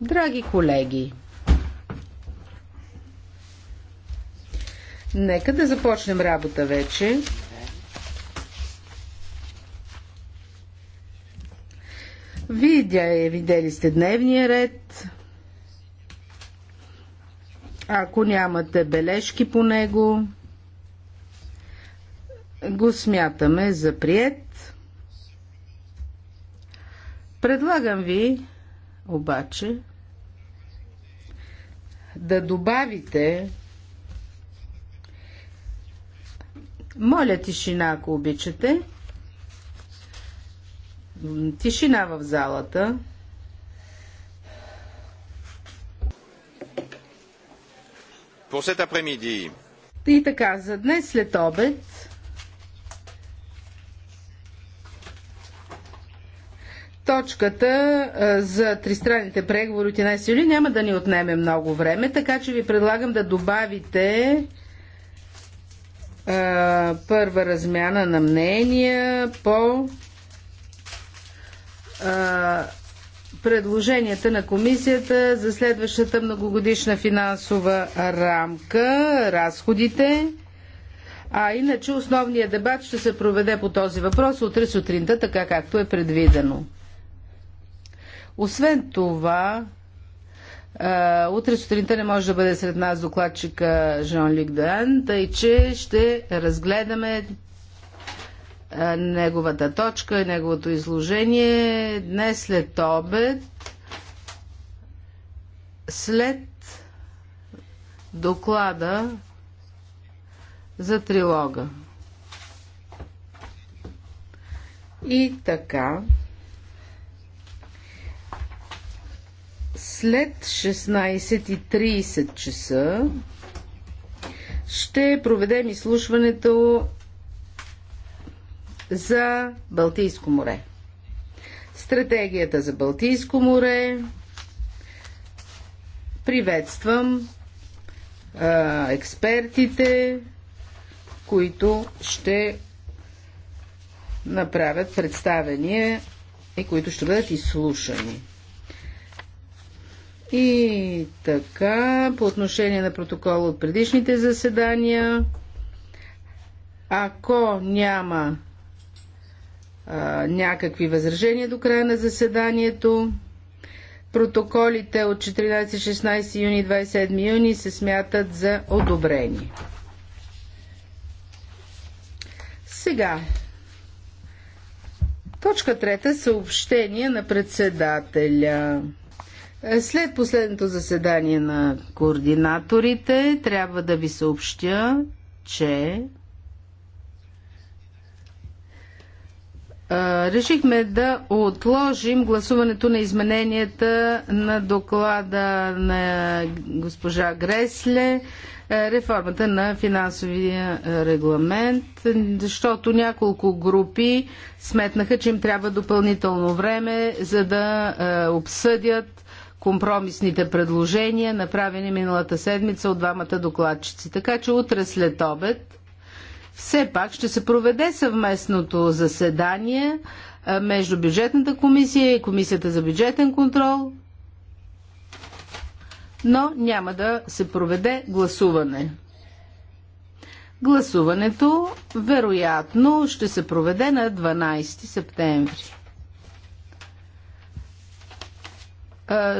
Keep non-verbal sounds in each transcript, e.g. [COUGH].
Драги колеги, нека да започнем работа вече. Видя е, видели сте дневния ред. Ако нямате бележки по него, го смятаме за прият. Предлагам ви обаче да добавите моля тишина, ако обичате. Тишина в залата. Pour cet après-midi. И така, за днес след обед точката за тристранните преговори от 11 юли няма да ни отнеме много време, така че ви предлагам да добавите а, първа размяна на мнения по а, предложенията на комисията за следващата многогодишна финансова рамка, разходите. А иначе основният дебат ще се проведе по този въпрос утре сутринта, така както е предвидено. Освен това, утре сутринта не може да бъде сред нас докладчика Жан-Люк Дан, тъй че ще разгледаме неговата точка и неговото изложение днес след обед, след доклада за трилога. И така. След 16.30 часа ще проведем изслушването за Балтийско море. Стратегията за Балтийско море. Приветствам а, експертите, които ще направят представения и които ще бъдат изслушани. И така, по отношение на протокола от предишните заседания, ако няма а, някакви възражения до края на заседанието, протоколите от 14-16 юни 27 юни се смятат за одобрени. Сега, точка трета съобщение на председателя. Е, след последното заседание на координаторите трябва да ви съобщя, че решихме да отложим гласуването на измененията на доклада на госпожа Гресле, е, реформата на финансовия регламент, защото няколко групи сметнаха, че им трябва допълнително време, за да е, обсъдят компромисните предложения, направени миналата седмица от двамата докладчици. Така че утре след обед все пак ще се проведе съвместното заседание между бюджетната комисия и комисията за бюджетен контрол, но няма да се проведе гласуване. Гласуването вероятно ще се проведе на 12 септември.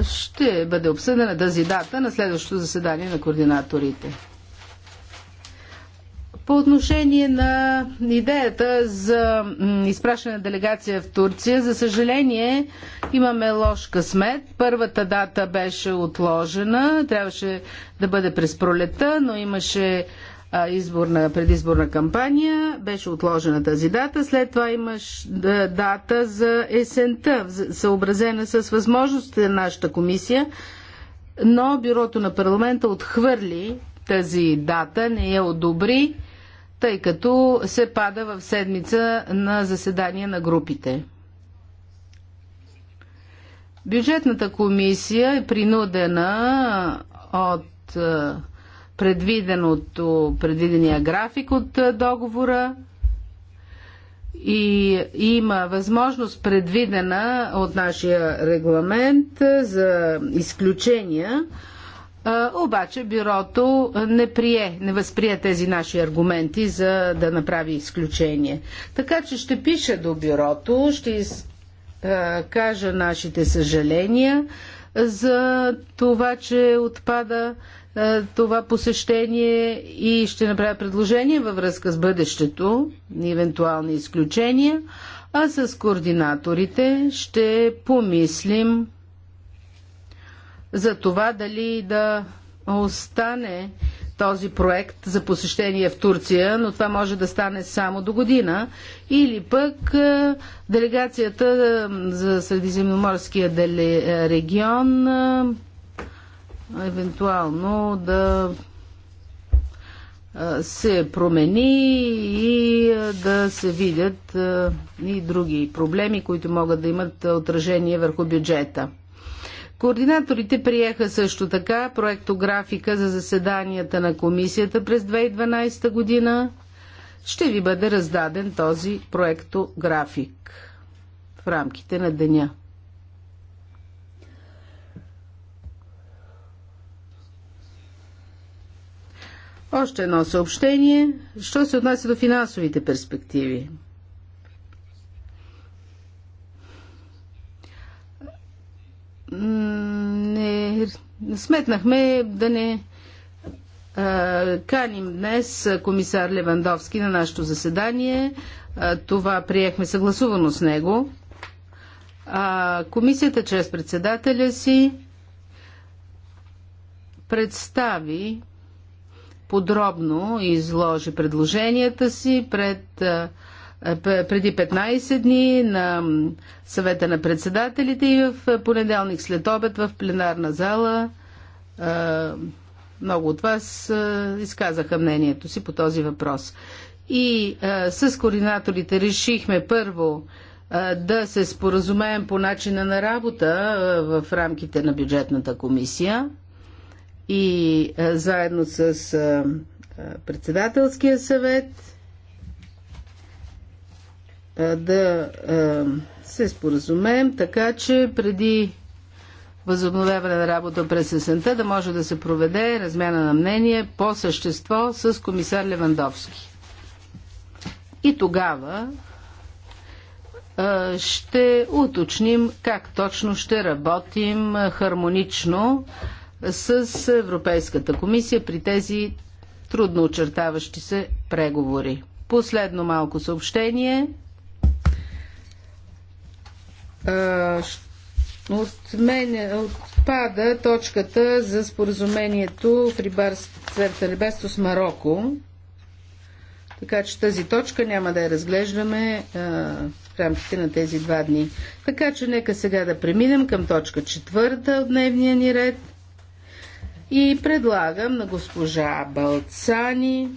ще бъде обсъдена тази дата на следващото заседание на координаторите. По отношение на идеята за изпращане на делегация в Турция, за съжаление имаме лош късмет. Първата дата беше отложена, трябваше да бъде през пролета, но имаше изборна, предизборна кампания, беше отложена тази дата, след това имаш дата за есента, съобразена с възможностите на нашата комисия, но бюрото на парламента отхвърли тази дата, не я одобри, тъй като се пада в седмица на заседание на групите. Бюджетната комисия е принудена от предвиденото, предвидения график от договора и има възможност предвидена от нашия регламент за изключения, обаче бюрото не прие, не възприе тези наши аргументи за да направи изключение. Така че ще пиша до бюрото, ще кажа нашите съжаления за това, че отпада е, това посещение и ще направя предложение във връзка с бъдещето и евентуални изключения, а с координаторите ще помислим за това дали да остане този проект за посещение в Турция, но това може да стане само до година. Или пък е, делегацията е, за Средиземноморския регион евентуално да се промени и да се видят и други проблеми, които могат да имат отражение върху бюджета. Координаторите приеха също така проектографика за заседанията на комисията през 2012 година. Ще ви бъде раздаден този проектографик в рамките на деня. Още едно съобщение, що се отнася до финансовите перспективи. Не, сметнахме да не а, каним днес комисар Левандовски на нашето заседание. А, това приехме съгласувано с него. А, комисията чрез председателя си представи подробно изложи предложенията си пред, преди 15 дни на съвета на председателите и в понеделник след обед в пленарна зала. Много от вас изказаха мнението си по този въпрос. И с координаторите решихме първо да се споразумеем по начина на работа в рамките на бюджетната комисия – и е, заедно с е, е, председателския съвет да се споразумеем, така че преди възобновяване на работа през есента да може да се проведе размяна на мнение по същество с комисар Левандовски. И тогава ще уточним как точно ще работим хармонично с Европейската комисия при тези трудно очертаващи се преговори. Последно малко съобщение. От мен отпада точката за споразумението в рибарството рибарство с Марокко. Така че тази точка няма да я разглеждаме а, в рамките на тези два дни. Така че нека сега да преминем към точка четвърта от дневния ни ред – и предлагам на госпожа Балцани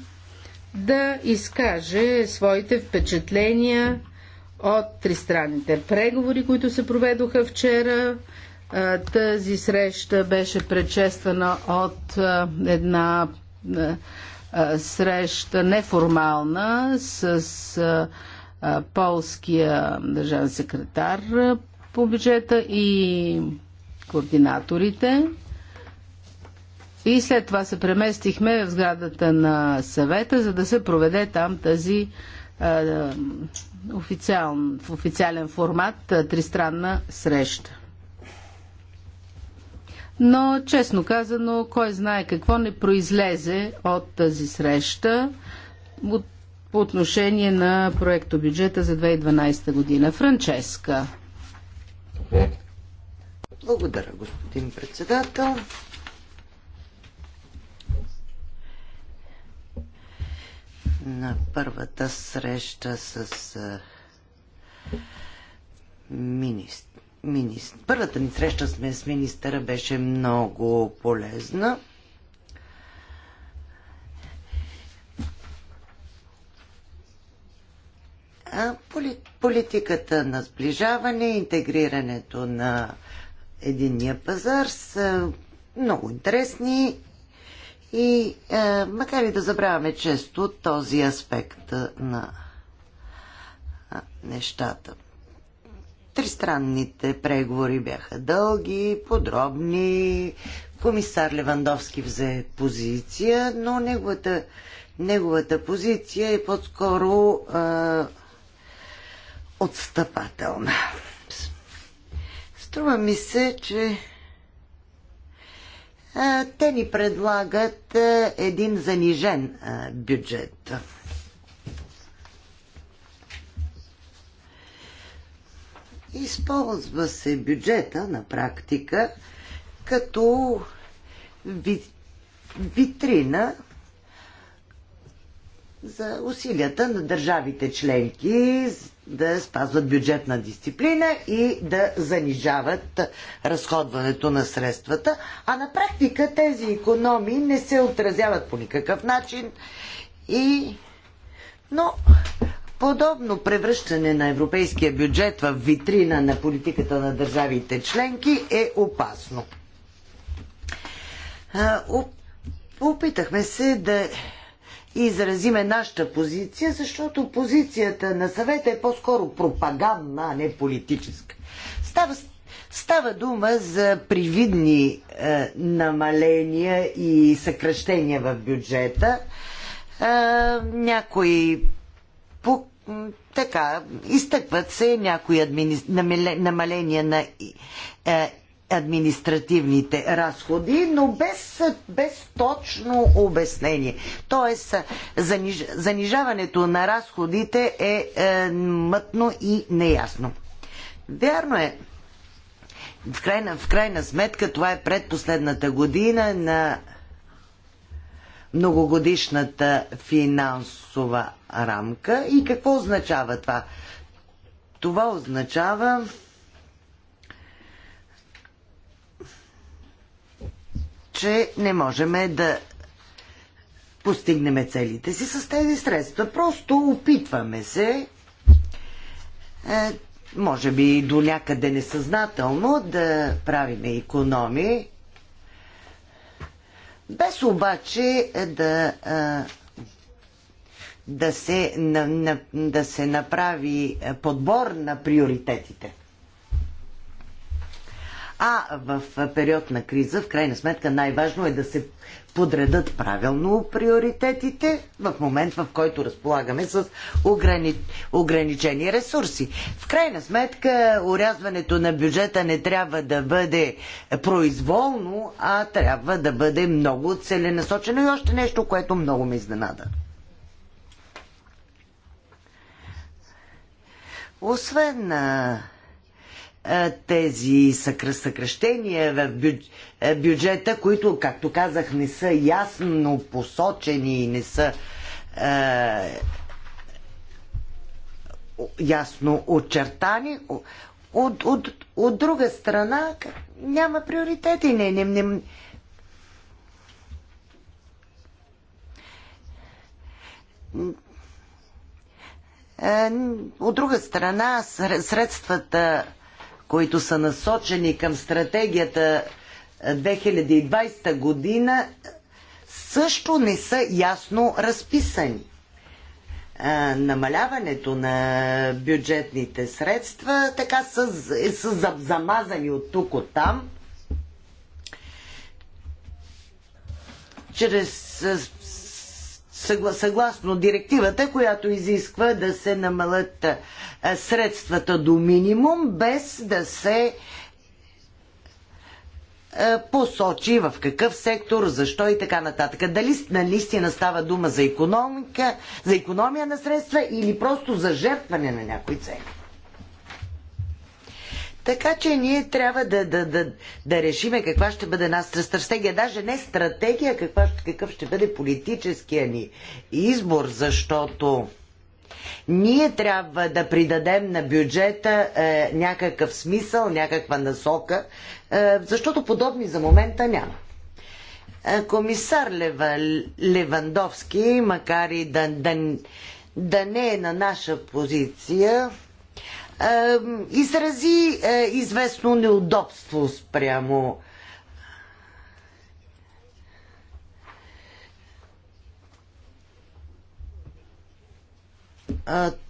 да изкаже своите впечатления от тристранните преговори, които се проведоха вчера. Тази среща беше предшествана от една среща неформална с полския държавен секретар по бюджета и координаторите и след това се преместихме в сградата на съвета, за да се проведе там тази а, официал, в официален формат тристранна среща. Но, честно казано, кой знае какво не произлезе от тази среща от, по отношение на проекто бюджета за 2012 година. Франческа. Благодаря, господин председател. на първата среща с министр. Министр. Първата ни среща с, с министъра беше много полезна. политиката на сближаване, интегрирането на единния пазар са много интересни и е, макар и да забравяме често този аспект е, на нещата. Тристранните преговори бяха дълги, подробни. Комисар Левандовски взе позиция, но неговата, неговата позиция е по-скоро е, отстъпателна. Струва ми се, че те ни предлагат един занижен бюджет. Използва се бюджета на практика като витрина за усилията на държавите членки да спазват бюджетна дисциплина и да занижават разходването на средствата. А на практика тези економии не се отразяват по никакъв начин и... Но подобно превръщане на европейския бюджет в витрина на политиката на държавите членки е опасно. Опитахме се да изразиме нашата позиция, защото позицията на съвета е по-скоро пропагандна, а не политическа. Става, става дума за привидни е, намаления и съкръщения в бюджета. Е, някои по, така, изтъкват се някои намаления на е, административните разходи, но без, без точно обяснение. Тоест, заниж, занижаването на разходите е, е мътно и неясно. Вярно е, в крайна, в крайна сметка това е предпоследната година на многогодишната финансова рамка. И какво означава това? Това означава че не можем да постигнем целите си с тези средства. Просто опитваме се, е, може би до някъде несъзнателно, да правиме економии, без обаче да, е, да, се, на, на, да се направи подбор на приоритетите. А в период на криза, в крайна сметка, най-важно е да се подредат правилно приоритетите в момент, в който разполагаме с ограни... ограничени ресурси. В крайна сметка, урязването на бюджета не трябва да бъде произволно, а трябва да бъде много целенасочено и още нещо, което много ме изненада. Освен на тези съкръщения в бюджета, които, както казах, не са ясно посочени и не са е, ясно очертани. От, от, от друга страна, няма приоритети. Не, не, не, от друга страна, средствата които са насочени към стратегията 2020 е, година, също не са ясно разписани. А, е, намаляването на бюджетните средства така са, е, са замазани от тук от там. Чрез съгласно директивата, която изисква да се намалят средствата до минимум, без да се посочи в какъв сектор, защо и така нататък. Дали наистина става дума за економика, за економия на средства или просто за жертване на някои цели. Така че ние трябва да, да, да, да решиме каква ще бъде нашата стратегия. Даже не стратегия, каква, какъв ще бъде политическия ни избор, защото ние трябва да придадем на бюджета е, някакъв смисъл, някаква насока, е, защото подобни за момента няма. Е, комисар Лева, Левандовски, макар и да, да, да не е на наша позиция, изрази е, известно неудобство спрямо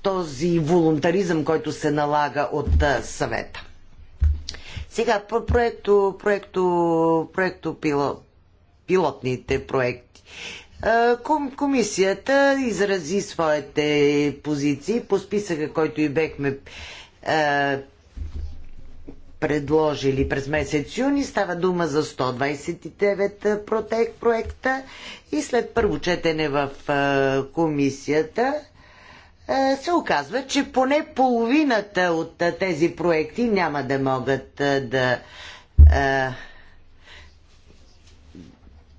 този волонтаризъм, който се налага от съвета. Сега, по проекто, проекто, проекто пило, пилотните проекти. Комисията изрази своите позиции по списъка, който и бехме предложили през месец юни. Става дума за 129 проекта и след първо четене в комисията се оказва, че поне половината от тези проекти няма да могат да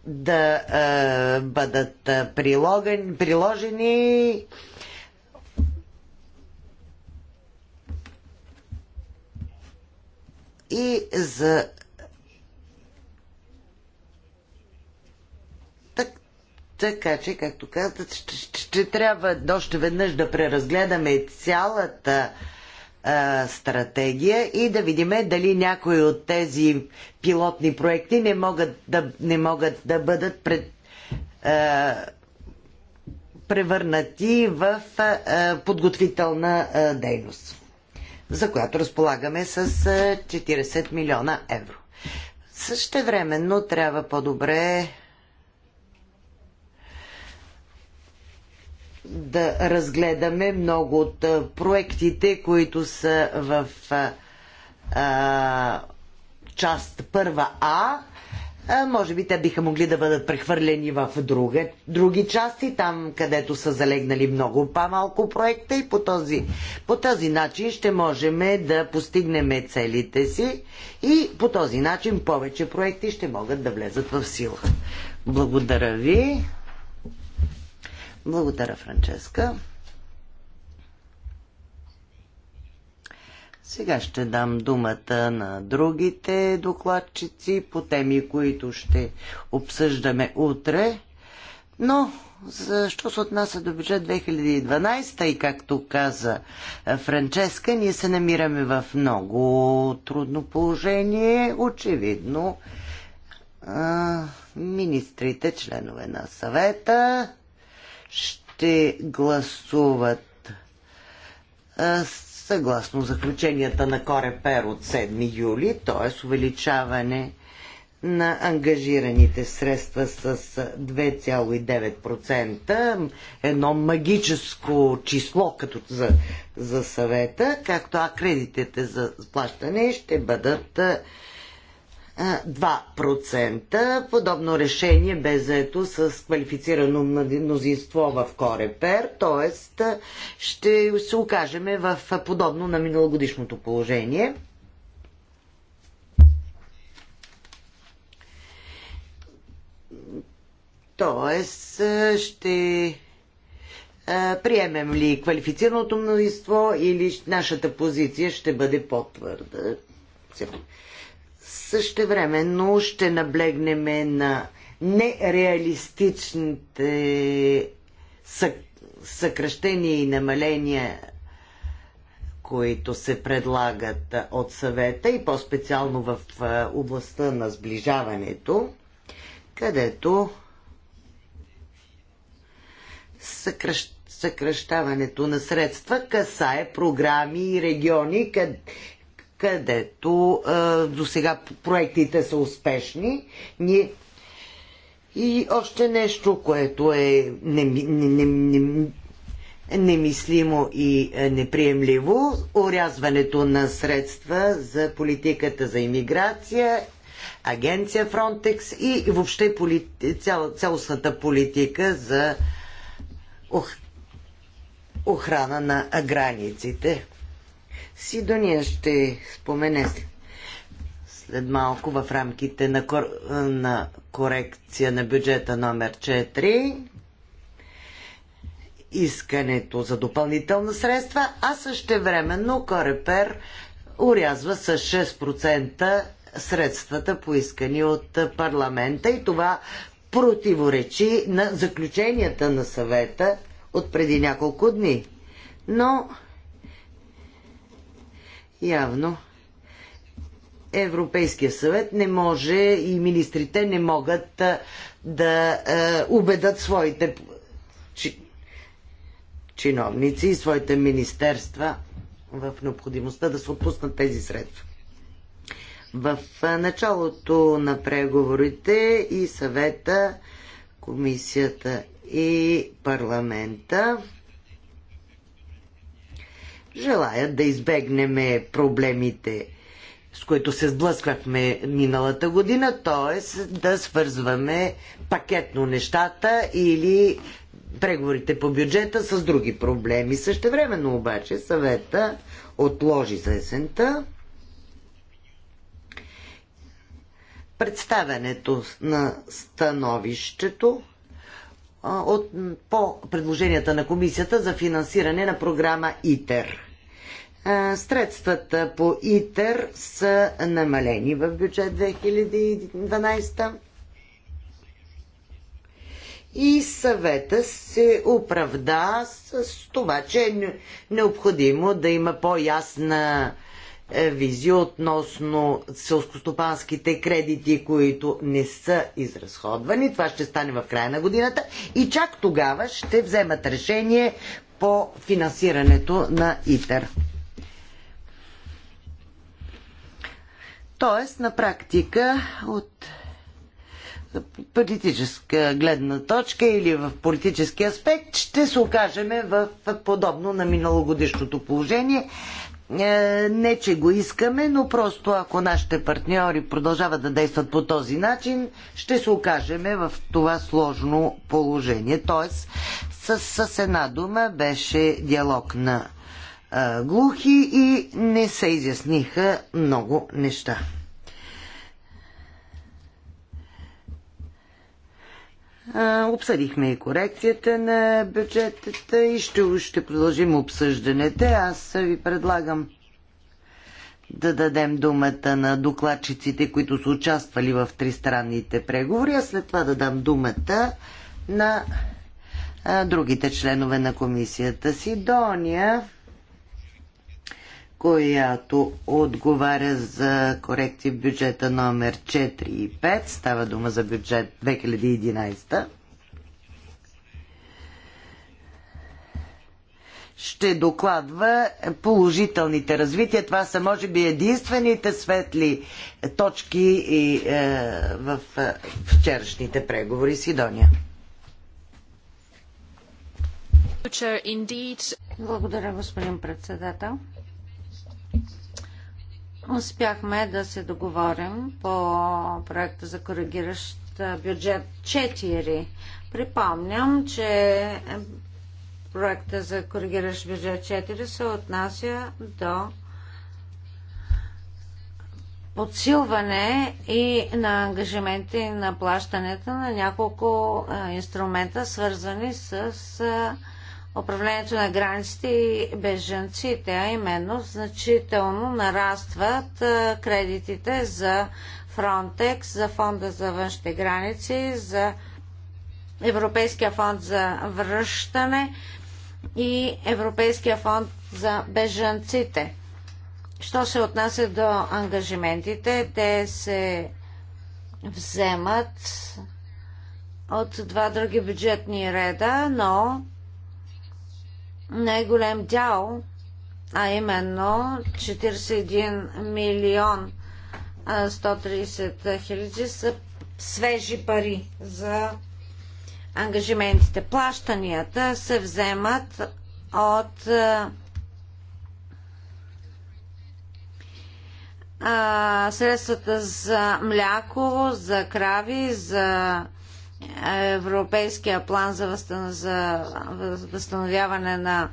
да а, е, бъдат е, прилогани, приложени. И за Така че, както казват, ще, ще, ще трябва още веднъж да преразгледаме цялата а, стратегия и да видим дали някои от тези пилотни проекти не могат да, не могат да бъдат пред, а, превърнати в а, подготвителна а, дейност, за която разполагаме с а, 40 милиона евро. времено трябва по-добре да разгледаме много от проектите, които са в а, част първа А. а. Може би те биха могли да бъдат прехвърлени в друге, други части, там където са залегнали много по-малко проекта и по този, по този начин ще можем да постигнем целите си и по този начин повече проекти ще могат да влезат в сила. Благодаря ви. Благодаря, Франческа. Сега ще дам думата на другите докладчици по теми, които ще обсъждаме утре. Но, защо се отнася до бюджет 2012 и както каза е, Франческа, ние се намираме в много трудно положение. Очевидно, министрите, членове на съвета, ще гласуват съгласно заключенията на Корепер от 7 юли, т.е. увеличаване на ангажираните средства с 2,9%, едно магическо число като за, за съвета, както а кредитите за плащане ще бъдат 2%. Подобно решение бе заето с квалифицирано мнозинство в Корепер, т.е. ще се окажем в подобно на миналогодишното положение. Тоест, ще приемем ли квалифицираното мнозинство или нашата позиция ще бъде по-твърда. Същевременно ще наблегнем на нереалистичните съкръщения и намаления, които се предлагат от съвета и по-специално в областта на сближаването, където съкръщ... съкръщаването на средства касае програми и региони, къд където до сега проектите са успешни. Ние и още нещо, което е немислимо и неприемливо орязването на средства за политиката за имиграция, агенция Фронтекс и въобще цял... цялостната политика за ох... охрана на границите. Сидония ще спомене след малко в рамките на, кор... на корекция на бюджета номер 4 искането за допълнителни средства, а също времено Корепер урязва с 6% средствата поискани от парламента и това противоречи на заключенията на съвета от преди няколко дни. Но Явно Европейския съвет не може и министрите не могат да убедат своите чиновници и своите министерства в необходимостта да се отпуснат тези средства. В началото на преговорите и съвета, комисията и парламента желаят да избегнем проблемите, с които се сблъсквахме миналата година, т.е. да свързваме пакетно нещата или преговорите по бюджета с други проблеми. Същевременно обаче съвета отложи за есента представянето на становището от, по предложенията на комисията за финансиране на програма ИТЕР. Средствата по ИТЕР са намалени в бюджет 2012 и съвета се оправда с това, че е необходимо да има по-ясна е, визия относно селскостопанските кредити, които не са изразходвани. Това ще стане в края на годината и чак тогава ще вземат решение по финансирането на ИТЕР. Тоест, на практика, от политическа гледна точка или в политически аспект, ще се окажем в подобно на миналогодишното положение. Е, не, че го искаме, но просто ако нашите партньори продължават да действат по този начин, ще се окажеме в това сложно положение. Тоест, с, с една дума беше диалог на а, е, глухи и не се изясниха много неща. Обсъдихме и корекцията на бюджетата и ще, ще продължим обсъждането. Аз ви предлагам да дадем думата на докладчиците, които са участвали в тристранните преговори, а след това да дам думата на другите членове на комисията. си Дония, която отговаря за корекции в бюджета номер 4 и 5. Става дума за бюджет 2011. Ще докладва положителните развития. Това са, може би, единствените светли точки и, е, в е, вчерашните преговори. Идония. Благодаря, господин председател. Успяхме да се договорим по проекта за коригиращ бюджет 4. Припомням, че проекта за коригиращ бюджет 4 се отнася до подсилване и на ангажименти на плащането на няколко инструмента, свързани с управлението на границите и бежанците, а именно значително нарастват кредитите за Frontex, за Фонда за външните граници, за Европейския фонд за връщане и Европейския фонд за бежанците. Що се отнася до ангажиментите, те се вземат от два други бюджетни реда, но най-голям дял, а именно 41 милион 130 хиляди са свежи пари за ангажиментите. Плащанията се вземат от средствата за мляко, за крави, за Европейския план за, възстан... за възстановяване на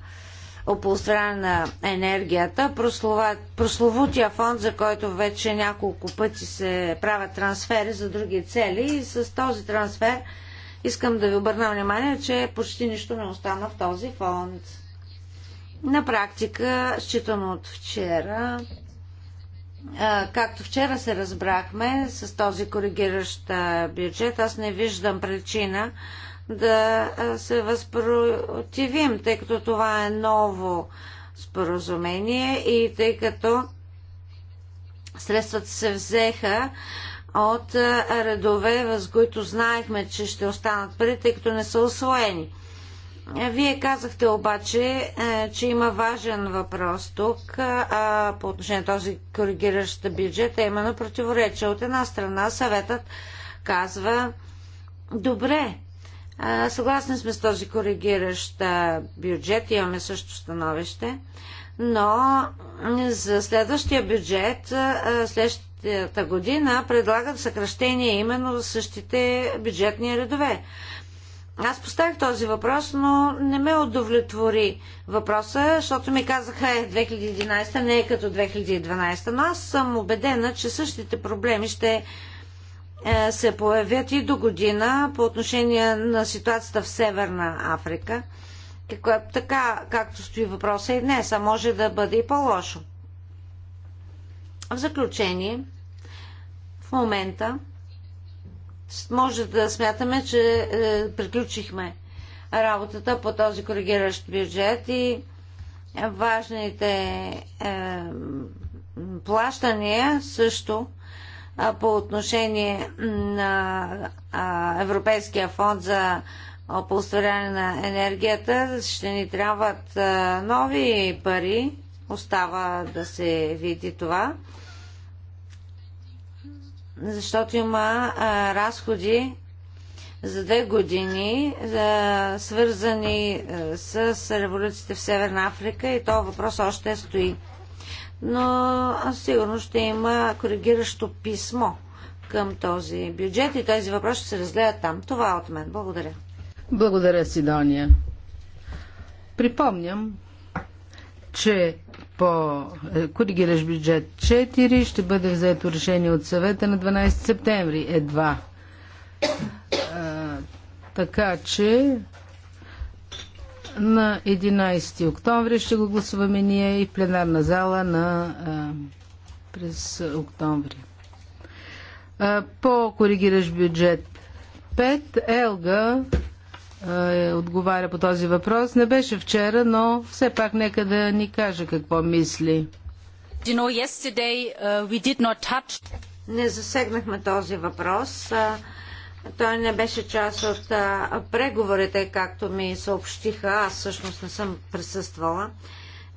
оползотворяване на енергията, прослова... прословутия фонд, за който вече няколко пъти се правят трансфери за други цели и с този трансфер искам да ви обърна внимание, че почти нищо не остана в този фонд. На практика, считано от вчера, Както вчера се разбрахме с този коригиращ бюджет, аз не виждам причина да се възпротивим, тъй като това е ново споразумение и тъй като средствата се взеха от редове, с които знаехме, че ще останат пари, тъй като не са освоени. Е, вие казахте обаче, е, че има важен въпрос тук е, а по отношение на този коригиращ бюджет, а именно противоречие. От една страна съветът казва, добре, съгласни сме с този коригиращ бюджет, имаме също становище, но за следващия бюджет, следващата година, предлагат съкръщение именно за същите бюджетни редове. Аз поставих този въпрос, но не ме удовлетвори въпроса, защото ми казаха е 2011, не е като 2012, но аз съм убедена, че същите проблеми ще е, се появят и до година по отношение на ситуацията в Северна Африка, така, както стои въпроса и днес, а може да бъде и по-лошо. В заключение, в момента може да смятаме, че е, приключихме работата по този коригиращ бюджет и важните е, плащания също е, по отношение на е, Европейския фонд за оползотворяване на енергията ще ни трябват е, нови пари. Остава да се види това защото има а, разходи за две години, а, свързани а, с революциите в Северна Африка и то въпрос още стои. Но сигурно ще има коригиращо писмо към този бюджет и този въпрос ще се разгледа там. Това е от мен. Благодаря. Благодаря, Сидония. Припомням, че по е, коригираш бюджет 4 ще бъде взето решение от съвета на 12 септември едва. А, така че на 11 октомври ще го гласуваме ние и в пленарна зала на, а, през октомври. А, по коригираш бюджет 5 Елга е, отговаря по този въпрос. Не беше вчера, но все пак нека да ни каже какво мисли. You know, uh, touch... Не засегнахме този въпрос. Той не беше част от преговорите, както ми съобщиха. Аз всъщност не съм присъствала.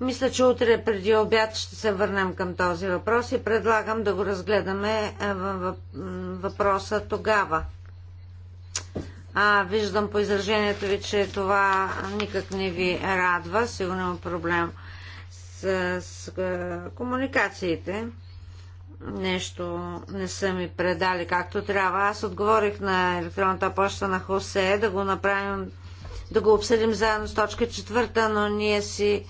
Мисля, че утре преди обяд ще се върнем към този въпрос и предлагам да го разгледаме въпроса тогава. А, виждам по изражението ви, че това никак не ви радва. Сигурно има проблем с, с комуникациите. Нещо не са ми предали както трябва. Аз отговорих на електронната почта на Хосе да го направим, да го обсъдим заедно с точка четвърта, но ние си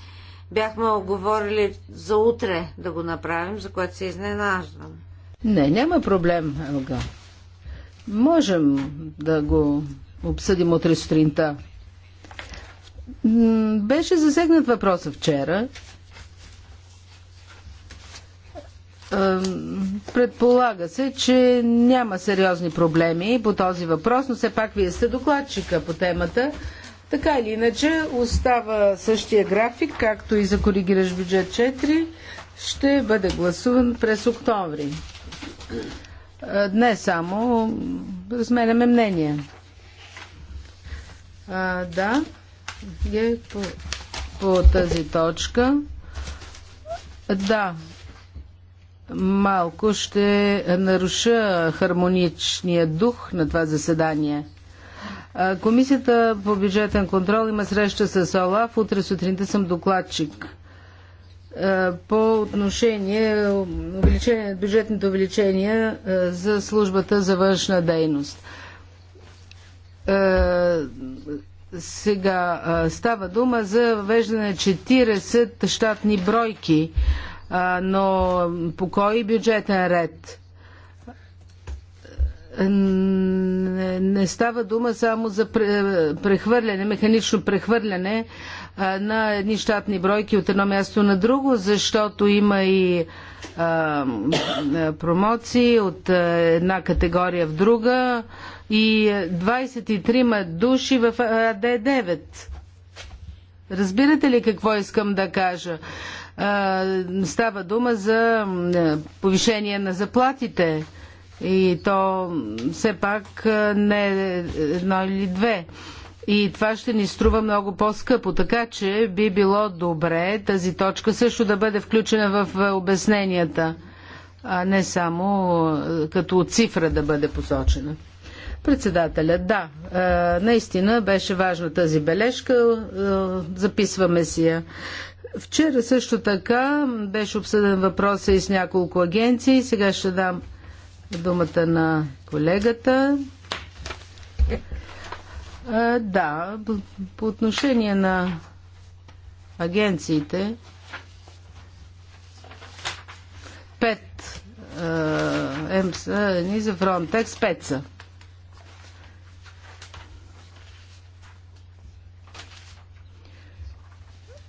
бяхме оговорили за утре да го направим, за което се изненаждам. Не, няма проблем, Елга. Можем да го обсъдим утре сутринта. Беше засегнат въпроса вчера. Предполага се, че няма сериозни проблеми по този въпрос, но все пак вие сте докладчика по темата. Така или иначе, остава същия график, както и за коригираш бюджет 4, ще бъде гласуван през октомври. Е, не само разменяме мнение. А, да, е по, по тази точка. Да, малко ще наруша хармоничния дух на това заседание. Комисията по бюджетен контрол има среща с ОЛАФ. Утре сутринта съм докладчик. Е, по отношение увеличение, бюджетните увеличения е, за службата за външна дейност. Е, сега става дума за въвеждане 40 щатни бройки, но по кой бюджетен ред? Не става дума само за прехвърляне, механично прехвърляне на едни щатни бройки от едно място на друго, защото има и промоции от една категория в друга и 23 души в АД9. Разбирате ли какво искам да кажа? става дума за повишение на заплатите и то все пак не едно или две. И това ще ни струва много по-скъпо, така че би било добре тази точка също да бъде включена в е, обясненията, а не само е, като цифра да бъде посочена. Председателя, да, е, наистина беше важна тази бележка, записваме си я. Вчера също така беше обсъден въпроса и с няколко агенции. Сега ще дам думата на колегата. Е, да, по отношение на агенциите, пет е, МСА, ни за Фронтекс, пет са.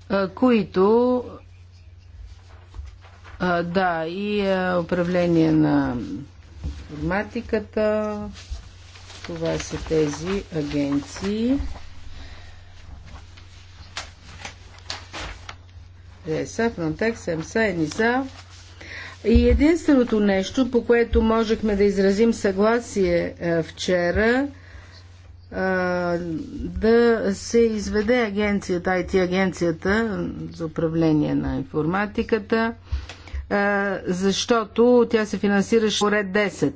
Е, които да, и управление на информатиката, това са тези агенции. ЕСА, Фронтекс, ЕМСА, ЕНИСА. И единственото нещо, по което можехме да изразим съгласие е, вчера, е, да се изведе агенцията, IT агенцията за управление на информатиката, е, защото тя се финансираше по ред 10.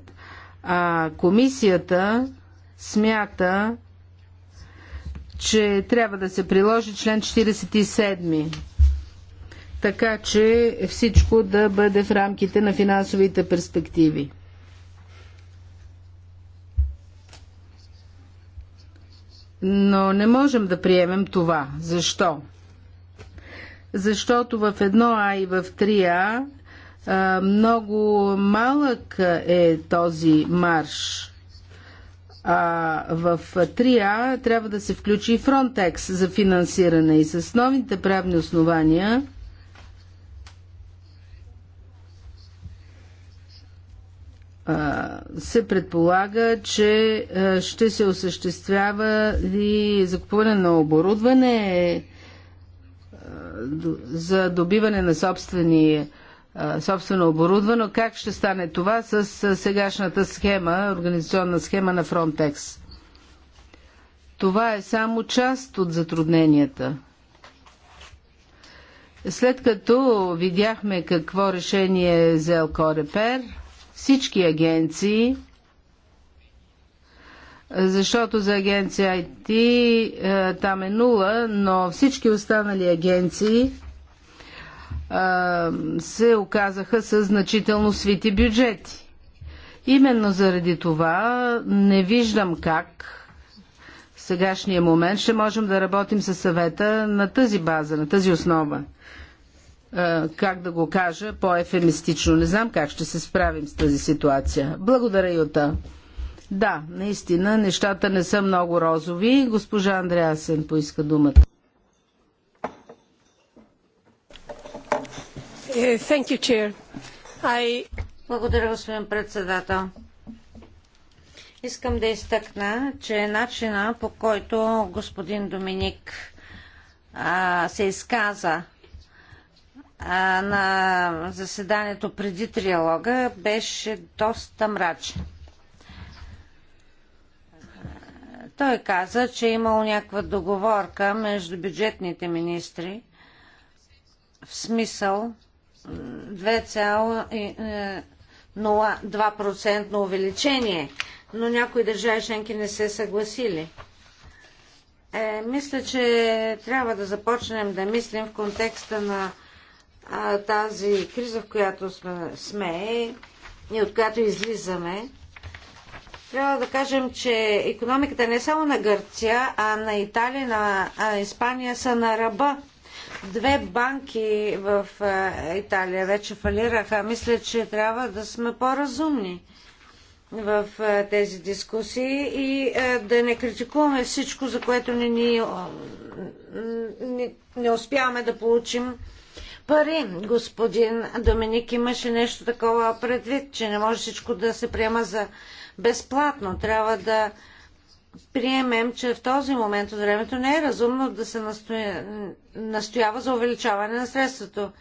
А комисията смята, че трябва да се приложи член 47, така че всичко да бъде в рамките на финансовите перспективи. Но не можем да приемем това. Защо? Защото в 1А и в 3А много малък е този марш а в 3А трябва да се включи и Frontex за финансиране и с новите правни основания се предполага, че ще се осъществява и закупуване на оборудване за добиване на собствени собствено оборудвано. Как ще стане това с сегашната схема, организационна схема на Frontex? Това е само част от затрудненията. След като видяхме какво решение е взел Корепер, всички агенции, защото за агенция IT там е нула, но всички останали агенции се оказаха с значително свити бюджети. Именно заради това не виждам как в сегашния момент ще можем да работим със съвета на тази база, на тази основа. Как да го кажа по-ефемистично. Не знам как ще се справим с тази ситуация. Благодаря, Юта. Да, наистина, нещата не са много розови. Госпожа Андреасен поиска думата. Uh, Благодаря, господин председател. Искам да изтъкна, че начина по който господин Доминик а, се изказа а, на заседанието преди триалога беше доста мрачен. Той каза, че е имал някаква договорка между бюджетните министри в смисъл 2,02% е, увеличение, но някои държави членки не се съгласили. Е, мисля, че трябва да започнем да мислим в контекста на а, тази криза, в която сме, сме и от която излизаме. Трябва да кажем, че економиката е не само на Гърция, а на Италия, на Испания са на ръба Две банки в е, Италия вече фалираха. Мисля, че трябва да сме по-разумни в е, тези дискусии и е, да не критикуваме всичко, за което не, ни, не, не успяваме да получим пари. Господин Доминик имаше нещо такова предвид, че не може всичко да се приема за безплатно. Трябва да приемем, че в този момент от времето не е разумно да се настоя... настоява за увеличаване на средството.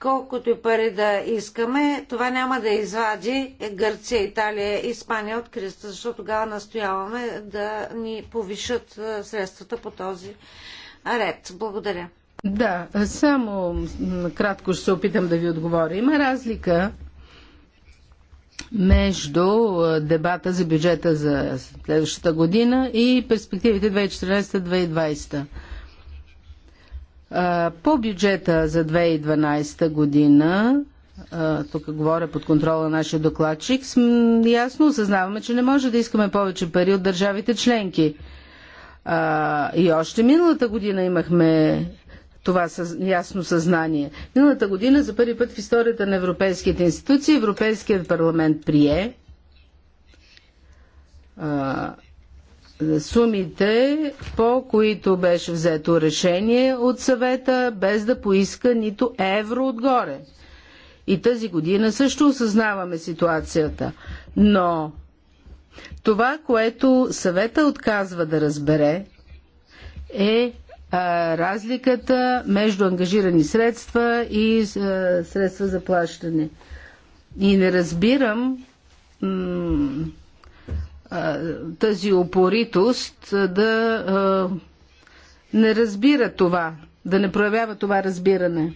Колкото и пари да искаме, това няма да извади Гърция, Италия, и Испания от кризата, защото тогава настояваме да ни повишат средствата по този ред. Благодаря. Да, само кратко ще се опитам да ви отговоря. Има разлика между дебата за бюджета за следващата година и перспективите 2014-2020. По бюджета за 2012 година, тук говоря под контрола на нашия докладчик, ясно осъзнаваме, че не може да искаме повече пари от държавите членки. И още миналата година имахме това ясно съзнание. Миналата година за първи път в историята на европейските институции Европейският парламент прие а, сумите, по които беше взето решение от съвета, без да поиска нито евро отгоре. И тази година също осъзнаваме ситуацията. Но това, което съвета отказва да разбере, е разликата между ангажирани средства и средства за плащане. И не разбирам тази опоритост да не разбира това, да не проявява това разбиране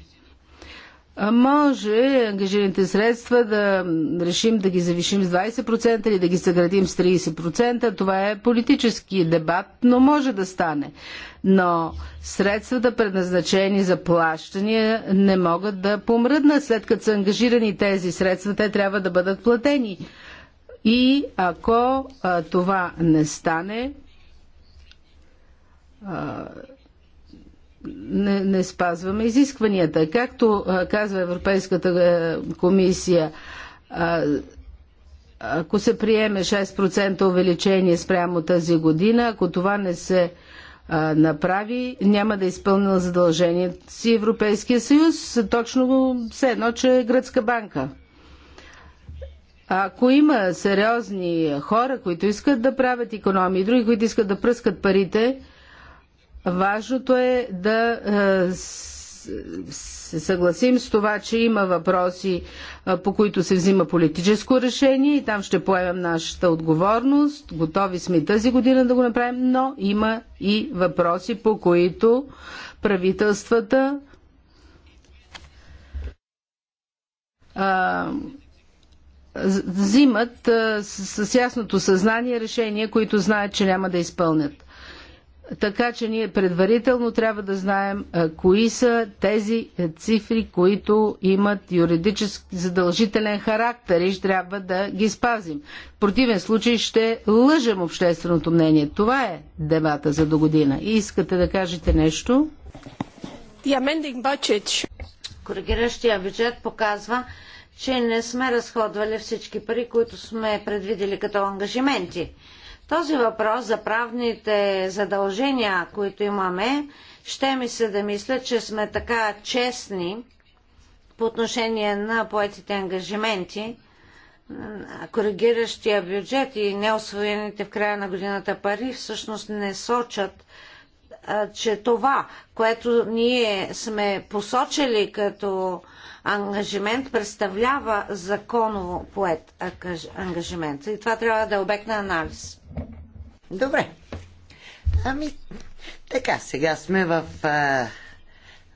може ангажираните средства да решим да ги завишим с 20% или да ги съградим с 30%. Това е политически дебат, но може да стане. Но средствата, предназначени за плащания, не могат да помръднат. След като са ангажирани тези средства, те трябва да бъдат платени. И ако а, това не стане, а, не, не спазваме изискванията. Както казва Европейската комисия, ако се приеме 6% увеличение спрямо тази година, ако това не се направи, няма да е изпълни задължението си Европейския съюз, точно все едно, че е гръцка банка. Ако има сериозни хора, които искат да правят економии, други, които искат да пръскат парите, Важното е да е, се съгласим с това, че има въпроси, е, по които се взима политическо решение и там ще поемем нашата отговорност. Готови сме и тази година да го направим, но има и въпроси, по които правителствата е, взимат с, с ясното съзнание решения, които знаят, че няма да изпълнят. Така че ние предварително трябва да знаем а, кои са тези е, цифри, които имат юридически задължителен характер и ще трябва да ги спазим. В противен случай ще лъжем общественото мнение. Това е дебата за до година. И искате да кажете нещо? Коригиращия бюджет показва, че не сме разходвали всички пари, които сме предвидели като ангажименти. Този въпрос за правните задължения, които имаме, ще ми се да мисля, че сме така честни по отношение на поетите ангажименти, коригиращия бюджет и неосвоените в края на годината пари всъщност не сочат, че това, което ние сме посочили като ангажимент представлява законово поет ангажимент. И това трябва да е обект на анализ. Добре. Ами, така, сега сме в. А,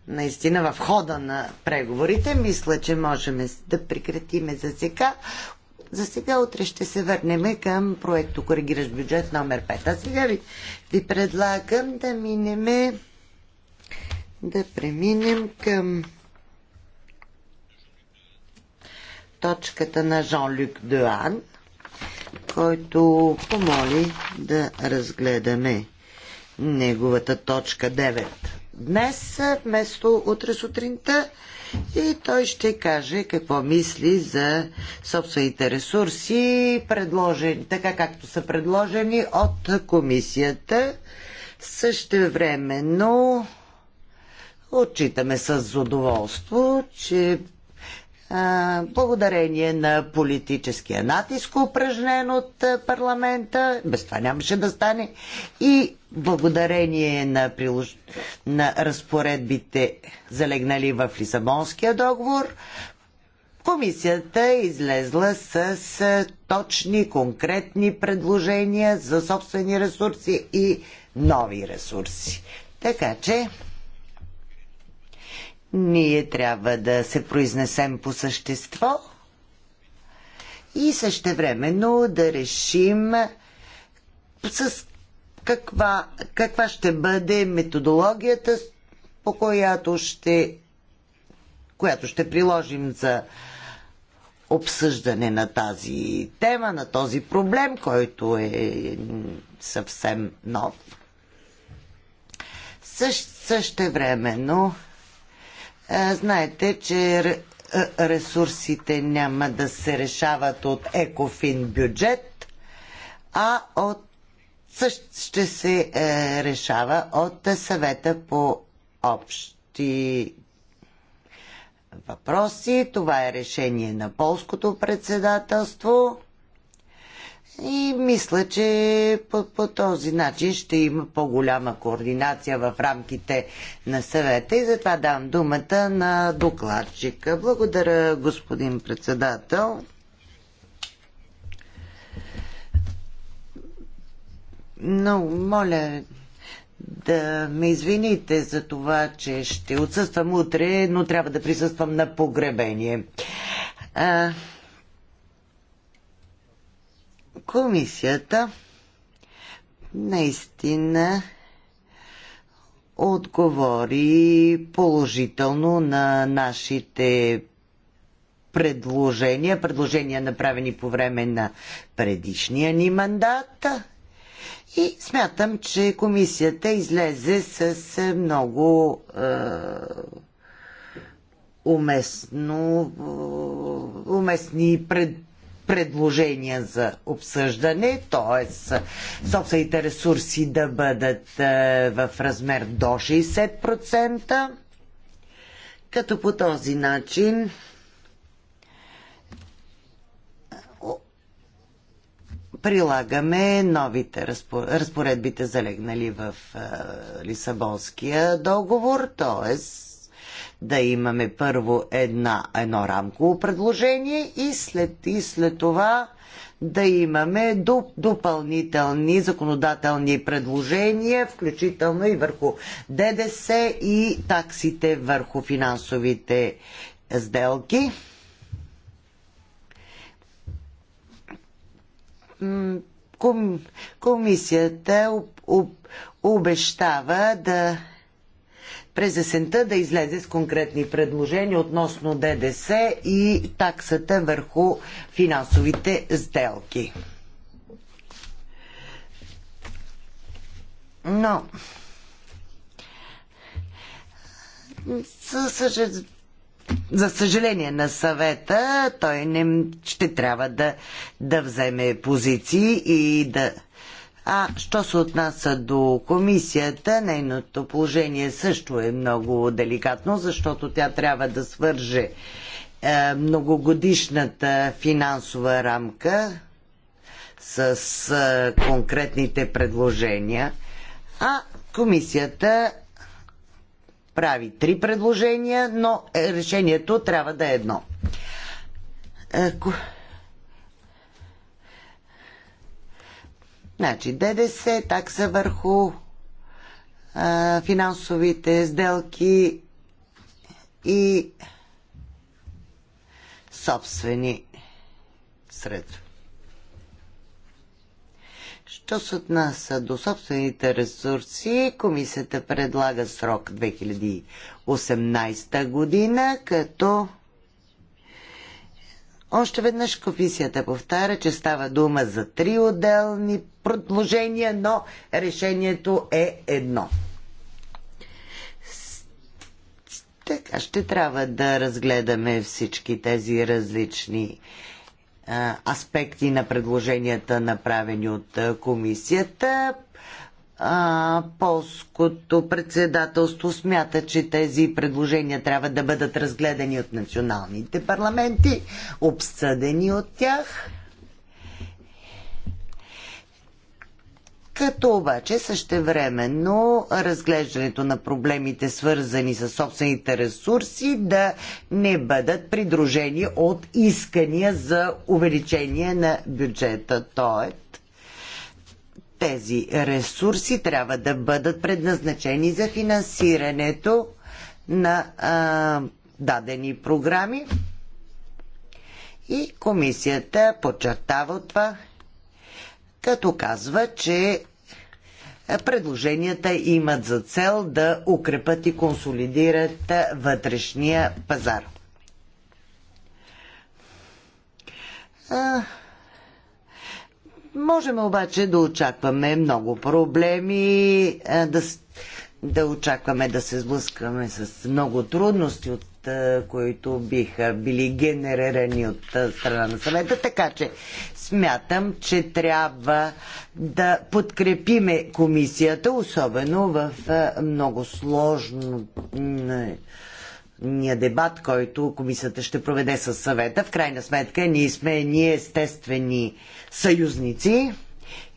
наистина в хода на преговорите. Мисля, че можем да прекратиме за сега. За сега утре ще се върнем към проекто Коригираш бюджет номер 5. А сега ви, ви предлагам да минеме да преминем към точката на Жан-Люк Деан, който помоли да разгледаме неговата точка 9. Днес, вместо утре сутринта, и той ще каже какво мисли за собствените ресурси, предложени, така както са предложени от комисията. също времено отчитаме с задоволство, че благодарение на политическия натиск, упражнен от парламента, без това нямаше да стане, и благодарение на, прилож... на разпоредбите, залегнали в Лисабонския договор, комисията е излезла с точни, конкретни предложения за собствени ресурси и нови ресурси. Така че ние трябва да се произнесем по същество и същевременно да решим с каква, каква ще бъде методологията, по която ще, която ще приложим за обсъждане на тази тема, на този проблем, който е съвсем нов. Също, същевременно но е, знаете, че е, ресурсите няма да се решават от екофин бюджет, а от ще се е, решава от съвета по общи въпроси. Това е решение на полското председателство. И мисля, че по, по този начин ще има по-голяма координация в рамките на съвета и затова давам думата на докладчика. Благодаря, господин председател. Много моля да ме извините за това, че ще отсъствам утре, но трябва да присъствам на погребение. А, Комисията наистина отговори положително на нашите предложения, предложения направени по време на предишния ни мандат. И смятам, че комисията излезе с много е, уместно, уместни пред, предложения за обсъждане, т.е. собствените ресурси да бъдат е, в размер до 60%, като по този начин прилагаме новите разпоредбите, залегнали в е, Лисабонския договор, т.е да имаме първо една, едно рамково предложение и след, и след това да имаме допълнителни законодателни предложения, включително и върху ДДС и таксите върху финансовите сделки. Комисията обещава да през есента да излезе с конкретни предложения относно ДДС и таксата върху финансовите сделки. Но за съжаление на съвета, той не ще трябва да, да вземе позиции и да а що се отнася до комисията, нейното положение също е много деликатно, защото тя трябва да свърже е, многогодишната финансова рамка с е, конкретните предложения. А комисията прави три предложения, но е, решението трябва да е едно. Е, Значи ДДС, такса върху а, финансовите сделки и собствени средства. Що се отнася до собствените ресурси, комисията предлага срок 2018 година, като още веднъж комисията повтаря, че става дума за три отделни предложения, но решението е едно. Така ще трябва да разгледаме всички тези различни аспекти на предложенията, направени от комисията а, полското председателство смята, че тези предложения трябва да бъдат разгледани от националните парламенти, обсъдени от тях. като обаче същевременно разглеждането на проблемите свързани с собствените ресурси да не бъдат придружени от искания за увеличение на бюджета. Тоест. Тези ресурси трябва да бъдат предназначени за финансирането на а, дадени програми. И комисията подчертава това, като казва, че предложенията имат за цел да укрепат и консолидират вътрешния пазар. Можем обаче да очакваме много проблеми, да, да очакваме да се сблъскаме с много трудности, от които биха били генерирани от страна на съвета. Така че смятам, че трябва да подкрепиме комисията, особено в много сложно дебат, който комисията ще проведе с съвета. В крайна сметка ние сме ние естествени съюзници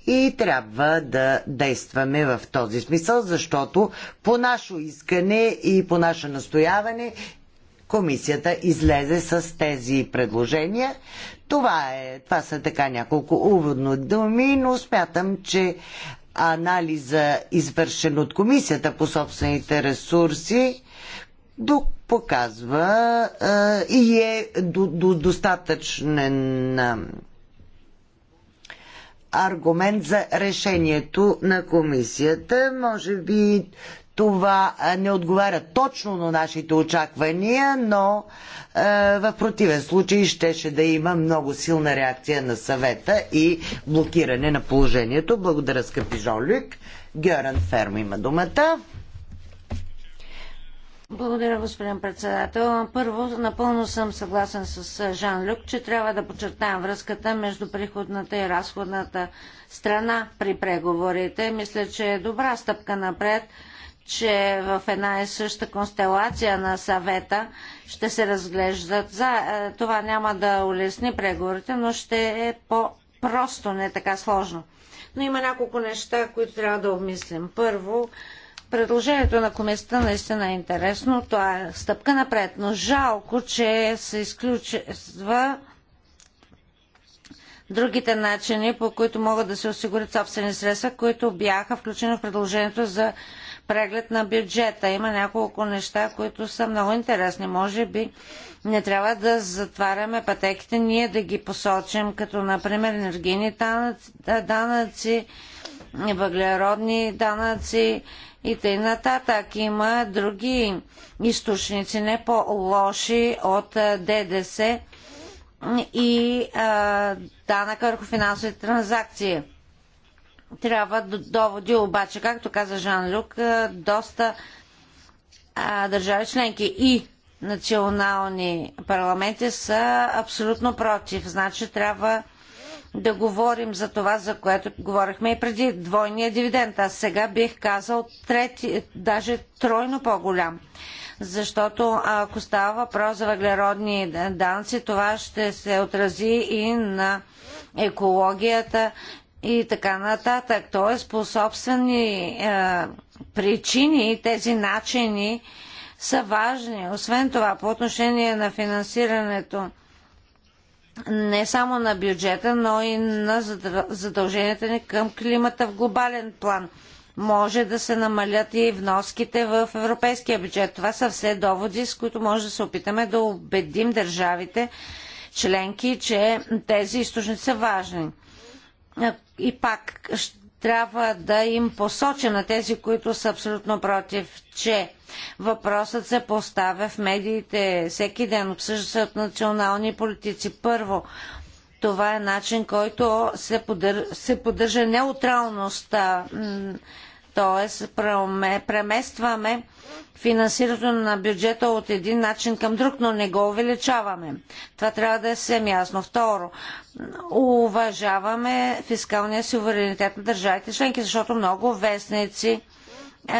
и трябва да действаме в този смисъл, защото по наше искане и по наше настояване комисията излезе с тези предложения. Това, е, това са така няколко уводно думи, но смятам, че анализа, извършен от комисията по собствените ресурси, Дук показва и е до, до, достатъчен аргумент за решението на комисията. Може би това не отговаря точно на нашите очаквания, но в противен случай щеше да има много силна реакция на съвета и блокиране на положението. Благодаря, скъпи Жолик. Геран Ферм има думата. Благодаря, господин председател. Първо, напълно съм съгласен с Жан Люк, че трябва да подчертаем връзката между приходната и разходната страна при преговорите. Мисля, че е добра стъпка напред, че в една и съща констелация на съвета ще се разглеждат. За, това няма да улесни преговорите, но ще е по-просто, не е така сложно. Но има няколко неща, които трябва да обмислим. Първо, Предложението на комисията наистина е интересно. Това е стъпка напред, но жалко, че се изключва другите начини, по които могат да се осигурят собствени средства, които бяха включени в предложението за преглед на бюджета. Има няколко неща, които са много интересни. Може би не трябва да затваряме пътеките, ние да ги посочим, като например енергийни данъци, въглеродни данъци и тъй нататък. Има други източници, не по-лоши от ДДС и а, върху финансовите транзакции. Трябва доводи обаче, както каза Жан-Люк, доста а, държави членки и национални парламенти са абсолютно против. Значи трябва да говорим за това, за което говорихме и преди двойния дивиденд. Аз сега бих казал трети, даже тройно по-голям. Защото ако става въпрос за въглеродни данци, това ще се отрази и на екологията и така нататък. Тоест по собствени е, причини тези начини са важни. Освен това, по отношение на финансирането не само на бюджета, но и на задълженията ни към климата в глобален план. Може да се намалят и вноските в европейския бюджет. Това са все доводи, с които може да се опитаме да убедим държавите членки, че тези източници са важни. И пак трябва да им посоча на тези, които са абсолютно против, че въпросът се поставя в медиите всеки ден, обсъжда се от национални политици. Първо, това е начин, който се, поддържа неутралността Тоест, преместваме финансирането на бюджета от един начин към друг, но не го увеличаваме. Това трябва да е съвсем ясно. Второ, уважаваме фискалния суверенитет на държавите членки, защото много вестници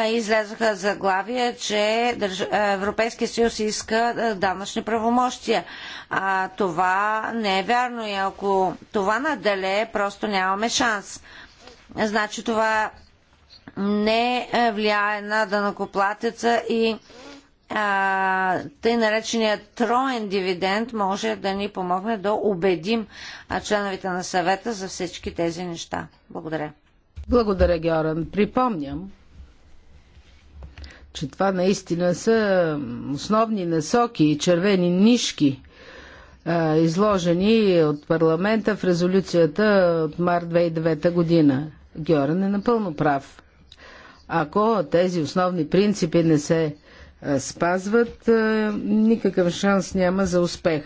излезаха за главия, че Европейския съюз иска данъчни правомощия. А това не е вярно и ако това наделе, просто нямаме шанс. Значи това не влияе на данокоплатеца и а, тъй нареченият троен дивиденд може да ни помогне да убедим членовете на съвета за всички тези неща. Благодаря. Благодаря, Георан. Припомням, че това наистина са основни насоки и червени нишки, а, изложени от парламента в резолюцията от март 2009 година. Георан е напълно прав. Ако тези основни принципи не се е, спазват, е, никакъв шанс няма за успех.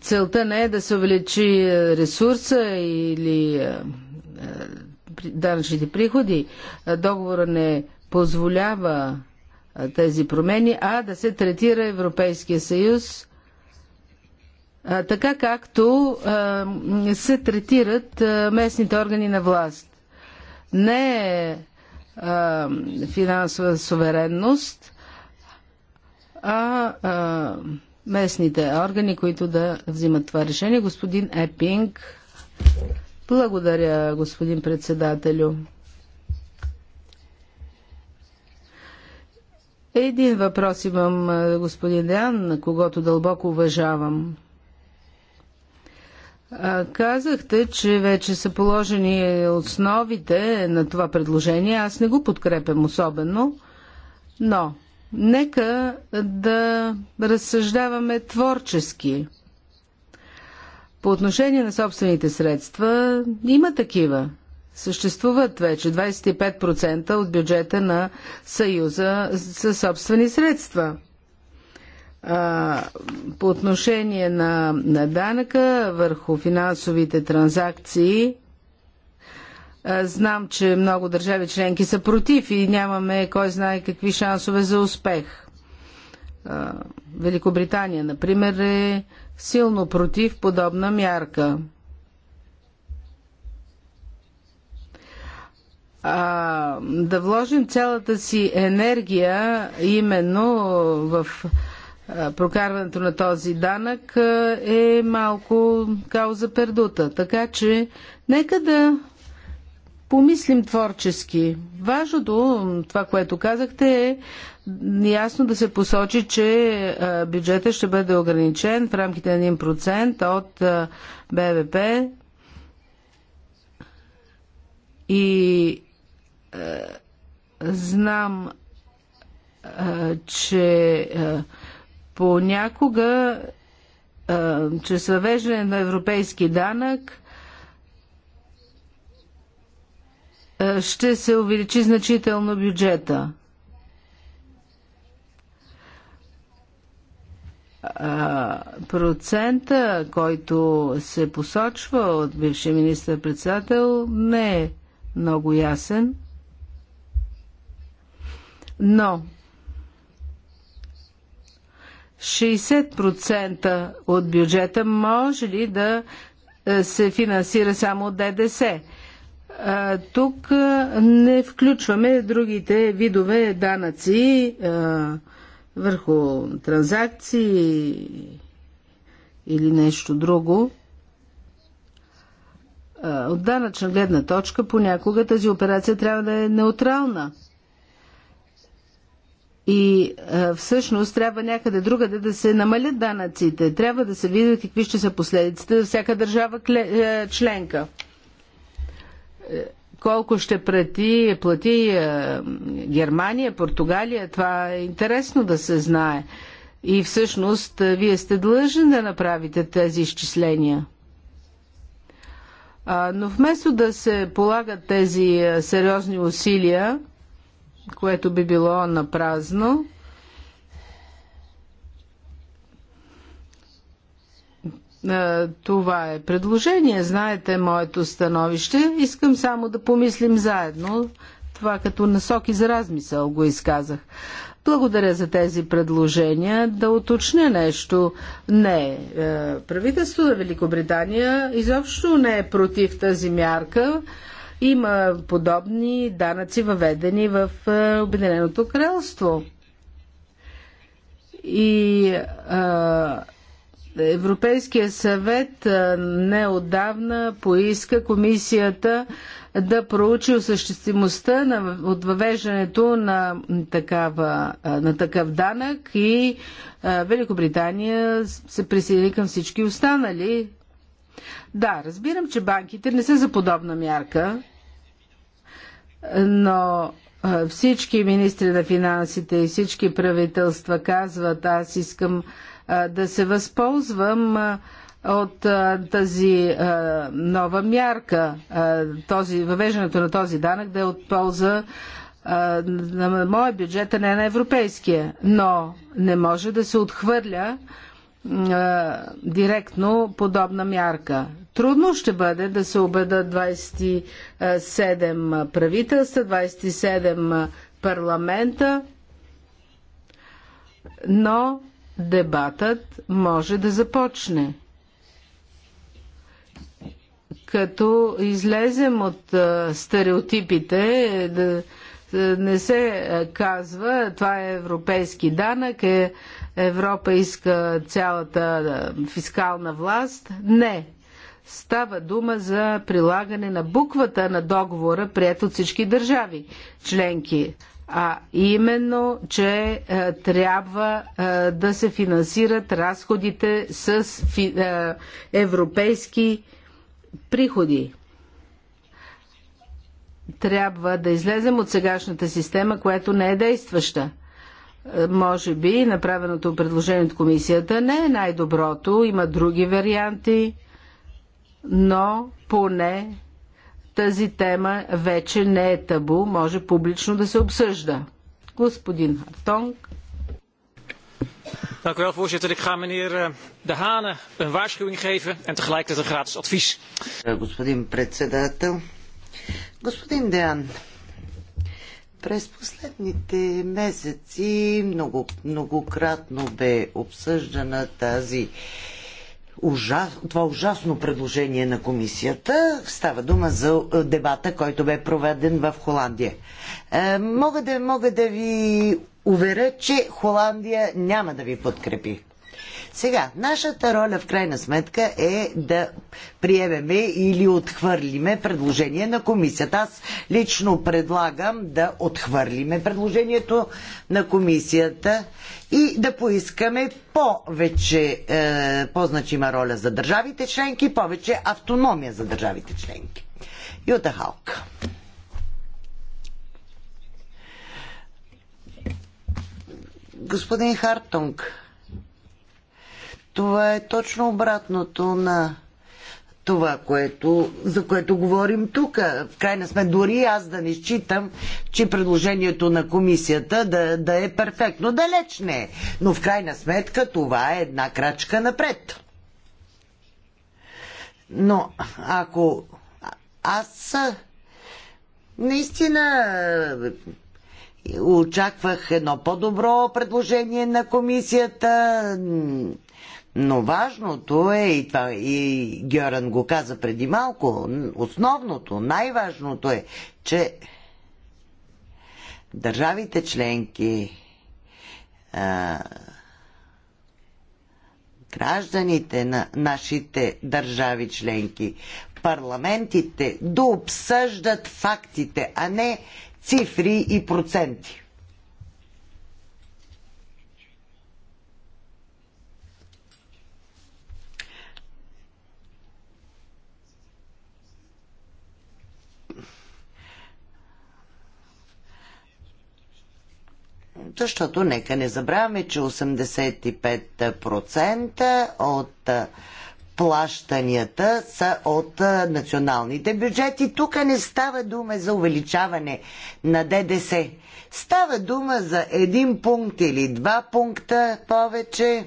Целта не е да се увеличи е, ресурса или данъчните приходи. Договора не позволява тези промени, а да се третира Европейския съюз така както се третират местните органи на власт не е а, финансова суверенност, а, а местните органи, които да взимат това решение. Господин Епинг. Благодаря, господин председателю. Един въпрос имам, господин Деан, на когото дълбоко уважавам. Казахте, че вече са положени основите на това предложение. Аз не го подкрепям особено, но нека да разсъждаваме творчески. По отношение на собствените средства, има такива. Съществуват вече 25% от бюджета на Съюза със собствени средства – по отношение на, на данъка върху финансовите транзакции, знам, че много държави членки са против и нямаме кой знае какви шансове за успех. Великобритания, например, е силно против подобна мярка. А, да вложим цялата си енергия именно в прокарването на този данък е малко кауза пердута. Така че нека да помислим творчески. Важното, това, което казахте, е ясно да се посочи, че бюджета ще бъде ограничен в рамките на 1% от БВП и знам, че понякога чрез въвеждане на европейски данък ще се увеличи значително бюджета. процента, който се посочва от бившия министър-председател, не е много ясен. Но 60% от бюджета може ли да е, се финансира само от ДДС? Е, тук е, не включваме другите видове данъци върху транзакции или нещо друго. От данъчна гледна точка понякога тази операция трябва да е неутрална – и а, всъщност трябва някъде другаде да се намалят данъците. Трябва да се видят какви ще са последиците за всяка държава членка. Е, колко ще прати, плати а, Германия, Португалия, това е интересно да се знае. И всъщност вие сте длъжни да направите тези изчисления. А, но вместо да се полагат тези сериозни усилия, което би било на празно. Това е предложение. Знаете моето становище. Искам само да помислим заедно. Това като насоки за размисъл го изказах. Благодаря за тези предложения. Да уточня нещо. Не, е, правителството на Великобритания изобщо не е против тази мярка. Има подобни данъци въведени в е, Обединеното кралство. И а, Европейския съвет неодавна поиска комисията да проучи осъществимостта на, от въвеждането на, такава, на такъв данък и а, Великобритания се присъедини към всички останали. Да, разбирам, че банките не са за подобна мярка, но всички министри на финансите и всички правителства казват, аз искам да се възползвам от тази нова мярка, този, въвеждането на този данък да е от полза на моя бюджет, а не на европейския. Но не може да се отхвърля директно подобна мярка. Трудно ще бъде да се убедат 27 правителства, 27 парламента, но дебатът може да започне. Като излезем от стереотипите, да, не се казва, това е европейски данък, е, Европа иска цялата фискална власт. Не, Става дума за прилагане на буквата на договора, прият от всички държави членки, а именно, че е, трябва е, да се финансират разходите с фи, е, европейски приходи трябва да излезем от сегашната система, която не е действаща. Е, може би направеното предложение от комисията не е най-доброто, има други варианти но поне тази тема вече не е табу, може публично да се обсъжда. Господин Хартонг. Dank u wel, voorzitter. Ik ga meneer eh, De Hane een waarschuwing geven en tegelijkertijd een gratis advies. Eh, господин председател, господин Деан, през последните месеци много, многократно бе обсъждана тази ужас, това ужасно предложение на комисията. Става дума за е, дебата, който бе проведен в Холандия. Е, мога, да, мога да ви уверя, че Холандия няма да ви подкрепи. Сега, нашата роля в крайна сметка е да приемеме или отхвърлиме предложение на комисията. Аз лично предлагам да отхвърлиме предложението на комисията и да поискаме повече е, по-значима роля за държавите членки, повече автономия за държавите членки. Юта Халк. Господин Хартунг, това е точно обратното на това, което, за което говорим тук. В крайна сме дори аз да не считам, че предложението на комисията да, да е перфектно. Далеч не е. Но в крайна сметка това е една крачка напред. Но ако аз наистина очаквах едно по-добро предложение на комисията, но важното е, и, това, и Гьоран го каза преди малко, основното, най-важното е, че държавите членки, а, гражданите на нашите държави членки, парламентите да обсъждат фактите, а не цифри и проценти. защото нека не забравяме, че 85% от плащанията са от националните бюджети. Тук не става дума за увеличаване на ДДС. Става дума за един пункт или два пункта повече.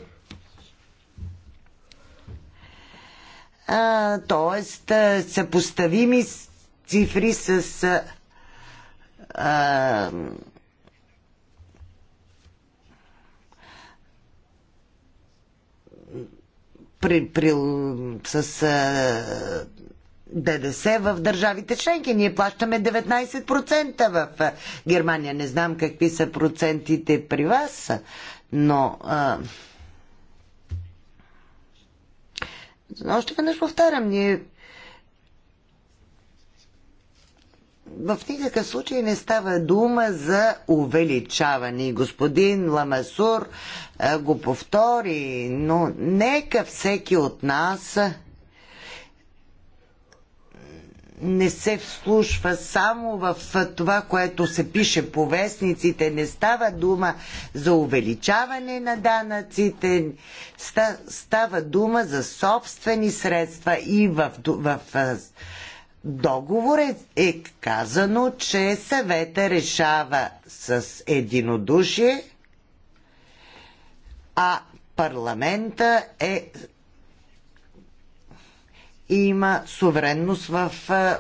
тоест, съпоставими цифри с а, при, при, с а, ДДС в държавите членки. Ние плащаме 19% в Германия. Не знам какви са процентите при вас, но. А, още веднъж повтарям, ние в никакъв случай не става дума за увеличаване. Господин Ламасур е, го повтори, но нека всеки от нас не се вслушва само в това, което се пише по вестниците. Не става дума за увеличаване на данъците, става дума за собствени средства и в, в, в договор е, е казано, че съвета решава с единодушие, а парламента е има суверенност в е,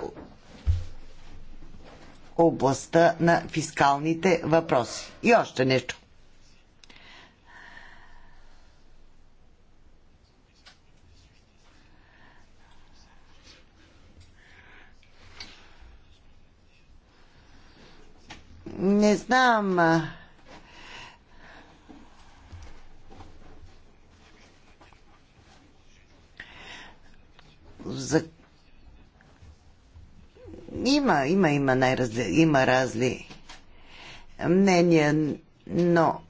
областта на фискалните въпроси. И още нещо. Не знам. За... Има, има, има, най-разли... има разли мнения, но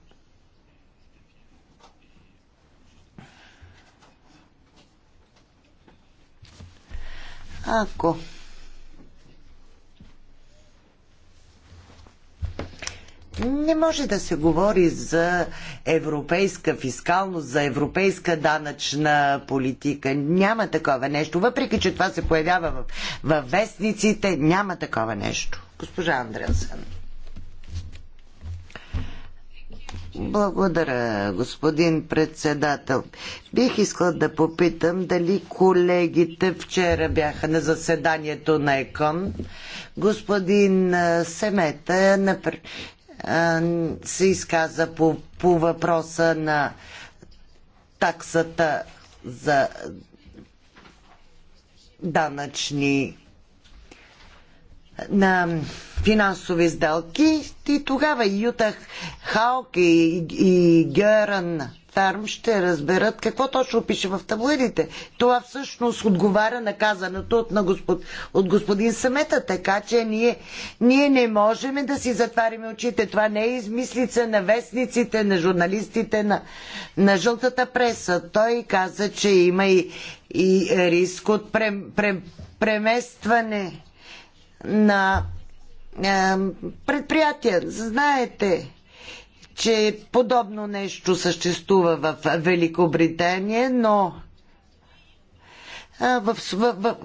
ако Cool. Не може да се говори за европейска фискалност, за европейска данъчна политика. Няма такова нещо. Въпреки, че това се появява в, в вестниците, няма такова нещо. Госпожа Андреасен. Благодаря, господин председател. Бих искал да попитам дали колегите вчера бяха на заседанието на ЕКОН. Господин Семета се изказа по, по въпроса на таксата за данъчни на финансови сделки. И тогава Юта Халк и, и Фарм ще разберат какво точно пише в таблоидите. Това всъщност отговаря на казаното от, на господ, от господин Самета, така че ние, ние не можем да си затваряме очите. Това не е измислица на вестниците, на журналистите, на, на жълтата преса. Той каза, че има и, и риск от прем, прем, преместване на е, предприятия. Знаете, че подобно нещо съществува в Великобритания, но в, в, в,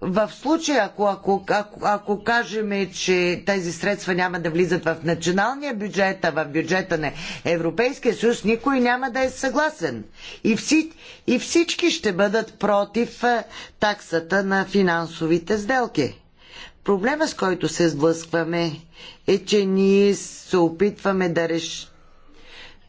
в случая, ако, ако, ако, ако кажем, че тези средства няма да влизат в националния бюджет, а в бюджета на Европейския съюз, никой няма да е съгласен. И, вси, и всички ще бъдат против таксата на финансовите сделки. Проблема, с който се сблъскваме, е, че ние се опитваме да, решим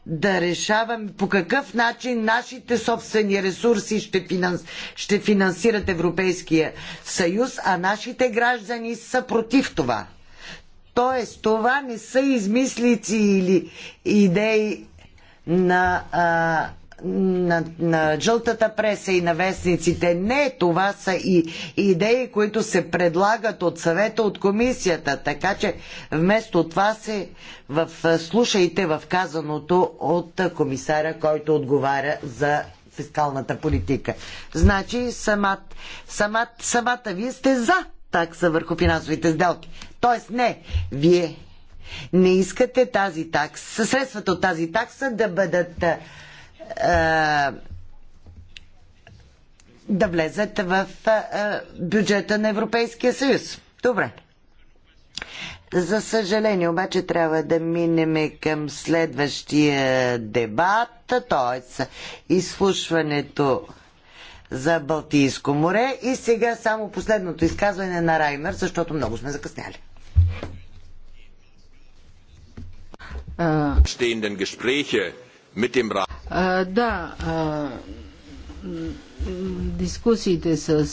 да решаваме по какъв начин нашите собствени ресурси ще, финанс, ще финансират Европейския съюз, а нашите граждани са против това. Тоест, това не са измислици или идеи на а, на, на жълтата преса и на вестниците. Не, това са и идеи, които се предлагат от съвета, от комисията. Така че вместо това се в, слушайте в казаното от комисаря, който отговаря за фискалната политика. Значи самат, самат, самата вие сте за такса върху финансовите сделки. Тоест не, вие не искате тази такса, средствата от тази такса да бъдат да влезат в бюджета на Европейския съюз. Добре. За съжаление, обаче трябва да минем към следващия дебат, т.е. изслушването за Балтийско море. И сега само последното изказване на Раймер, защото много сме закъсняли. Stehenden Gespräche mit dem Rat. да, дискусиите с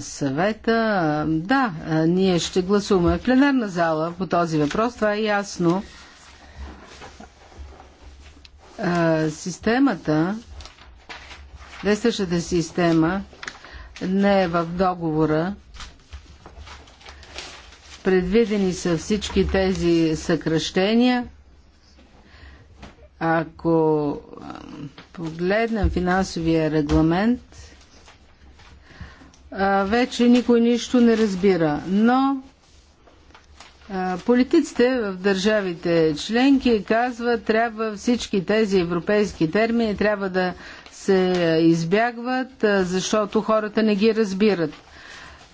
съвета, да, ние ще гласуваме в пленарна зала по този въпрос, това е ясно. системата, действащата система не е в договора. Предвидени са всички тези съкръщения – ако погледнем финансовия регламент, вече никой нищо не разбира. Но Политиците в държавите членки казват, трябва всички тези европейски термини трябва да се избягват, защото хората не ги разбират.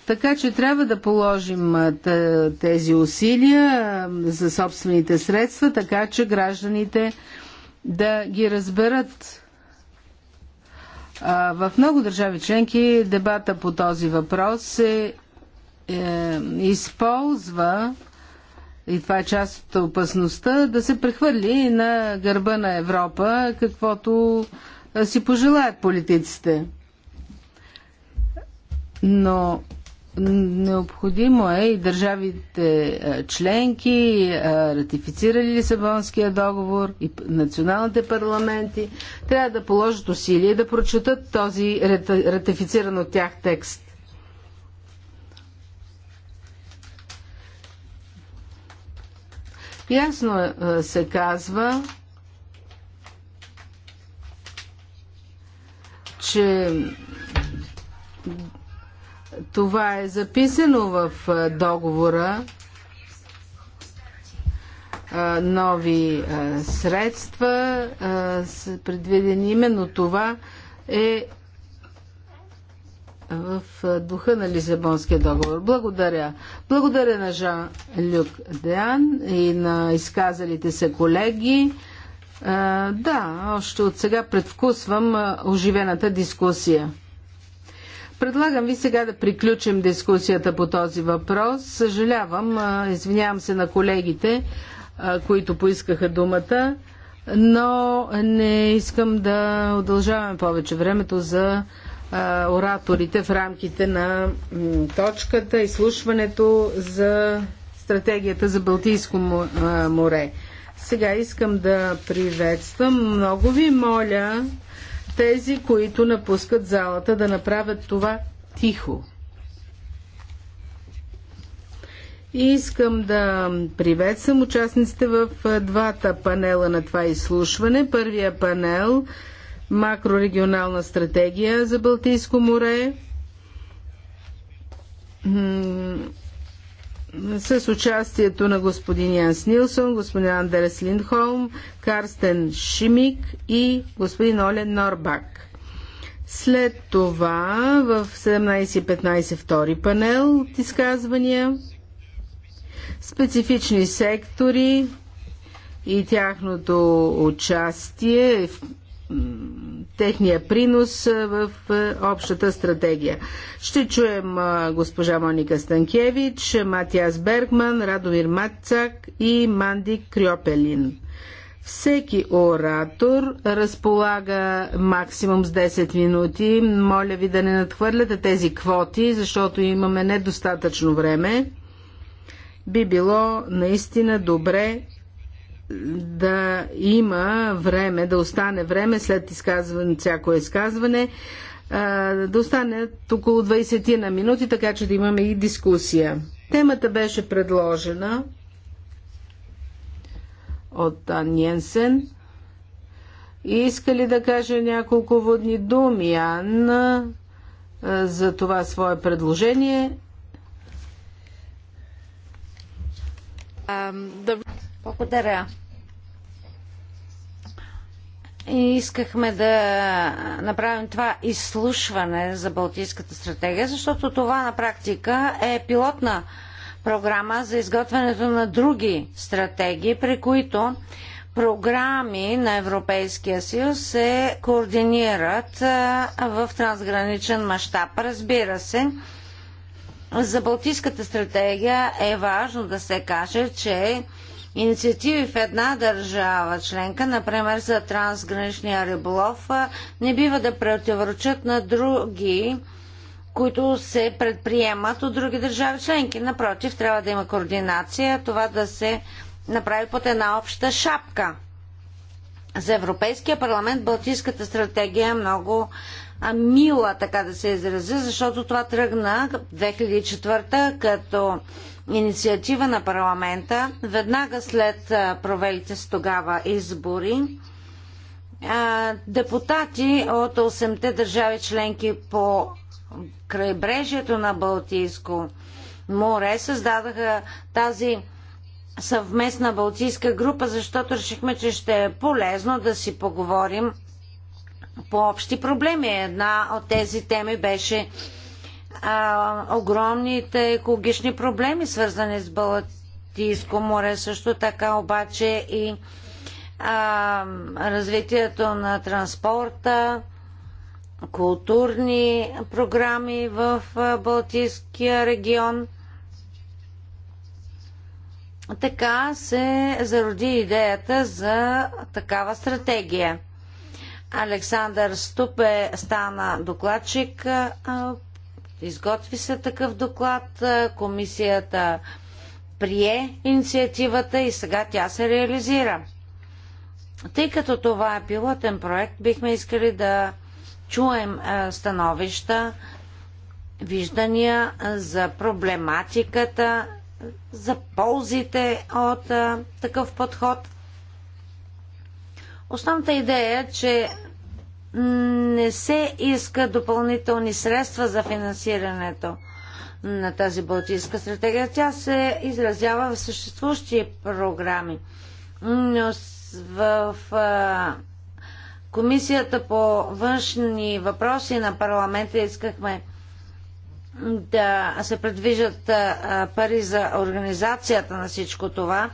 Така че трябва да положим тези усилия за собствените средства, така че гражданите да ги разберат. в много държави членки дебата по този въпрос се е, използва и това е част от опасността да се прехвърли на гърба на Европа, каквото си пожелаят политиците. Но Необходимо е и държавите членки, ратифицирали Лисабонския договор и националните парламенти, трябва да положат усилия да прочетат този ратифициран от тях текст. Ясно се казва, че това е записано в договора. Нови средства са предвидени. Именно това е в духа на Лисабонския договор. Благодаря. Благодаря на Жан Люк Деан и на изказалите се колеги. Да, още от сега предвкусвам оживената дискусия. Предлагам ви сега да приключим дискусията по този въпрос. Съжалявам, извинявам се на колегите, които поискаха думата, но не искам да удължаваме повече времето за ораторите в рамките на точката, изслушването за стратегията за Балтийско море. Сега искам да приветствам. Много ви моля тези, които напускат залата, да направят това тихо. И искам да приветствам участниците в двата панела на това изслушване. Първия панел – макрорегионална стратегия за Балтийско море с участието на господин Янс Нилсон, господин Андерес Линдхолм, Карстен Шимик и господин Олен Норбак. След това в 17.15 втори панел от изказвания специфични сектори и тяхното участие в техния принос в общата стратегия. Ще чуем госпожа Моника Станкевич, Матиас Бергман, Радомир Матцак и Манди Крьопелин. Всеки оратор разполага максимум с 10 минути. Моля ви да не надхвърляте тези квоти, защото имаме недостатъчно време. Би било наистина добре да има време, да остане време след изказване, всяко изказване, да остане около 20 на минути, така че да имаме и дискусия. Темата беше предложена от Ан Йенсен. иска ли да каже няколко водни думи, Ан, за това свое предложение? Um, the... Благодаря. И искахме да направим това изслушване за Балтийската стратегия, защото това на практика е пилотна програма за изготвянето на други стратегии, при които програми на Европейския съюз се координират в трансграничен мащаб. Разбира се, за Балтийската стратегия е важно да се каже, че инициативи в една държава членка, например за трансграничния риболов, не бива да противоречат на други, които се предприемат от други държави членки. Напротив, трябва да има координация, това да се направи под една обща шапка. За Европейския парламент Балтийската стратегия е много мила, така да се изрази, защото това тръгна 2004 като инициатива на парламента, веднага след провелите с тогава избори, депутати от 8-те държави членки по крайбрежието на Балтийско море създадаха тази съвместна балтийска група, защото решихме, че ще е полезно да си поговорим по общи проблеми. Една от тези теми беше а, огромните екологични проблеми, свързани с Балтийско море. Също така обаче и а, развитието на транспорта, културни програми в Балтийския регион. Така се зароди идеята за такава стратегия. Александър Ступе стана докладчик Изготви се такъв доклад, комисията прие инициативата и сега тя се реализира. Тъй като това е пилотен проект, бихме искали да чуем становища, виждания за проблематиката, за ползите от такъв подход. Основната идея е, че не се иска допълнителни средства за финансирането на тази Балтийска стратегия. Тя се изразява в съществуващи програми. Но в Комисията по външни въпроси на парламента искахме да се предвижат пари за организацията на всичко това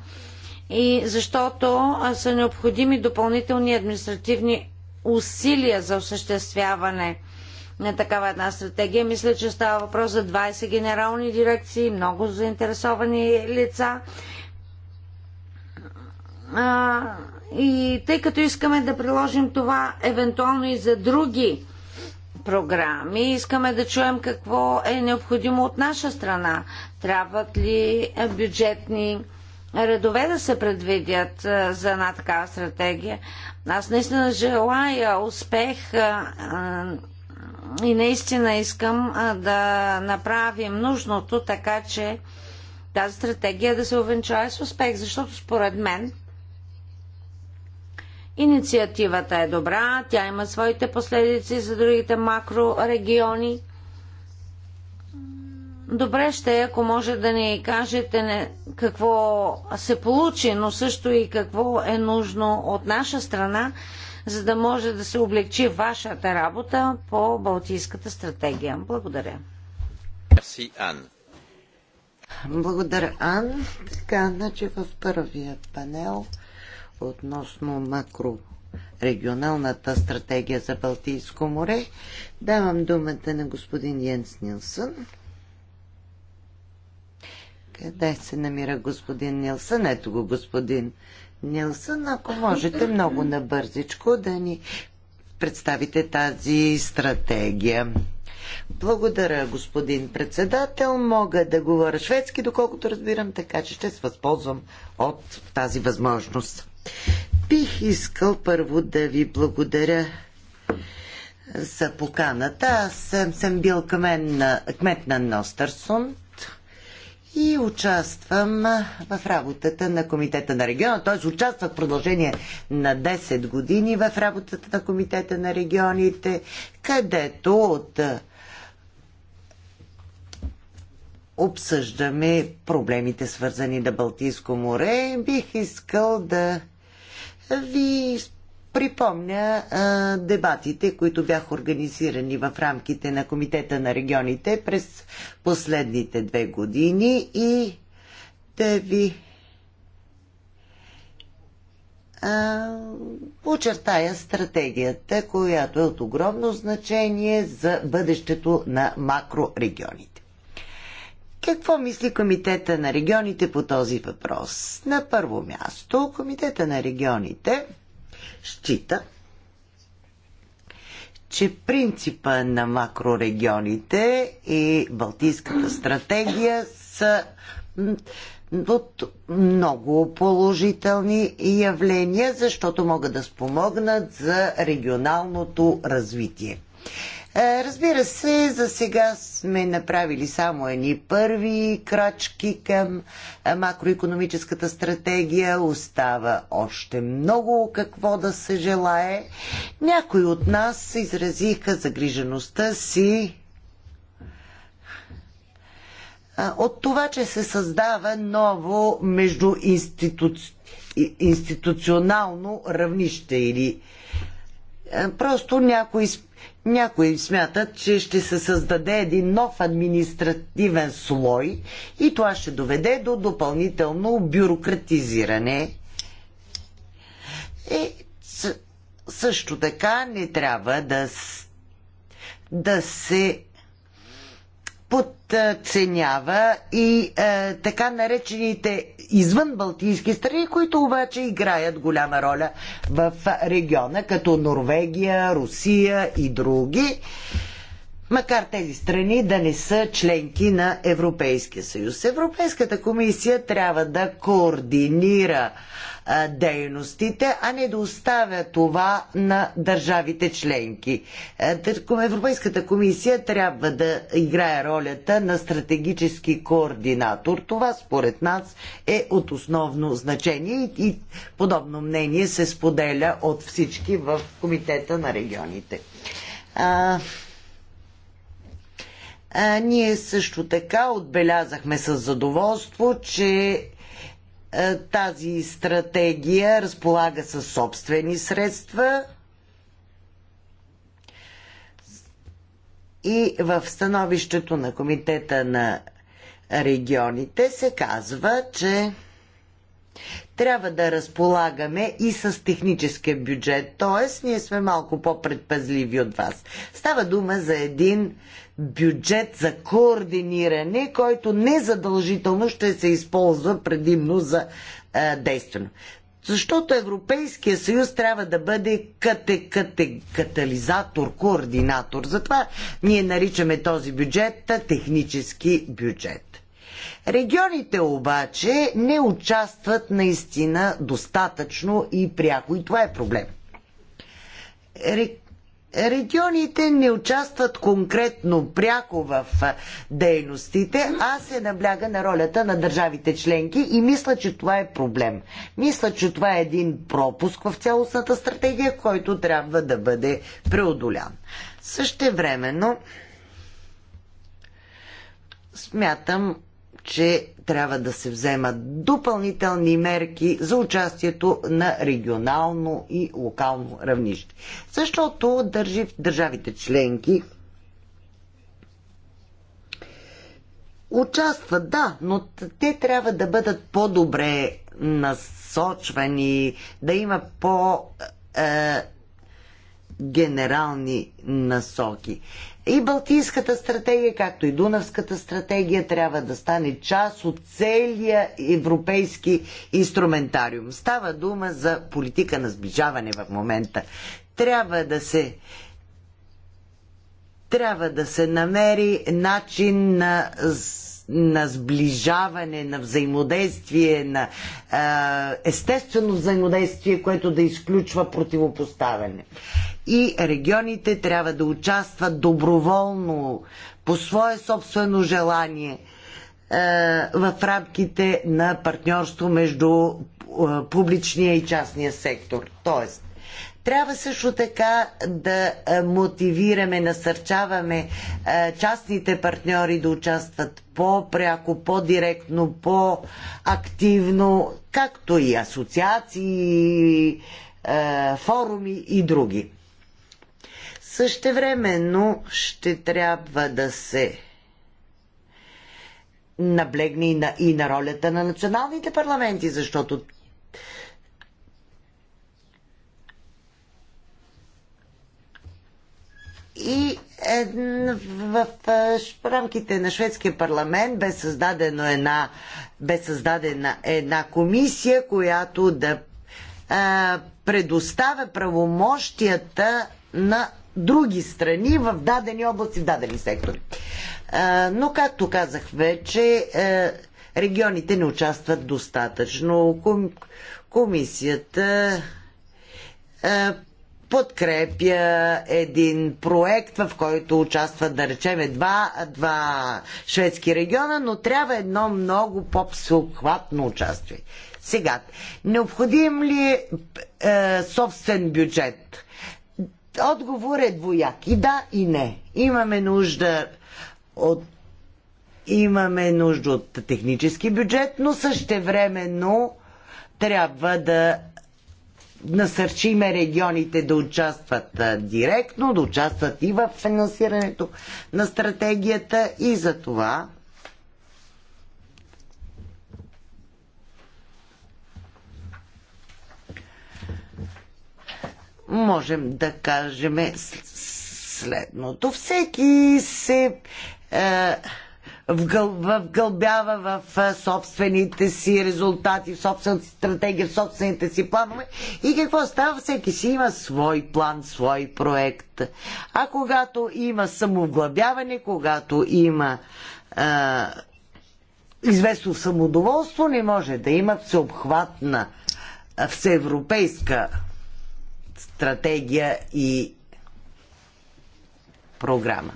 и защото са необходими допълнителни административни усилия за осъществяване на такава една стратегия. Мисля, че става въпрос за 20 генерални дирекции, много заинтересовани лица. А, и тъй като искаме да приложим това евентуално и за други програми, искаме да чуем какво е необходимо от наша страна. Трябват ли бюджетни редове да се предвидят за една такава стратегия. Аз наистина желая успех и наистина искам да направим нужното, така че тази стратегия да се увенчава с успех, защото според мен инициативата е добра, тя има своите последици за другите макрорегиони. Добре ще е, ако може да ни кажете не, какво се получи, но също и какво е нужно от наша страна, за да може да се облегчи вашата работа по Балтийската стратегия. Благодаря. Merci, Ан. Благодаря, Ан. Така, значи в първия панел относно макро регионалната стратегия за Балтийско море. Давам думата на господин Йенс Нилсън. Къде се намира господин Нилсън? Ето го господин Нилсън. Ако можете много набързичко да ни представите тази стратегия. Благодаря, господин председател. Мога да говоря шведски, доколкото разбирам, така че ще се възползвам от тази възможност. Бих искал първо да ви благодаря за поканата. Аз съм, съм бил кмен на, кмет на Ностърсон и участвам в работата на Комитета на региона, т.е. участвах в продължение на 10 години в работата на Комитета на регионите, където от обсъждаме проблемите свързани на Балтийско море. Бих искал да ви припомня а, дебатите, които бяха организирани в рамките на Комитета на регионите през последните две години и да ви а, очертая стратегията, която е от огромно значение за бъдещето на макрорегионите. Какво мисли Комитета на регионите по този въпрос? На първо място, Комитета на регионите – счита, че принципа на макрорегионите и Балтийската стратегия са от много положителни явления, защото могат да спомогнат за регионалното развитие. Е, разбира се, за сега сме направили само едни първи крачки към е, макроекономическата стратегия. Остава още много какво да се желае. Някои от нас изразиха загрижеността си е, от това, че се създава ново междуинституционално равнище или просто някои някои смятат, че ще се създаде един нов административен слой и това ще доведе до допълнително бюрократизиране. И е, също така не трябва да, да се подценява и е, така наречените извън Балтийски страни, които обаче играят голяма роля в региона, като Норвегия, Русия и други макар тези страни да не са членки на Европейския съюз. Европейската комисия трябва да координира дейностите, а не да оставя това на държавите членки. Е, Европейската комисия трябва да играе ролята на стратегически координатор. Това според нас е от основно значение и подобно мнение се споделя от всички в Комитета на регионите. А, ние също така отбелязахме с задоволство, че е, тази стратегия разполага със собствени средства и в становището на Комитета на регионите се казва, че трябва да разполагаме и с технически бюджет, т.е. ние сме малко по-предпазливи от вас. Става дума за един бюджет за координиране, който незадължително ще се използва предимно за а, е, действено. Защото Европейския съюз трябва да бъде кате, кате, катализатор, координатор. Затова ние наричаме този бюджет технически бюджет. Регионите обаче не участват наистина достатъчно и пряко и това е проблем регионите не участват конкретно пряко в дейностите, а се набляга на ролята на държавите членки и мисля, че това е проблем. Мисля, че това е един пропуск в цялостната стратегия, който трябва да бъде преодолян. Същевременно смятам, че трябва да се вземат допълнителни мерки за участието на регионално и локално равнище. Защото държи, държавите членки участват, да, но те трябва да бъдат по-добре насочвани, да има по- е, генерални насоки. И Балтийската стратегия, както и Дунавската стратегия, трябва да стане част от целия европейски инструментариум. Става дума за политика на сближаване в момента. Трябва да се трябва да се намери начин на на сближаване, на взаимодействие, на е, естествено взаимодействие, което да изключва противопоставяне. И регионите трябва да участват доброволно, по свое собствено желание е, в рамките на партньорство между публичния и частния сектор. Тоест, трябва също така да мотивираме, насърчаваме частните партньори да участват по-пряко, по-директно, по-активно, както и асоциации, форуми и други. Същевременно ще трябва да се наблегне и на, и на ролята на националните парламенти, защото И е, е, в рамките на шведския парламент бе създадена една, бе създадена една комисия, която да е, предоставя правомощията на други страни в дадени области, в дадени сектори. Е, но, както казах вече, е, регионите не участват достатъчно. Ком, комисията е, подкрепя един проект, в който участват, да речем, два, два шведски региона, но трябва едно много по-всеобхватно участие. Сега, необходим ли е, собствен бюджет? Отговор е двояк. И да, и не. Имаме нужда от имаме нужда от технически бюджет, но същевременно трябва да насърчиме регионите да участват директно, да участват и в финансирането на стратегията и за това можем да кажем следното. Всеки се е, вгълбява в собствените си резултати, в собствената си стратегия, в собствените си планове. И какво става? Всеки си има свой план, свой проект. А когато има самовглъбяване, когато има а, известно самодоволство, не може да има всеобхватна всеевропейска стратегия и програма.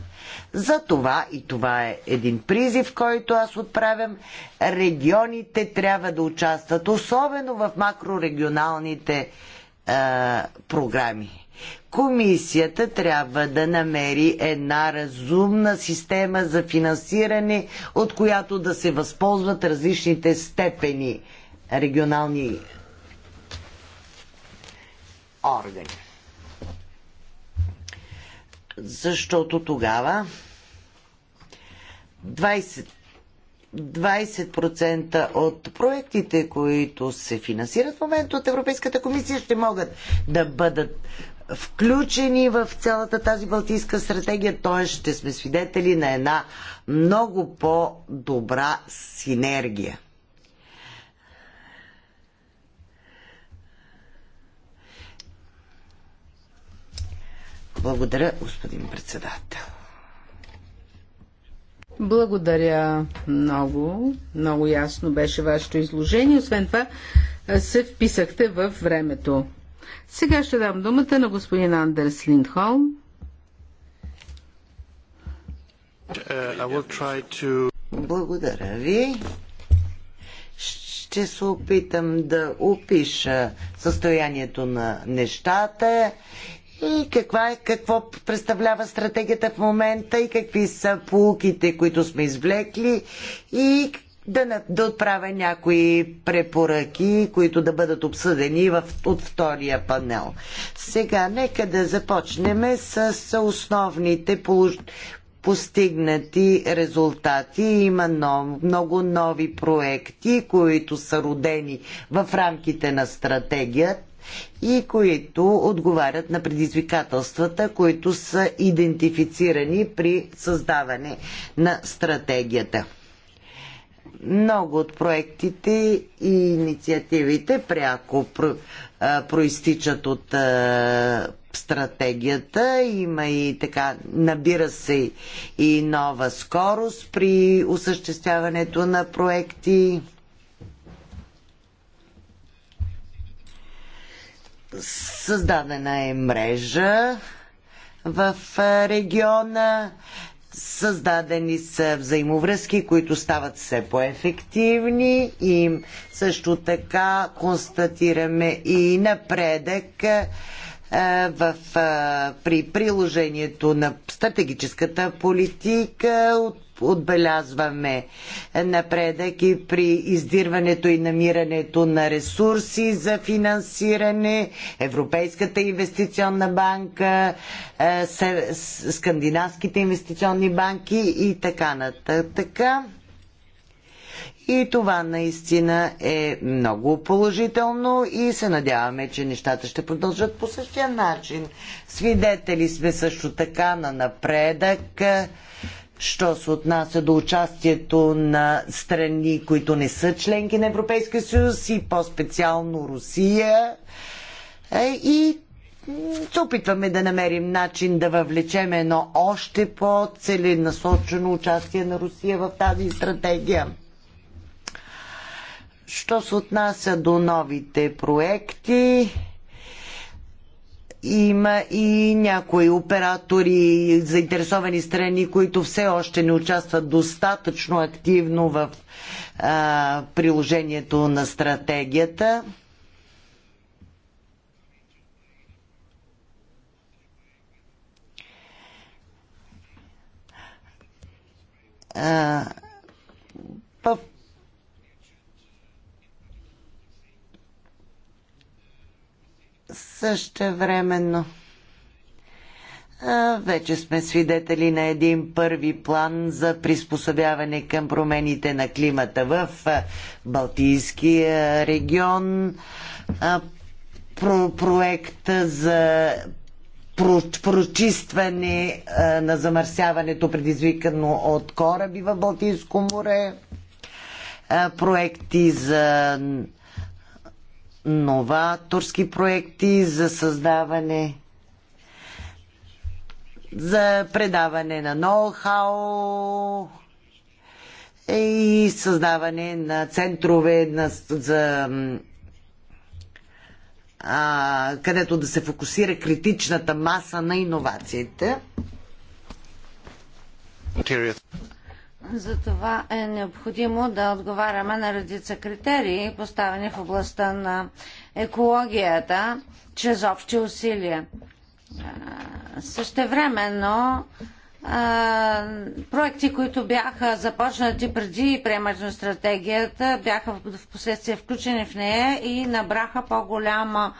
За това, и това е един призив, който аз отправям, регионите трябва да участват, особено в макрорегионалните е, програми. Комисията трябва да намери една разумна система за финансиране, от която да се възползват различните степени регионални органи защото тогава 20, 20% от проектите, които се финансират в момента от Европейската комисия, ще могат да бъдат включени в цялата тази Балтийска стратегия, т.е. ще сме свидетели на една много по-добра синергия. Благодаря, господин председател. Благодаря много. Много ясно беше вашето изложение. Освен това, се вписахте в времето. Сега ще дам думата на господин Андерс Линдхолм. Uh, Благодаря ви. Ще се опитам да опиша състоянието на нещата и каква е, какво представлява стратегията в момента и какви са полуките, които сме извлекли и да, да отправя някои препоръки, които да бъдат обсъдени в, от втория панел. Сега, нека да започнем с основните полож... постигнати резултати. Има нов, много нови проекти, които са родени в рамките на стратегията и които отговарят на предизвикателствата, които са идентифицирани при създаване на стратегията. Много от проектите и инициативите пряко проистичат от стратегията, има и така, набира се и нова скорост при осъществяването на проекти. Създадена е мрежа в региона, създадени са взаимовръзки, които стават все по-ефективни и също така констатираме и напредък в, при приложението на стратегическата политика от отбелязваме напредък и при издирването и намирането на ресурси за финансиране, Европейската инвестиционна банка, е, скандинавските инвестиционни банки и така нататък. И това наистина е много положително и се надяваме, че нещата ще продължат по същия начин. Свидетели сме също така на напредък що се отнася до участието на страни, които не са членки на Европейския съюз и по-специално Русия. Е, и се опитваме да намерим начин да въвлечем едно още по-целенасочено участие на Русия в тази стратегия. Що се отнася до новите проекти, има и някои оператори, и заинтересовани страни, които все още не участват достатъчно активно в а, приложението на стратегията. А, Същевременно вече сме свидетели на един първи план за приспособяване към промените на климата в Балтийския регион. Про проект за прочистване на замърсяването, предизвикано от кораби в Балтийско море. проекти за новаторски проекти за създаване за предаване на ноу-хау е и създаване на центрове на, за а, където да се фокусира критичната маса на иновациите. Затова е необходимо да отговаряме на редица критерии, поставени в областта на екологията, чрез общи усилия. Същевременно, проекти, които бяха започнати преди приемането на стратегията, бяха в последствие включени в нея и набраха по-голяма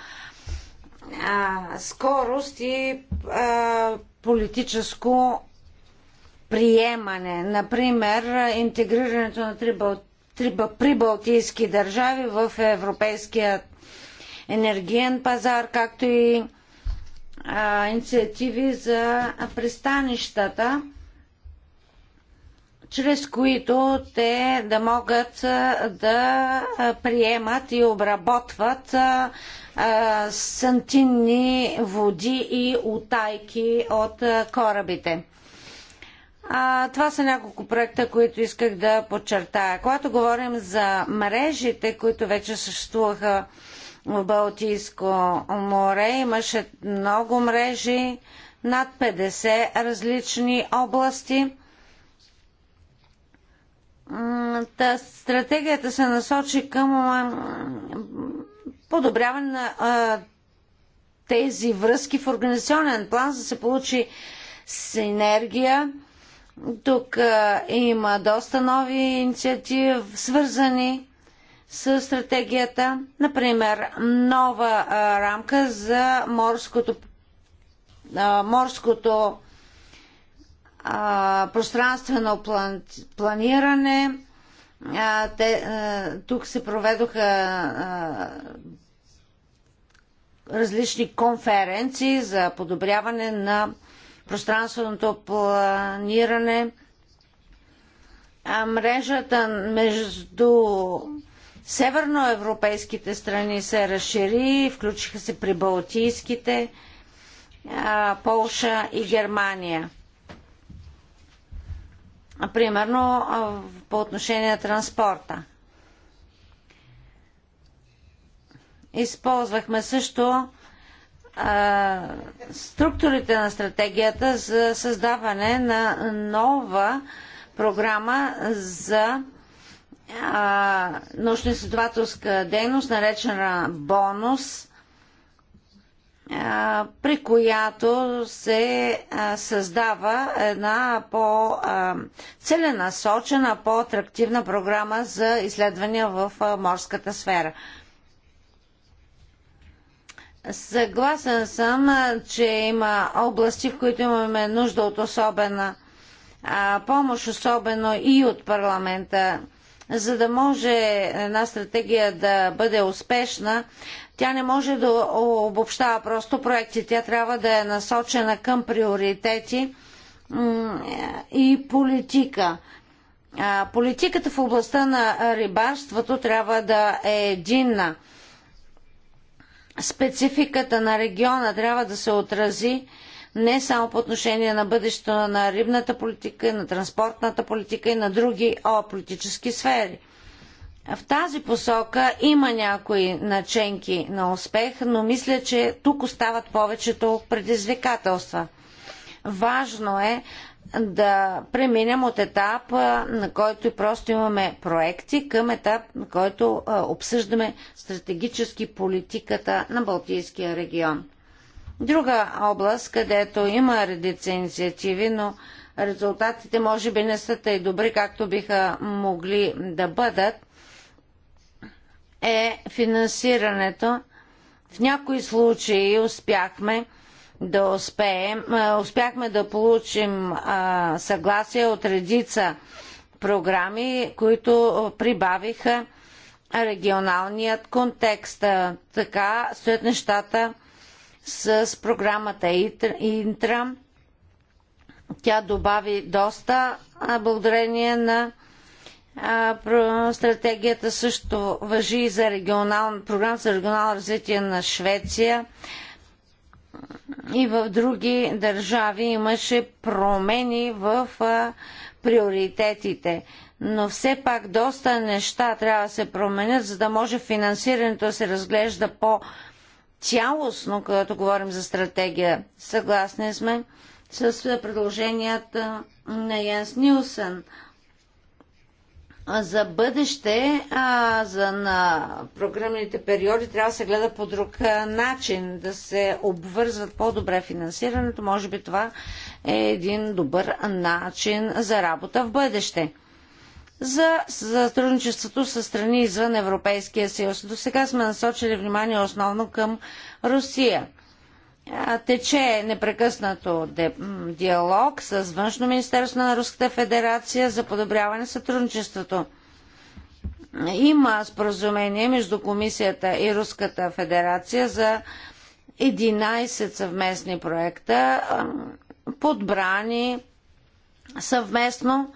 скорост и политическо приемане. Например, интегрирането на прибалтийски държави в европейския енергиен пазар, както и а, инициативи за пристанищата, чрез които те да могат да приемат и обработват сантинни води и утайки от корабите. А, това са няколко проекта, които исках да подчертая. Когато говорим за мрежите, които вече съществуваха в Балтийско море, имаше много мрежи, над 50 различни области. Та стратегията се насочи към подобряване на а, тези връзки в организационен план, за да се получи синергия тук а, има доста нови инициативи, свързани с стратегията. Например, нова а, рамка за морското, а, морското пространствено план, планиране. Те, тук се проведоха различни конференции за подобряване на пространственото планиране, а мрежата между северноевропейските страни се разшири, включиха се прибалтийските, Полша и Германия. Примерно по отношение на транспорта. Използвахме също структурите на стратегията за създаване на нова програма за научно-изследователска дейност, наречена бонус, при която се създава една по-целенасочена, по-атрактивна програма за изследвания в морската сфера. Съгласен съм, че има области, в които имаме нужда от особена помощ, особено и от парламента. За да може една стратегия да бъде успешна, тя не може да обобщава просто проекти. Тя трябва да е насочена към приоритети и политика. Политиката в областта на рибарството трябва да е единна спецификата на региона трябва да се отрази не само по отношение на бъдещето на рибната политика, на транспортната политика и на други о, политически сфери. В тази посока има някои наченки на успех, но мисля, че тук остават повечето предизвикателства. Важно е да преминем от етап, на който просто имаме проекти, към етап, на който обсъждаме стратегически политиката на Балтийския регион. Друга област, където има редица инициативи, но резултатите може би не са тъй добри, както биха могли да бъдат, е финансирането. В някои случаи успяхме да успеем. Е, успяхме да получим е, съгласие от редица програми, които прибавиха регионалният контекст. Е, така стоят нещата с програмата Интра. Тя добави доста благодарение на стратегията също въжи и за регионална програма за регионално развитие на Швеция и в други държави имаше промени в а, приоритетите. Но все пак доста неща трябва да се променят, за да може финансирането да се разглежда по цялостно, когато говорим за стратегия. Съгласни сме с предложенията на Янс Нилсън за бъдеще, а, за на програмните периоди трябва да се гледа по друг начин, да се обвързват по-добре финансирането. Може би това е един добър начин за работа в бъдеще. За сътрудничеството с страни извън Европейския съюз. До сега сме насочили внимание основно към Русия – Тече непрекъснато диалог с Външно министерство на Руската федерация за подобряване на сътрудничеството. Има споразумение между комисията и Руската федерация за 11 съвместни проекта, подбрани съвместно,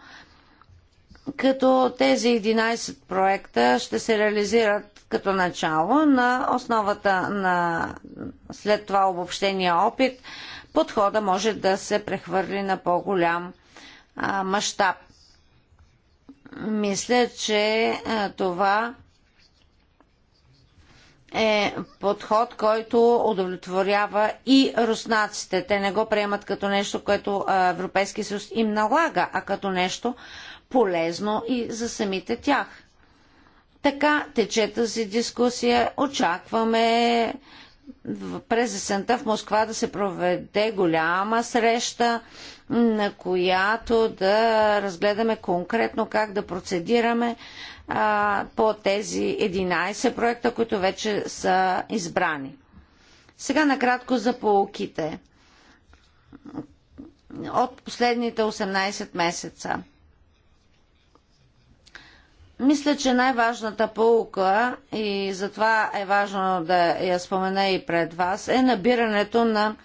като тези 11 проекта ще се реализират като начало на основата на след това обобщения опит, подхода може да се прехвърли на по-голям мащаб. Мисля, че а, това е подход, който удовлетворява и руснаците. Те не го приемат като нещо, което Европейския съюз им налага, а като нещо полезно и за самите тях. Така тече тази дискусия. Очакваме през есента в Москва да се проведе голяма среща, на която да разгледаме конкретно как да процедираме а, по тези 11 проекта, които вече са избрани. Сега накратко за полуките от последните 18 месеца. Мисля, че най-важната полука, и затова е важно да я спомена и пред вас, е набирането на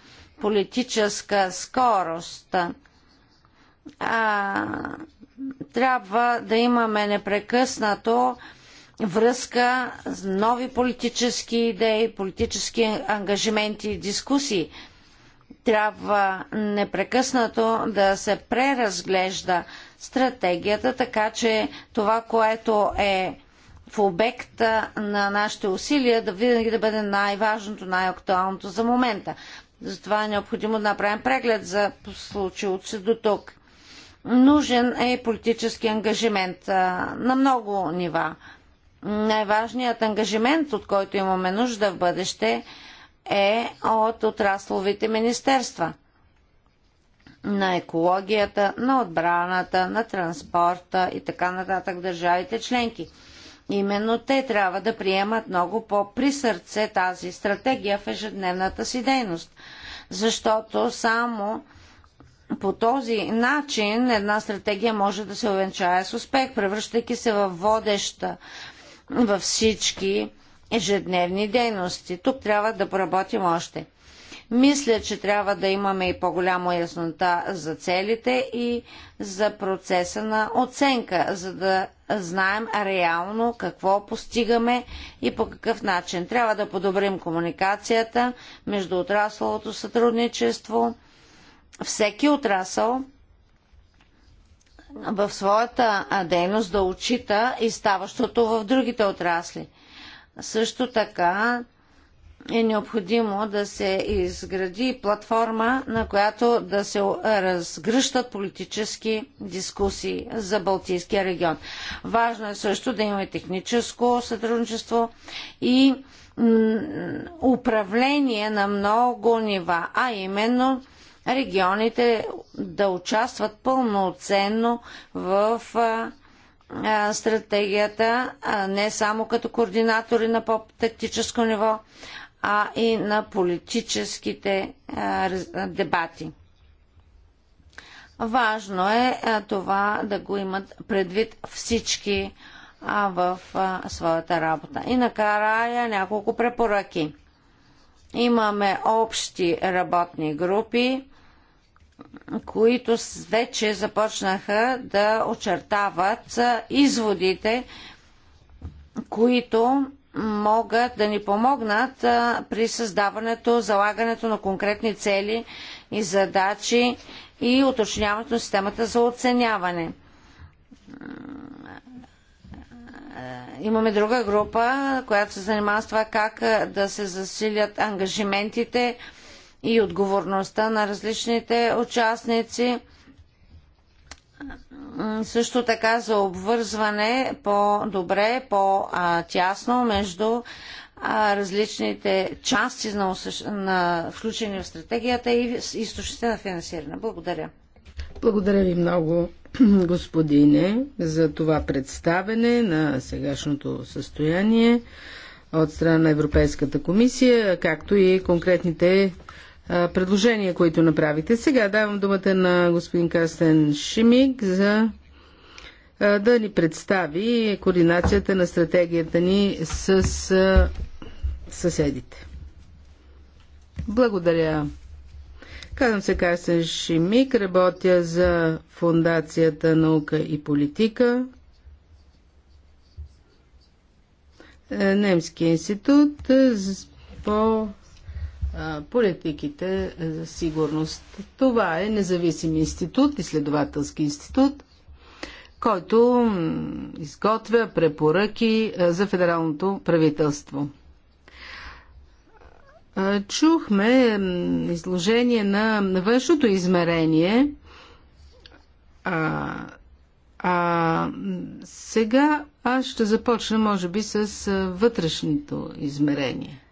политическа скорост. А, трябва да имаме непрекъснато връзка с нови политически идеи, политически ангажименти и дискусии – трябва непрекъснато да се преразглежда стратегията, така че това, което е в обекта на нашите усилия, да винаги да бъде най-важното, най-актуалното за момента. Затова е необходимо да направим преглед за случилото се до тук. Нужен е политически ангажимент а, на много нива. Най-важният ангажимент, от който имаме нужда в бъдеще, е е от отрасловите министерства на екологията, на отбраната, на транспорта и така нататък държавите членки. Именно те трябва да приемат много по-при сърце тази стратегия в ежедневната си дейност, защото само по този начин една стратегия може да се увенчае с успех, превръщайки се в водеща във всички ежедневни дейности. Тук трябва да поработим още. Мисля, че трябва да имаме и по-голяма яснота за целите и за процеса на оценка, за да знаем реално какво постигаме и по какъв начин. Трябва да подобрим комуникацията между отрасловото сътрудничество. Всеки отрасъл в своята дейност да отчита и ставащото в другите отрасли. Също така е необходимо да се изгради платформа, на която да се разгръщат политически дискусии за Балтийския регион. Важно е също да имаме техническо сътрудничество и управление на много нива, а именно регионите да участват пълноценно в а, стратегията не само като координатори на по-тактическо ниво, а и на политическите дебати. Важно е това да го имат предвид всички в своята работа. И накрая няколко препоръки. Имаме общи работни групи, които вече започнаха да очертават изводите, които могат да ни помогнат при създаването, залагането на конкретни цели и задачи и уточняването на системата за оценяване. Имаме друга група, която се занимава с това как да се засилят ангажиментите и отговорността на различните участници. Също така за обвързване по-добре, по-тясно между различните части на, на включени в стратегията и източните на финансиране. Благодаря. Благодаря ви много, [CLEARS THROAT] господине, за това представене на сегашното състояние от страна на Европейската комисия, както и конкретните предложения, които направите. Сега давам думата на господин Карстен Шимик за да ни представи координацията на стратегията ни с съседите. Благодаря. Казвам се кастен Шимик, работя за Фундацията наука и политика, е, Немския институт е, по политиките за сигурност. Това е независим институт, изследователски институт, който изготвя препоръки за федералното правителство. Чухме изложение на външното измерение, а, а сега аз ще започна, може би, с вътрешното измерение.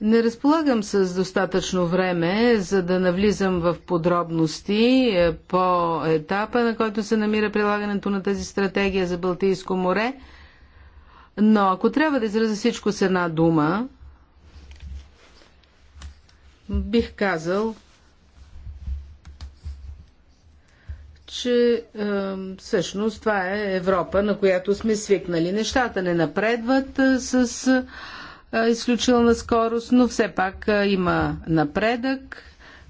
Не разполагам с достатъчно време, за да навлизам в подробности е, по етапа, на който се намира прилагането на тази стратегия за Балтийско море. Но ако трябва да изразя всичко с една дума, бих казал, че е, всъщност това е Европа, на която сме свикнали. Нещата не напредват е, с е, изключителна скорост, но все пак е, има напредък,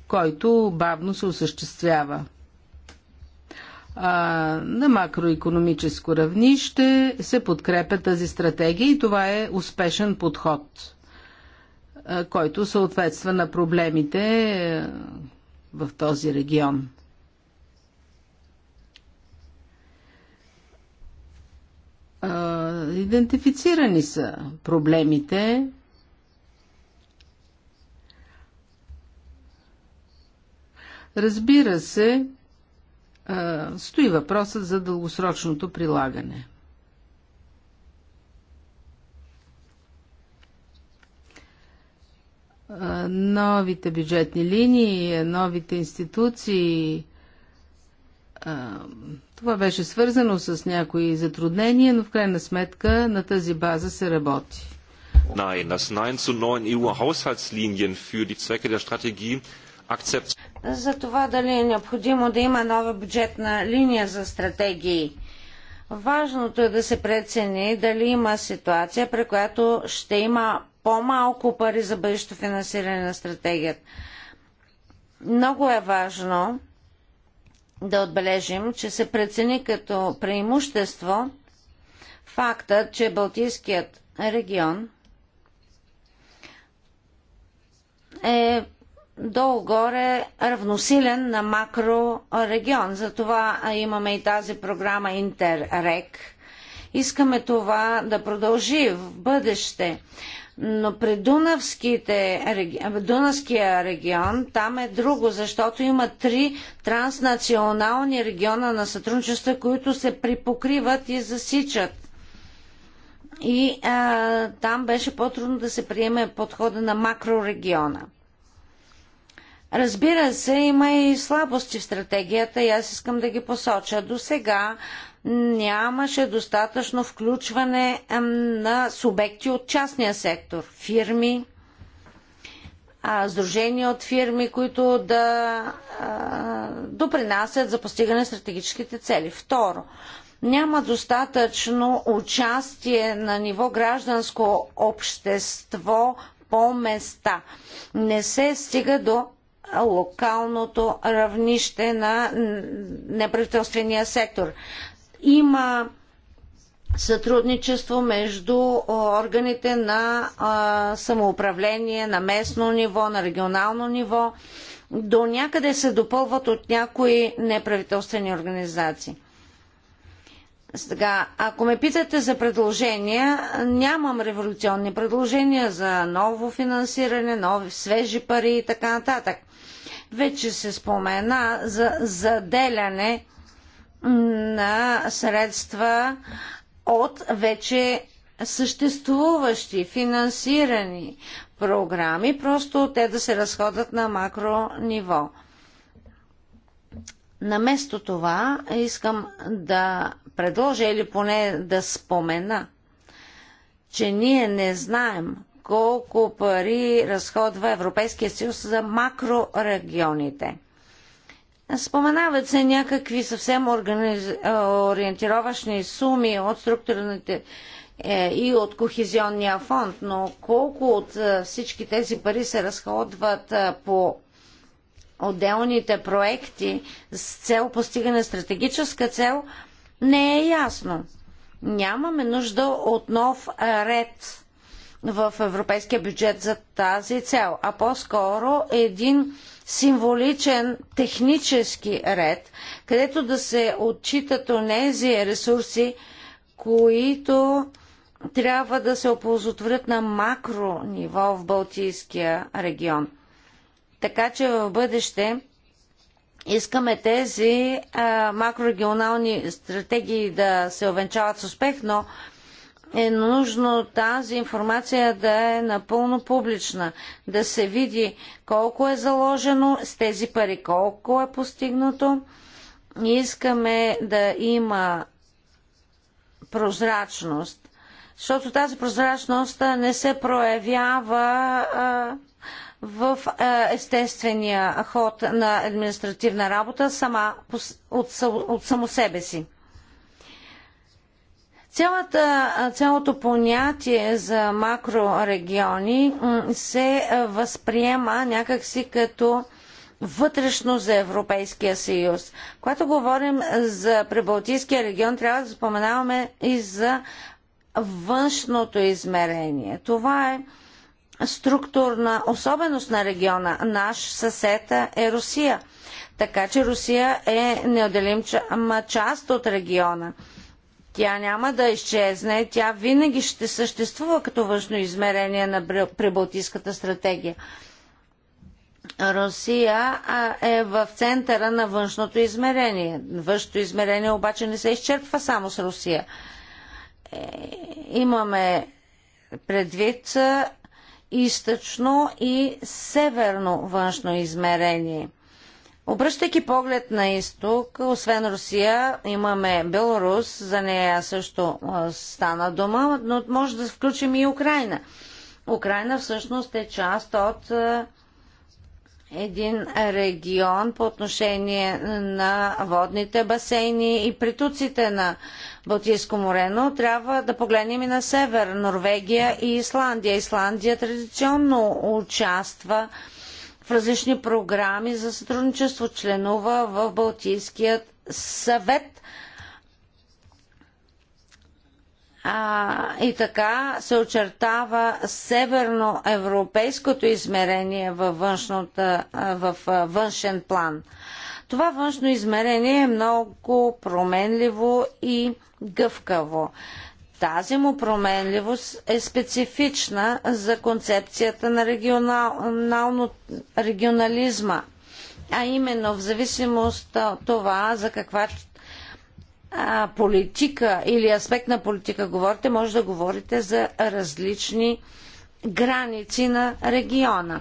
който бавно се осъществява. на макроекономическо равнище се подкрепя тази стратегия и това е успешен подход, е, който съответства на проблемите в този регион. идентифицирани са проблемите. Разбира се, стои въпросът за дългосрочното прилагане. Новите бюджетни линии, новите институции, това беше свързано с някои затруднения, но в крайна сметка на тази база се работи. Nein, das Nein zu neuen EU-Haushaltslinien für die Zwecke der Strategie akzept... За това дали е необходимо да има нова бюджетна линия за стратегии. Важното е да се прецени дали има ситуация, при която ще има по-малко пари за бъдещето финансиране на стратегията. Много е важно да отбележим, че се прецени като преимущество фактът, че Балтийският регион е долу-горе равносилен на макрорегион. Затова имаме и тази програма Интеррек. Искаме това да продължи в бъдеще. Но при Дунавските, Дунавския регион там е друго, защото има три транснационални региона на сътрудничество, които се припокриват и засичат. И а, там беше по-трудно да се приеме подхода на макрорегиона. Разбира се, има и слабости в стратегията и аз искам да ги посоча. До сега нямаше достатъчно включване на субекти от частния сектор, фирми, сдружения от фирми, които да допринасят за постигане на стратегическите цели. Второ, няма достатъчно участие на ниво гражданско общество по места. Не се стига до локалното равнище на неправителствения сектор. Има сътрудничество между органите на самоуправление на местно ниво, на регионално ниво. До някъде се допълват от някои неправителствени организации. Сега, ако ме питате за предложения, нямам революционни предложения за ново финансиране, нови свежи пари и така нататък. Вече се спомена за заделяне на средства от вече съществуващи, финансирани програми, просто те да се разходят на макро ниво. Наместо това искам да предложа или поне да спомена, че ние не знаем колко пари разходва Европейския съюз за макрорегионите – Споменават се някакви съвсем организ... ориентировъчни суми от структурните е, и от Кохезионния фонд, но колко от е, всички тези пари се разходват е, по отделните проекти с цел постигане стратегическа цел, не е ясно. Нямаме нужда от нов ред в европейския бюджет за тази цел, а по-скоро един символичен технически ред, където да се отчитат онези ресурси, които трябва да се оползотворят на макро ниво в Балтийския регион. Така че в бъдеще искаме тези а, макрорегионални стратегии да се овенчават с успех, но е нужно тази информация да е напълно публична, да се види колко е заложено с тези пари, колко е постигнато. Искаме да има прозрачност, защото тази прозрачност не се проявява в естествения ход на административна работа сама от само себе си. Цялата, цялото понятие за макрорегиони се възприема някакси като вътрешно за Европейския съюз. Когато говорим за Прибалтийския регион, трябва да споменаваме и за външното измерение. Това е структурна особеност на региона. Наш съсед е Русия. Така че Русия е неотделима част от региона. Тя няма да изчезне, тя винаги ще съществува като външно измерение на Прибалтийската стратегия. Русия е в центъра на външното измерение. Външното измерение обаче не се изчерпва само с Русия. Е, имаме предвид източно и северно външно измерение – Обръщайки поглед на изток, освен Русия, имаме Беларус, за нея също стана дума, но може да включим и Украина. Украина всъщност е част от един регион по отношение на водните басейни и притоците на Балтийско море, но трябва да погледнем и на север, Норвегия и Исландия. Исландия традиционно участва в в различни програми за сътрудничество, членува в Балтийският съвет. А, и така се очертава северноевропейското измерение във, външната, в външен план. Това външно измерение е много променливо и гъвкаво. Тази му променливост е специфична за концепцията на регионал, регионализма, а именно в зависимост от това за каква политика или аспект на политика говорите, може да говорите за различни граници на региона.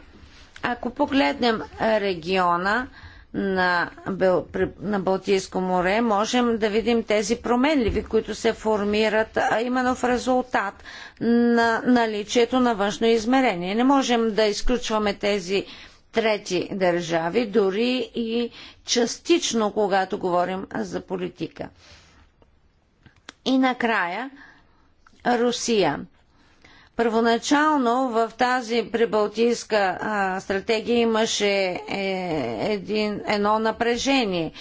Ако погледнем региона, на, Бел, на Балтийско море, можем да видим тези променливи, които се формират а именно в резултат на наличието на външно измерение. Не можем да изключваме тези трети държави, дори и частично, когато говорим за политика. И накрая, Русия. Първоначално в тази прибалтийска а, стратегия имаше е, един, едно напрежение,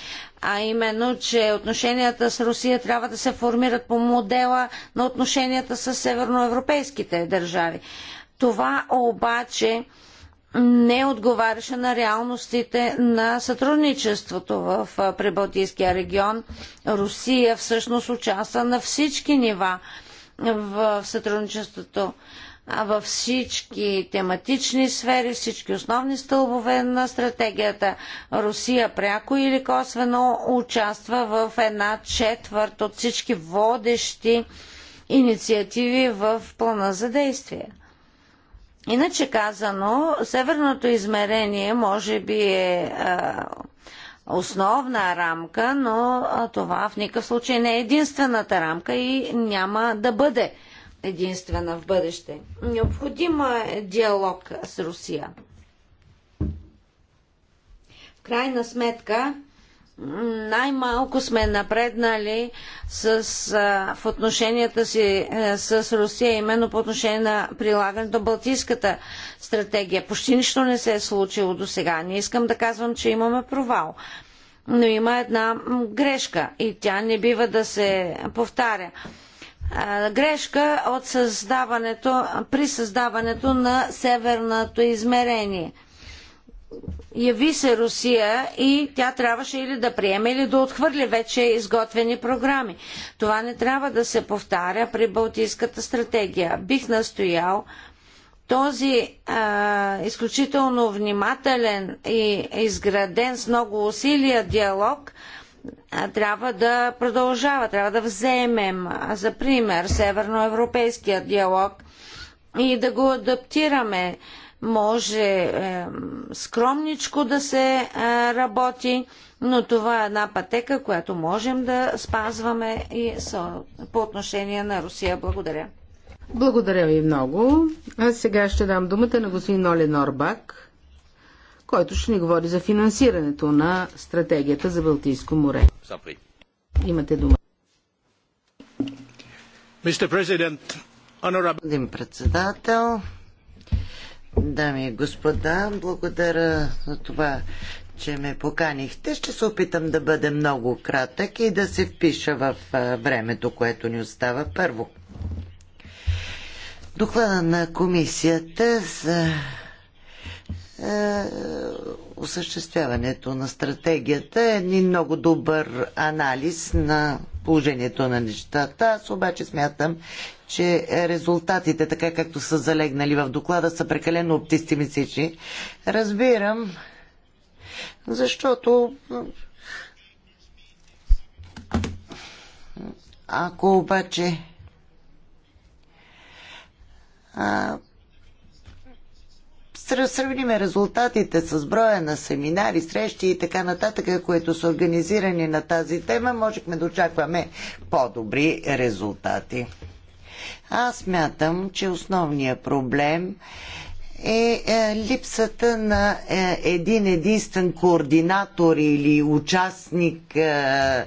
а именно, че отношенията с Русия трябва да се формират по модела на отношенията с северноевропейските държави. Това обаче не отговаряше на реалностите на сътрудничеството в Прибалтийския регион. Русия всъщност участва на всички нива в сътрудничеството във всички тематични сфери, всички основни стълбове на стратегията. Русия пряко или косвено участва в една четвърт от всички водещи инициативи в плана за действие. Иначе казано, северното измерение може би е а, основна рамка, но това в никакъв случай не е единствената рамка и няма да бъде единствена в бъдеще. Необходима е диалог с Русия. В крайна сметка, най-малко сме напреднали с, а, в отношенията си а, е, с Русия, именно по отношение на прилагането на Балтийската стратегия. Почти нищо не се е случило до сега. Не искам да казвам, че имаме провал. Но има една грешка и тя не бива да се повтаря. А, грешка от създаването, при създаването на северното измерение – яви се Русия и тя трябваше или да приеме, или да отхвърли вече изготвени програми. Това не трябва да се повтаря при Балтийската стратегия. Бих настоял този а, изключително внимателен и изграден с много усилия диалог трябва да продължава, трябва да вземем за пример северноевропейския диалог и да го адаптираме може е, скромничко да се е, работи, но това е една пътека, която можем да спазваме и со, по отношение на Русия. Благодаря. Благодаря ви много. А сега ще дам думата на господин Олен Норбак, който ще ни говори за финансирането на стратегията за Балтийско море. Имате дума. Господин председател, Дами и господа, благодаря за това, че ме поканихте. Ще се опитам да бъда много кратък и да се впиша в времето, което ни остава първо. Доклада на комисията за осъществяването на стратегията е ни много добър анализ на положението на нещата. Аз обаче смятам, че резултатите, така както са залегнали в доклада, са прекалено оптимистични. Разбирам, защото ако обаче а, сравниме резултатите с броя на семинари, срещи и така нататък, които са организирани на тази тема, можехме да очакваме по-добри резултати. Аз мятам, че основният проблем е, е липсата на е, един единствен координатор или участник, е,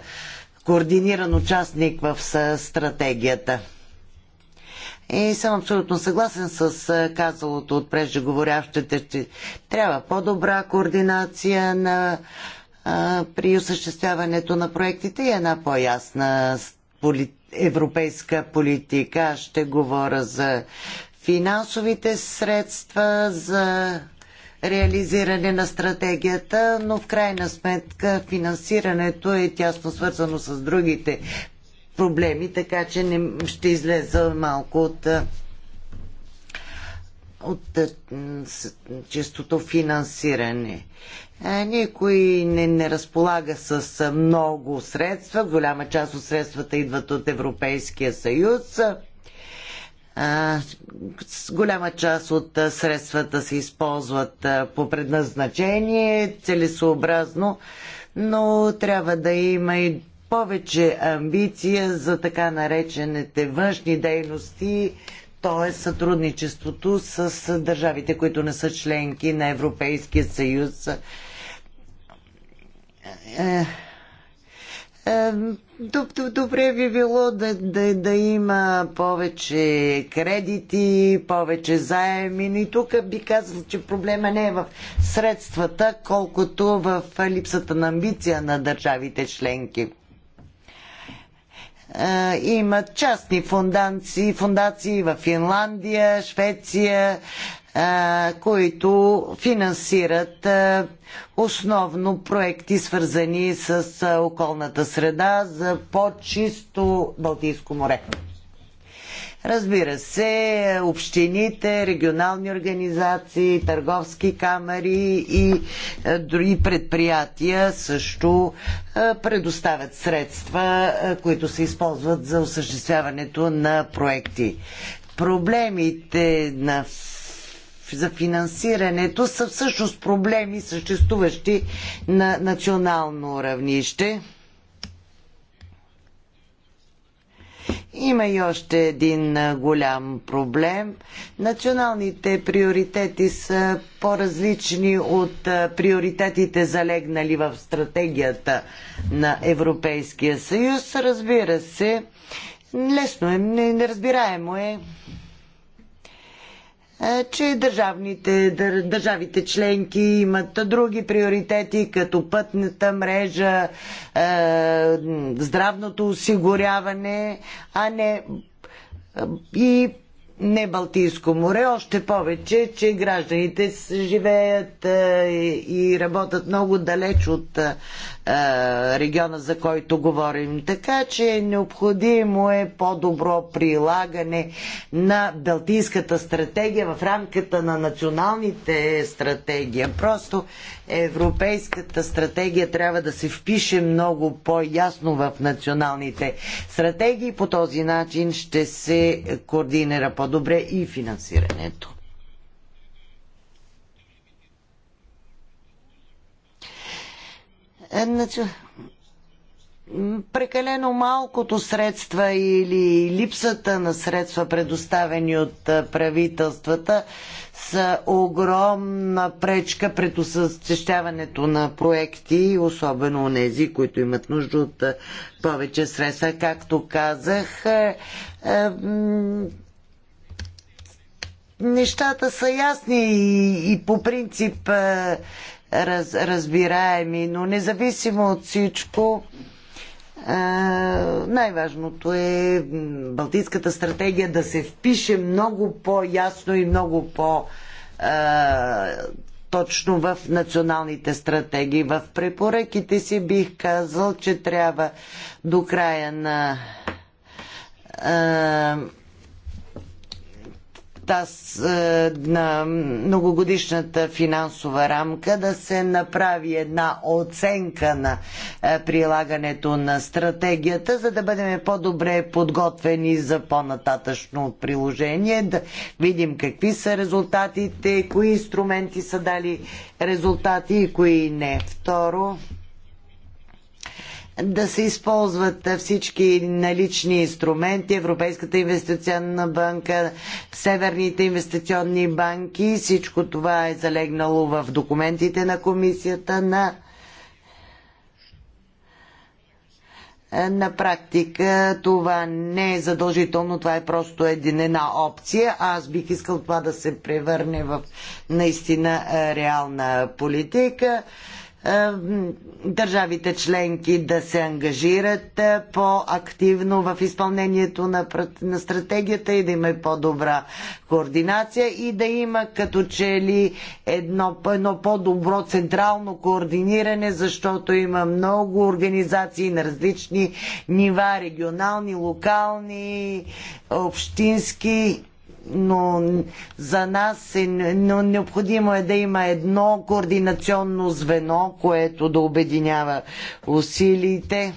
координиран участник в стратегията. И съм абсолютно съгласен с е, казалото от преждеговорящите, че трябва по-добра координация на, е, при осъществяването на проектите и една по-ясна политика европейска политика. Аз ще говоря за финансовите средства, за реализиране на стратегията, но в крайна сметка финансирането е тясно свързано с другите проблеми, така че не, ще излеза малко от, от чистото финансиране. Никой не, не разполага с много средства. Голяма част от средствата идват от Европейския съюз. голяма част от средствата се използват по предназначение, целесообразно, но трябва да има и повече амбиция за така наречените външни дейности, т.е. сътрудничеството с държавите, които не са членки на Европейския съюз. Е, е, добре би било да, да, да има повече кредити, повече заеми, но и тук би казал, че проблема не е в средствата, колкото в липсата на амбиция на държавите членки. Е, има частни фундации, фундации в Финландия, Швеция, които финансират основно проекти, свързани с околната среда за по-чисто Балтийско море. Разбира се, общините, регионални организации, търговски камери и други предприятия също предоставят средства, които се използват за осъществяването на проекти. Проблемите на за финансирането са всъщност проблеми, съществуващи на национално равнище. Има и още един голям проблем. Националните приоритети са по-различни от приоритетите залегнали в стратегията на Европейския съюз. Разбира се, лесно е, неразбираемо е е, че държавните, държавите членки имат други приоритети, като пътната мрежа, е, здравното осигуряване, а не е, и не Балтийско море, още повече, че гражданите живеят и работят много далеч от региона, за който говорим. Така че необходимо е по-добро прилагане на Балтийската стратегия в рамката на националните стратегии. Просто Европейската стратегия трябва да се впише много по-ясно в националните стратегии. По този начин ще се координира по по-добре и финансирането. Е, значи, прекалено малкото средства или липсата на средства, предоставени от е, правителствата, са огромна пречка пред осъществяването на проекти, особено у нези, които имат нужда от е, повече средства. Както казах, нещата са ясни и, и по принцип е, раз, разбираеми, но независимо от всичко, е, най-важното е Балтийската стратегия да се впише много по-ясно и много по- е, точно в националните стратегии. В препоръките си бих казал, че трябва до края на таз, е, на многогодишната финансова рамка да се направи една оценка на е, прилагането на стратегията, за да бъдем по-добре подготвени за по-нататъчно приложение, да видим какви са резултатите, кои инструменти са дали резултати и кои не. Второ, да се използват всички налични инструменти, Европейската инвестиционна банка, Северните инвестиционни банки. Всичко това е залегнало в документите на комисията на на практика това не е задължително, това е просто един, една опция. Аз бих искал това да се превърне в наистина реална политика. Е, държавите членки да се ангажират е, по-активно в изпълнението на, на стратегията и да има по-добра координация и да има като че ли едно, едно по-добро централно координиране, защото има много организации на различни нива, регионални, локални, общински но за нас е но необходимо е да има едно координационно звено, което да обединява усилиите.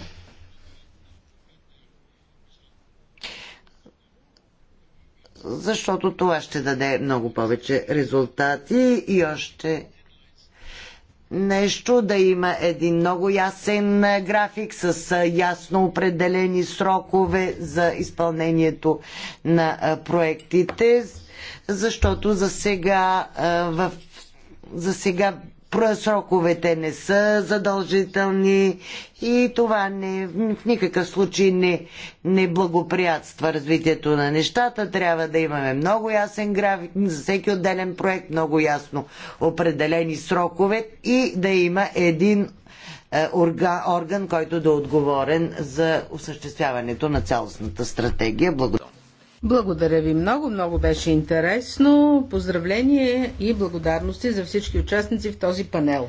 Защото това ще даде много повече резултати и още нещо, да има един много ясен график с ясно определени срокове за изпълнението на проектите, защото за сега в за сега сроковете не са задължителни и това не, в никакъв случай не, не благоприятства развитието на нещата. Трябва да имаме много ясен график за всеки отделен проект, много ясно определени срокове и да има един е, орган, орган който да е отговорен за осъществяването на цялостната стратегия. Благодаря. Благодаря ви много, много беше интересно. Поздравление и благодарности за всички участници в този панел.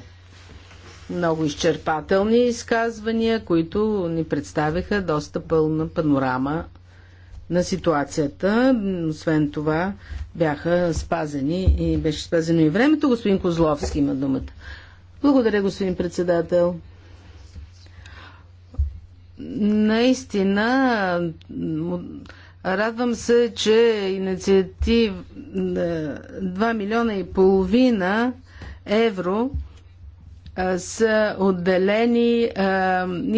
Много изчерпателни изказвания, които ни представиха доста пълна панорама на ситуацията. Освен това бяха спазени и беше спазено и времето. Господин Козловски има думата. Благодаря, господин председател. Наистина, Радвам се, че инициатив 2 е, милиона и половина евро са отделени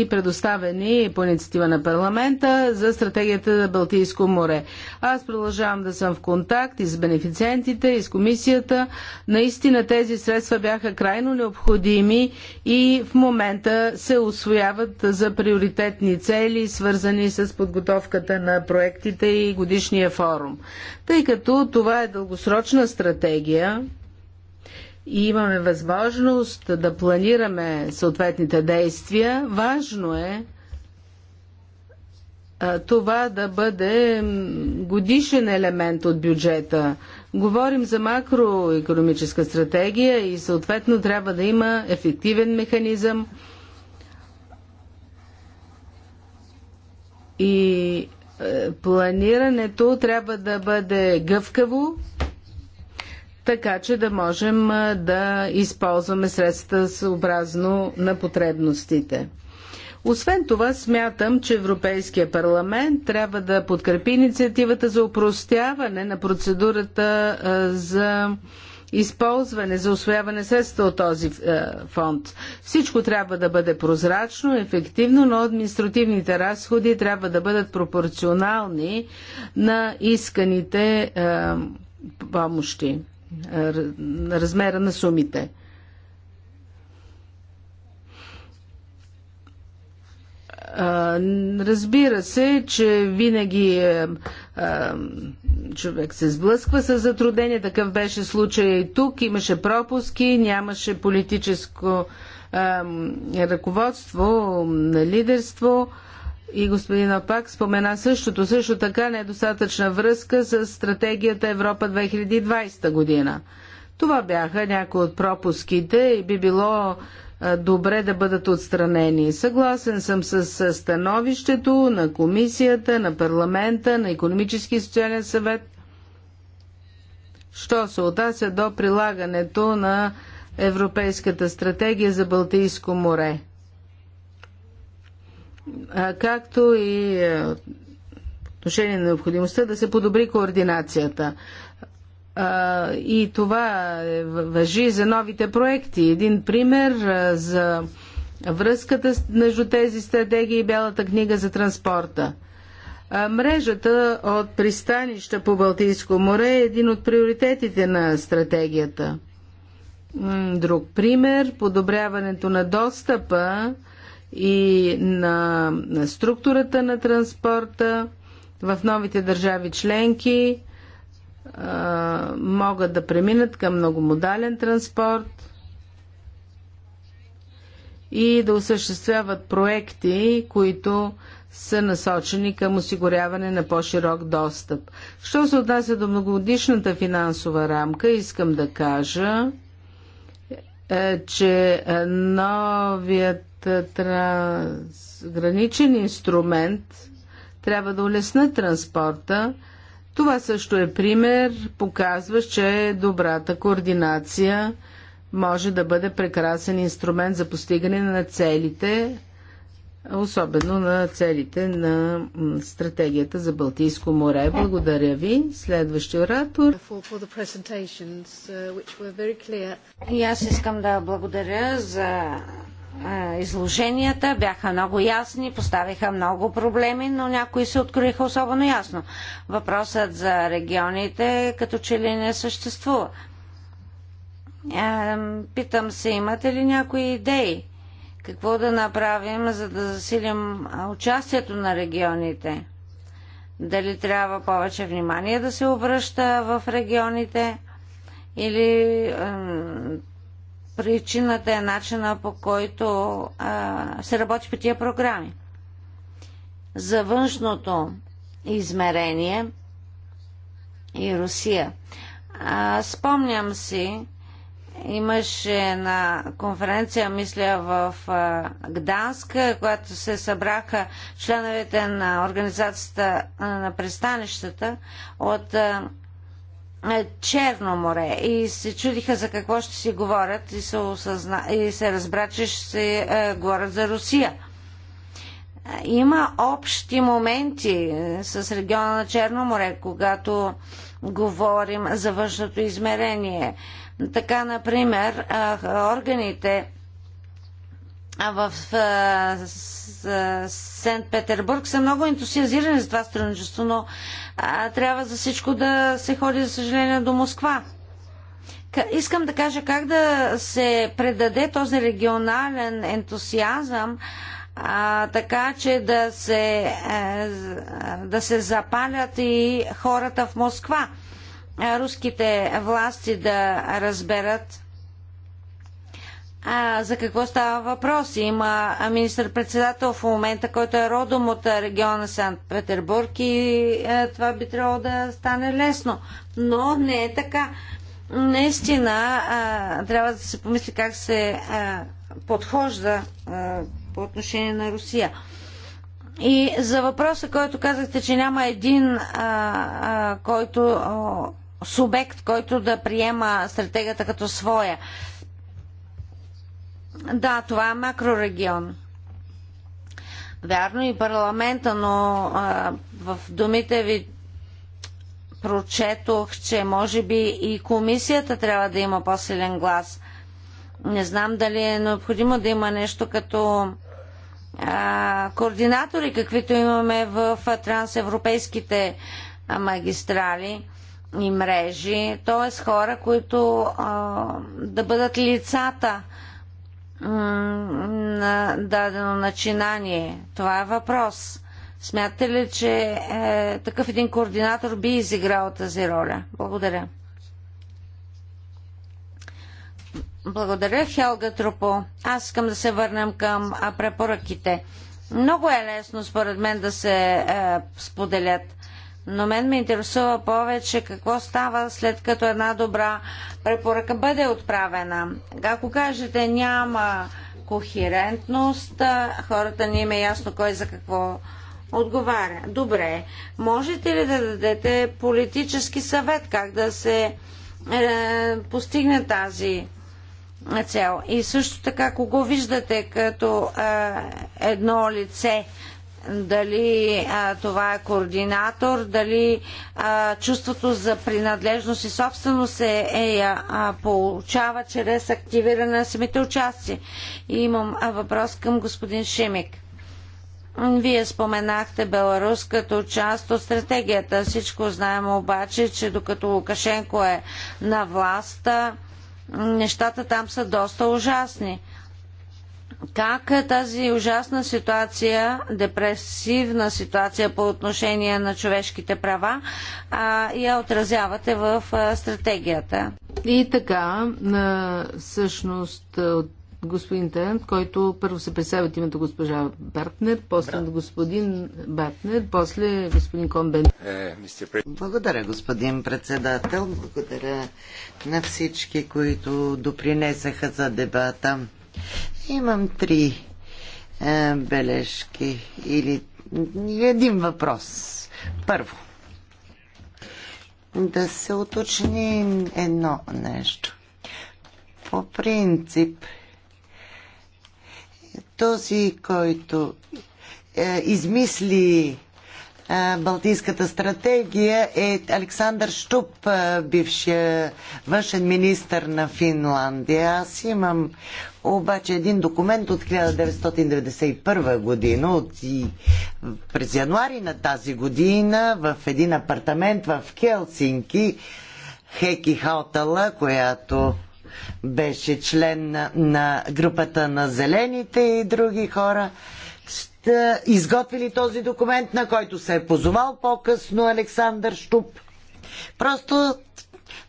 и предоставени по инициатива на парламента за стратегията за Балтийско море. Аз продължавам да съм в контакт и с бенефициентите, и с комисията. Наистина тези средства бяха крайно необходими и в момента се освояват за приоритетни цели, свързани с подготовката на проектите и годишния форум. Тъй като това е дългосрочна стратегия, и имаме възможност да планираме съответните действия, важно е това да бъде годишен елемент от бюджета. Говорим за макроекономическа стратегия и съответно трябва да има ефективен механизъм и е, планирането трябва да бъде гъвкаво, така че да можем да използваме средствата съобразно на потребностите. Освен това, смятам, че Европейския парламент трябва да подкрепи инициативата за упростяване на процедурата за използване, за освояване средства от този фонд. Всичко трябва да бъде прозрачно, ефективно, но административните разходи трябва да бъдат пропорционални на исканите помощи размера на сумите. Разбира се, че винаги е, човек се сблъсква с затруднение. Такъв беше случай и тук. Имаше пропуски, нямаше политическо ръководство, на лидерство и господин Апак спомена същото. Също така недостатъчна е връзка с стратегията Европа 2020 година. Това бяха някои от пропуските и би било добре да бъдат отстранени. Съгласен съм с становището на комисията, на парламента, на економически и социален съвет. Що се отнася до прилагането на Европейската стратегия за Балтийско море? както и отношение на необходимостта да се подобри координацията. И това е, въжи за новите проекти. Един пример за връзката между тези стратегии и Бялата книга за транспорта. Мрежата от пристанища по Балтийско море е един от приоритетите на стратегията. Друг пример подобряването на достъпа и на, структурата на транспорта в новите държави членки а, могат да преминат към многомодален транспорт и да осъществяват проекти, които са насочени към осигуряване на по-широк достъп. Що се отнася до многогодишната финансова рамка, искам да кажа, е, че е, новият е, трансграничен инструмент трябва да улесна транспорта. Това също е пример, показва, че добрата координация може да бъде прекрасен инструмент за постигане на целите, особено на целите на стратегията за Балтийско море. Благодаря ви. Следващия оратор. И аз искам да благодаря за изложенията. Бяха много ясни, поставиха много проблеми, но някои се откроиха особено ясно. Въпросът за регионите като че ли не съществува. Питам се, имате ли някои идеи? Какво да направим, за да засилим участието на регионите? Дали трябва повече внимание да се обръща в регионите или причината е начина по който е, се работи по тия програми. За външното измерение и Русия. А, спомням си Имаше една конференция, мисля, в Гданск, която се събраха членовете на Организацията на пристанищата от е, Черно море и се чудиха за какво ще си говорят и се, осъзна... и се разбра, че ще се говорят за Русия. Има общи моменти е, с региона на Черно море, когато говорим за външното измерение. Така, например, органите в Сент Петербург са много ентусиазирани за това сътрудничество, но трябва за всичко да се ходи, за съжаление, до Москва. Искам да кажа как да се предаде този регионален ентусиазъм, а, така че да се, е, да се запалят и хората в Москва руските власти да разберат а, за какво става въпрос. Има министър-председател в момента, който е родом от региона Санкт-Петербург и а, това би трябвало да стане лесно. Но не е така. Наистина а, трябва да се помисли как се а, подхожда а, по отношение на Русия. И за въпроса, който казахте, че няма един, а, а, който субект, който да приема стратегията като своя. Да, това е макрорегион. Вярно и парламента, но а, в думите ви прочетох, че може би и комисията трябва да има по-силен глас. Не знам дали е необходимо да има нещо като а, координатори, каквито имаме в трансевропейските магистрали и мрежи, т.е. хора, които а, да бъдат лицата на дадено начинание. Това е въпрос. Смятате ли, че е, такъв един координатор би изиграл тази роля? Благодаря. Благодаря, Хелга Трупо. Аз искам да се върнем към препоръките. Много е лесно, според мен, да се е, споделят но мен ме интересува повече какво става след като една добра препоръка бъде отправена. Ако кажете няма кохерентност, хората не има е ясно кой за какво отговаря. Добре, можете ли да дадете политически съвет как да се е, постигне тази цел? И също така, кого виждате като е, едно лице, дали а, това е координатор, дали а, чувството за принадлежност и собственост се е, е а, получава чрез активиране на самите участия. И имам въпрос към господин Шимик. Вие споменахте Беларус като част от стратегията. Всичко знаем обаче, че докато Лукашенко е на власт, нещата там са доста ужасни как е тази ужасна ситуация, депресивна ситуация по отношение на човешките права, а, я отразявате в а, стратегията. И така, на, всъщност, господин Тент, който първо се представя от името госпожа Бартнер, после Брат. господин Бартнер, после господин Комбен. Е, благодаря, господин председател. Благодаря на всички, които допринесаха за дебата. Имам три е, бележки или един въпрос. Първо, да се уточни едно нещо. По принцип, този, който е, измисли Балтийската стратегия е Александър Штуп, бившия външен министр на Финландия. Аз имам обаче един документ от 1991 година, от и през януари на тази година, в един апартамент в Келсинки, Хеки Хаутала, която беше член на, на групата на Зелените и други хора. Е, изготвили този документ, на който се е позовал по-късно Александър Штуп. Просто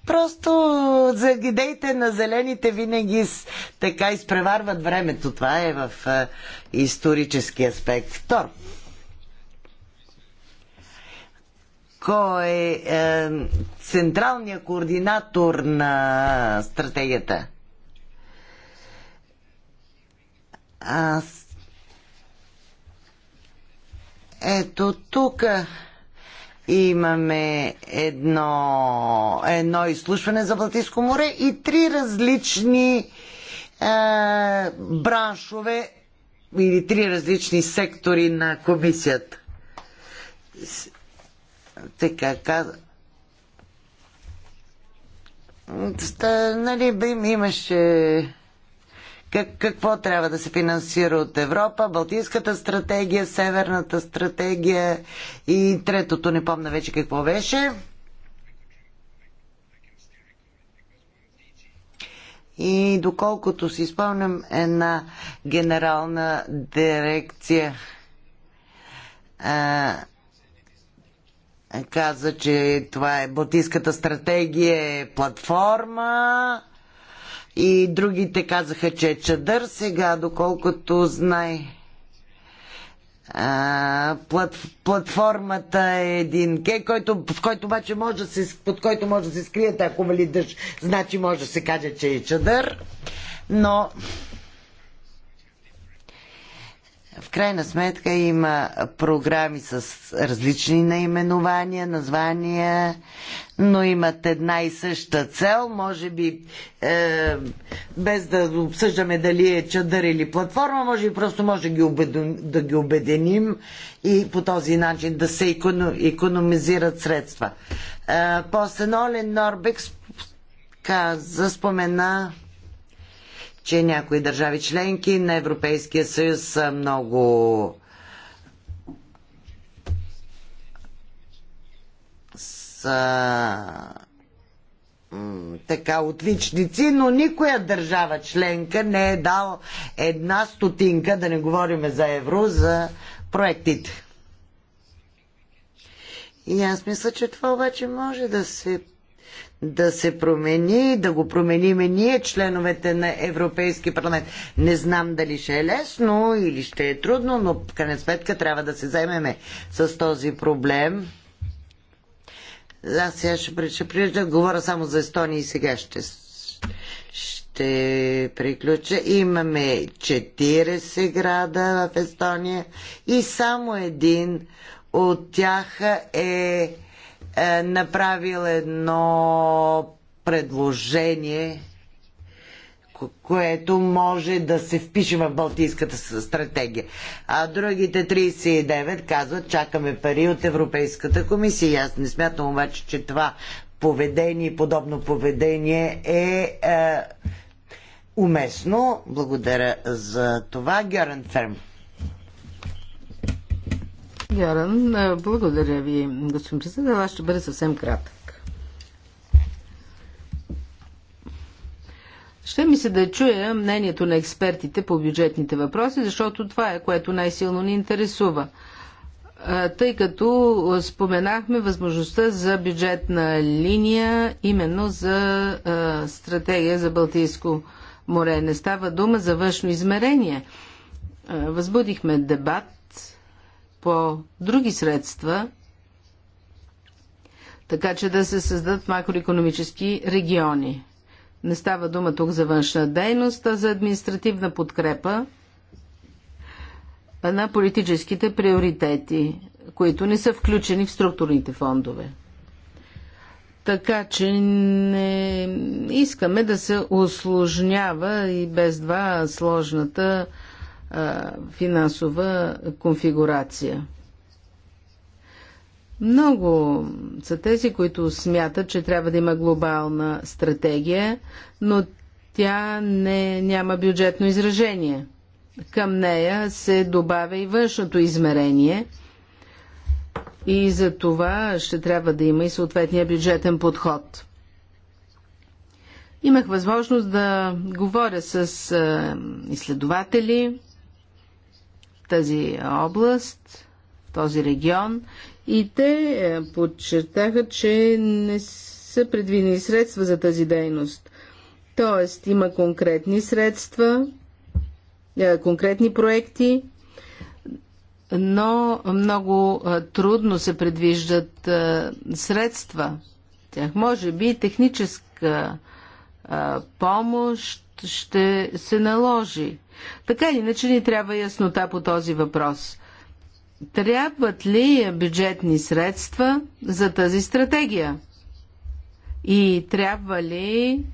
Просто идеите на зелените винаги така изпреварват времето. Това е в е, исторически аспект. Втор. Кой е, е централният координатор на стратегията? Аз ето тук имаме едно, едно изслушване за Балтийско море и три различни е, браншове или три различни сектори на комисията. Така каза. нали, имаше как, какво трябва да се финансира от Европа, Балтийската стратегия, Северната стратегия и третото, не помня вече какво беше. И доколкото си спомням, една генерална дирекция а, каза, че това е Балтийската стратегия, е платформа и другите казаха, че е чадър. Сега, доколкото знае, плат, платформата е един кей, който, в който обаче може да се, под който може да се скриете, ако вали дъжд, значи може да се каже, че е чадър. Но в крайна сметка има програми с различни наименования, названия, но имат една и съща цел. Може би, е, без да обсъждаме дали е чадър или платформа, може би просто може ги обедин, да ги обединим и по този начин да се економ, економизират средства. Е, после Нолен Норбек каза, спомена че някои държави членки на Европейския съюз са много са така отличници, но никоя държава членка не е дал една стотинка, да не говорим за евро, за проектите. И аз мисля, че това обаче може да се да се промени, да го промениме ние, членовете на Европейски парламент. Не знам дали ще е лесно или ще е трудно, но в крайна сметка трябва да се займеме с този проблем. Аз сега ще, ще приключа, говоря само за Естония и сега ще, ще приключа. Имаме 40 града в Естония и само един от тях е е, направил едно предложение, което може да се впише в Балтийската стратегия. А другите 39 казват, чакаме пари от Европейската комисия. И аз не смятам обаче, че това поведение подобно поведение е, е уместно. Благодаря за това. Герен Ферм. Геран, благодаря ви, господин председател. Аз ще бъде съвсем кратък. Ще ми се да чуя мнението на експертите по бюджетните въпроси, защото това е което най-силно ни интересува. Тъй като споменахме възможността за бюджетна линия именно за стратегия за Балтийско море. Не става дума за външно измерение. Възбудихме дебат по други средства, така че да се създадат макроекономически региони. Не става дума тук за външна дейност, а за административна подкрепа на политическите приоритети, които не са включени в структурните фондове. Така че не искаме да се осложнява и без два сложната финансова конфигурация. Много са тези, които смятат, че трябва да има глобална стратегия, но тя не, няма бюджетно изражение. Към нея се добавя и външното измерение и за това ще трябва да има и съответния бюджетен подход. Имах възможност да говоря с изследователи, тази област, в този регион и те е, подчертаха, че не са предвидени средства за тази дейност. Тоест има конкретни средства, е, конкретни проекти, но много е, трудно се предвиждат средства. Тях може би техническа помощ ще се наложи. Така или иначе ни трябва яснота по този въпрос. Трябват ли бюджетни средства за тази стратегия? И трябва ли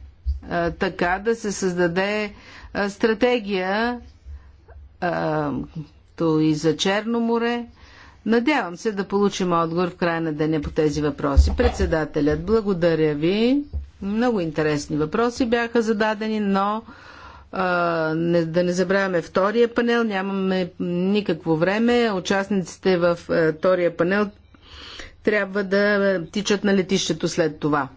а, така да се създаде а, стратегия а, то и за Черно море? Надявам се да получим отговор в края на деня по тези въпроси. Председателят, благодаря ви. Много интересни въпроси бяха зададени, но а, не, да не забравяме втория панел, нямаме никакво време. Участниците в а, втория панел трябва да тичат на летището след това.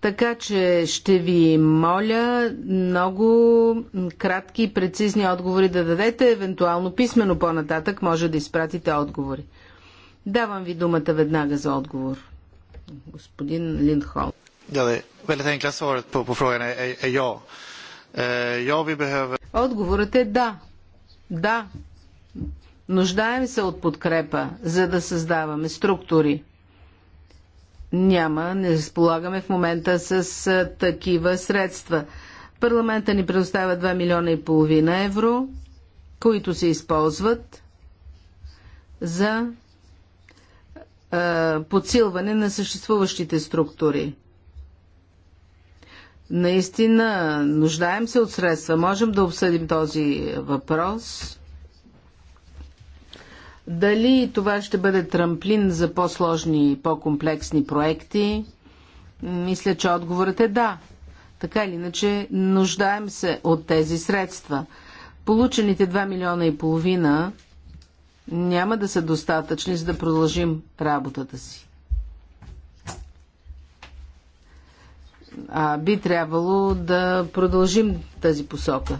Така че ще ви моля много кратки и прецизни отговори да дадете, евентуално писменно по-нататък може да изпратите отговори. Давам ви думата веднага за отговор. Господин Линдхол. Ja, det väldigt enkla svaret på, på frågan е, Отговорът е да. Да. Нуждаем се от подкрепа, за да създаваме структури. Няма, не разполагаме в момента с е, такива средства. Парламента ни предоставя 2 милиона и половина евро, които се използват за е, подсилване на съществуващите структури. Наистина, нуждаем се от средства. Можем да обсъдим този въпрос. Дали това ще бъде трамплин за по-сложни и по-комплексни проекти? Мисля, че отговорът е да. Така или иначе, нуждаем се от тези средства. Получените 2 милиона и половина няма да са достатъчни, за да продължим работата си. А би трябвало да продължим тази посока.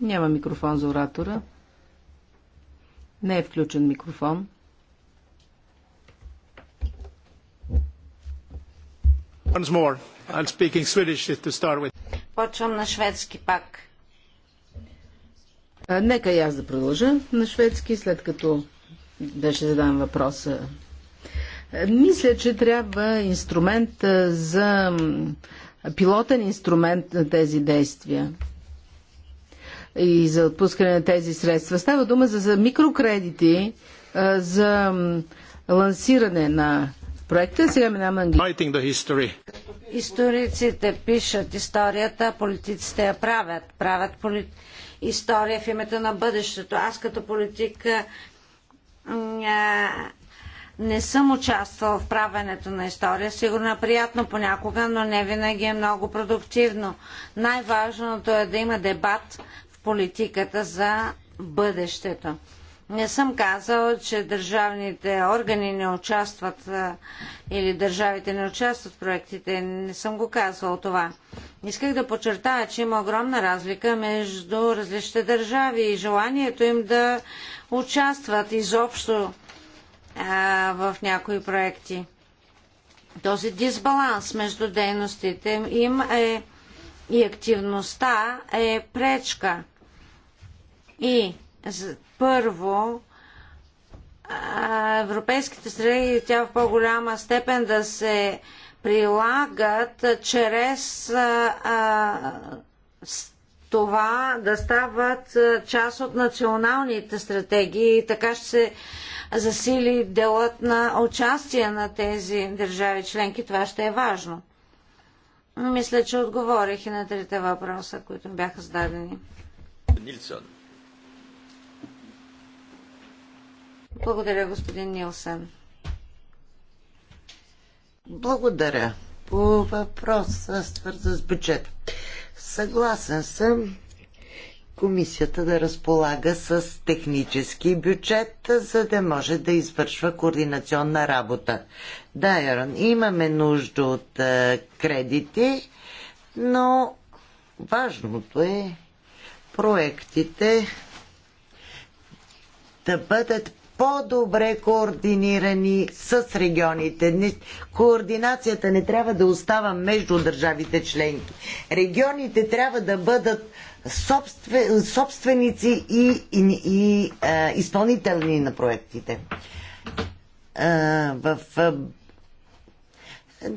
Няма микрофон за оратора. Не е включен микрофон. Once more, I'm speaking Swedish to start with. Почвам на шведски пак. А, нека и аз да продължа на шведски, след като беше задан въпроса мисля, че трябва инструмент за пилотен инструмент на тези действия и за отпускане на тези средства. Става дума за, за микрокредити, за лансиране на проекта. Сега ме на Историците пишат историята, политиците я правят. Правят поли... история в името на бъдещето. Аз като политик не съм участвал в правенето на история. Сигурно е приятно понякога, но не винаги е много продуктивно. Най-важното е да има дебат в политиката за бъдещето. Не съм казал, че държавните органи не участват или държавите не участват в проектите. Не съм го казвал това. Исках да подчертая, че има огромна разлика между различните държави и желанието им да участват изобщо в някои проекти. Този дисбаланс между дейностите им е и активността е пречка. И първо, европейските стратегии тя в по-голяма степен да се прилагат чрез това да стават част от националните стратегии и така ще се засили делът на участие на тези държави членки. Това ще е важно. Мисля, че отговорих и на трите въпроса, които бяха зададени. Нилсон. Благодаря, господин Нилсен. Благодаря. По въпроса свързан с бюджет. Съгласен съм, комисията да разполага с технически бюджет, за да може да извършва координационна работа. Да, Ерон, имаме нужда от а, е, кредити, но важното е проектите да бъдат по-добре координирани с регионите. Координацията не трябва да остава между държавите членки. Регионите трябва да бъдат собственици и, и, и а, изпълнителни на проектите. А, в а,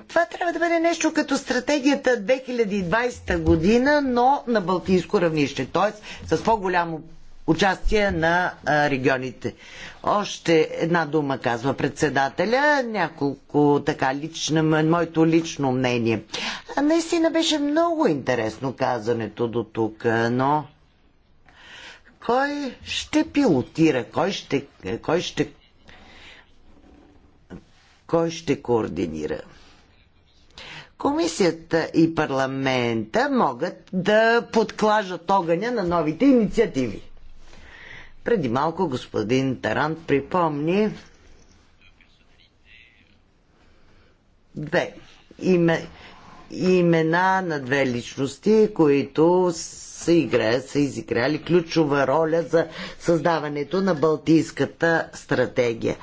това трябва да бъде нещо като стратегията 2020 година, но на Балтийско равнище, т.е. с по-голямо участие на регионите. Още една дума казва председателя, няколко така лично, моето лично мнение. А наистина беше много интересно казането до тук, но кой ще пилотира, кой ще, кой ще, кой ще координира? Комисията и парламента могат да подклажат огъня на новите инициативи. Преди малко господин Тарант припомни две име, имена на две личности, които са, игра, са изиграли ключова роля за създаването на Балтийската стратегия.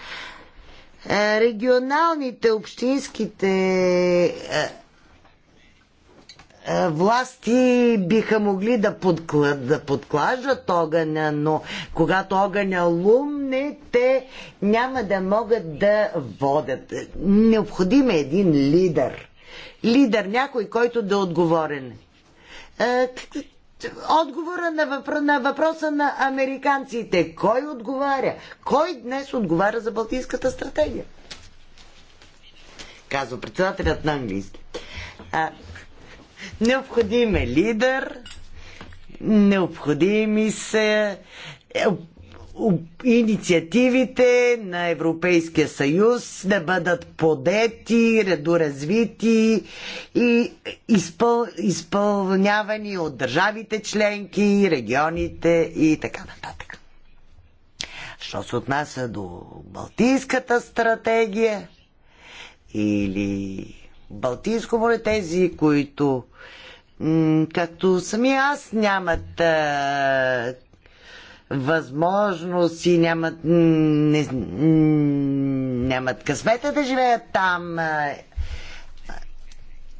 Е, регионалните, общинските е, е, власти биха могли да, подкла, да подклажат огъня, но когато огъня лумне, те няма да могат да водят. Необходим е един лидер. Лидер, някой, който да е отговорен. Е, отговора на, въпро... на въпроса на американците. Кой отговаря? Кой днес отговаря за Балтийската стратегия? Казва председателят на английски. Необходим е лидер, необходими са е, инициативите на Европейския съюз да бъдат подети, редоразвити и изпъл, изпълнявани от държавите членки, регионите и така нататък. Що се отнася до Балтийската стратегия или Балтийско море, тези, които както сами аз нямат а, възможност и нямат, не, нямат късмета да живеят там. А,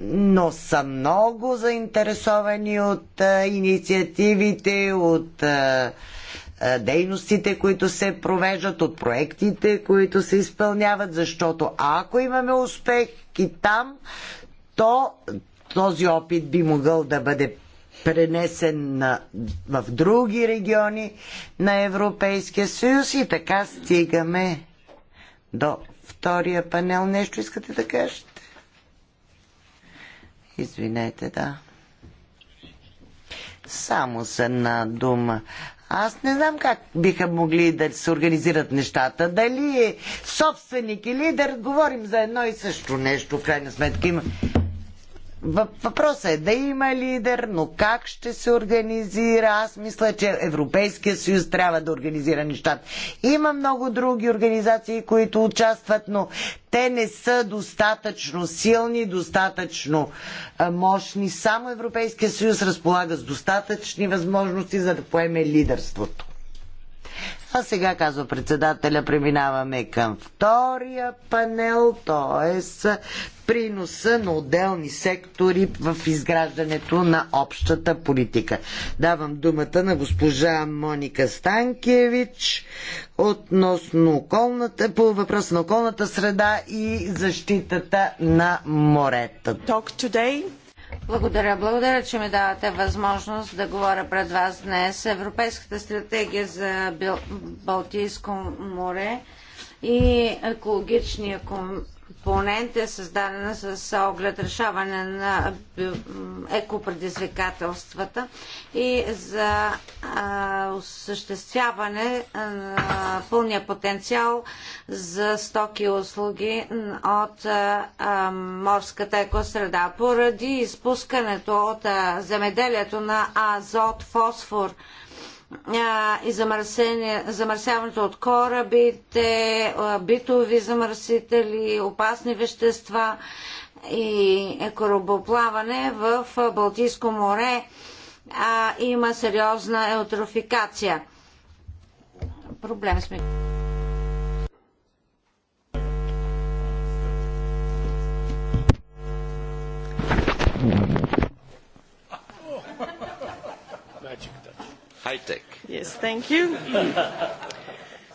но са много заинтересовани от а, инициативите, от а, е, дейностите, които се провеждат, от проектите, които се изпълняват, защото ако имаме успех и там, то този опит би могъл да бъде пренесен на, в други региони на Европейския съюз и така стигаме до втория панел. Нещо искате да кажете? Извинете, да. Само с една дума. Аз не знам как биха могли да се организират нещата. Дали е собственик и лидер, говорим за едно и също нещо, в крайна сметка. Има... Въпросът е да има лидер, но как ще се организира? Аз мисля, че Европейския съюз трябва да организира нещата. Има много други организации, които участват, но те не са достатъчно силни, достатъчно мощни. Само Европейския съюз разполага с достатъчни възможности, за да поеме лидерството. А сега, казва председателя, преминаваме към втория панел, т.е. приноса на отделни сектори в изграждането на общата политика. Давам думата на госпожа Моника Станкевич относно околната, по въпроса на околната среда и защитата на морета. Благодаря. Благодаря, че ми давате възможност да говоря пред вас днес. Европейската стратегия за Балтийско море и екологичния компонент е създадена с оглед решаване на екопредизвикателствата и за осъществяване на пълния потенциал за стоки и услуги от морската екосреда. Поради изпускането от земеделието на азот, фосфор, и замърсяването от корабите, битови замърсители, опасни вещества и корабоплаване в Балтийско море а, има сериозна еутрофикация. Проблем сме. Mm-hmm. high tech. Yes, thank you.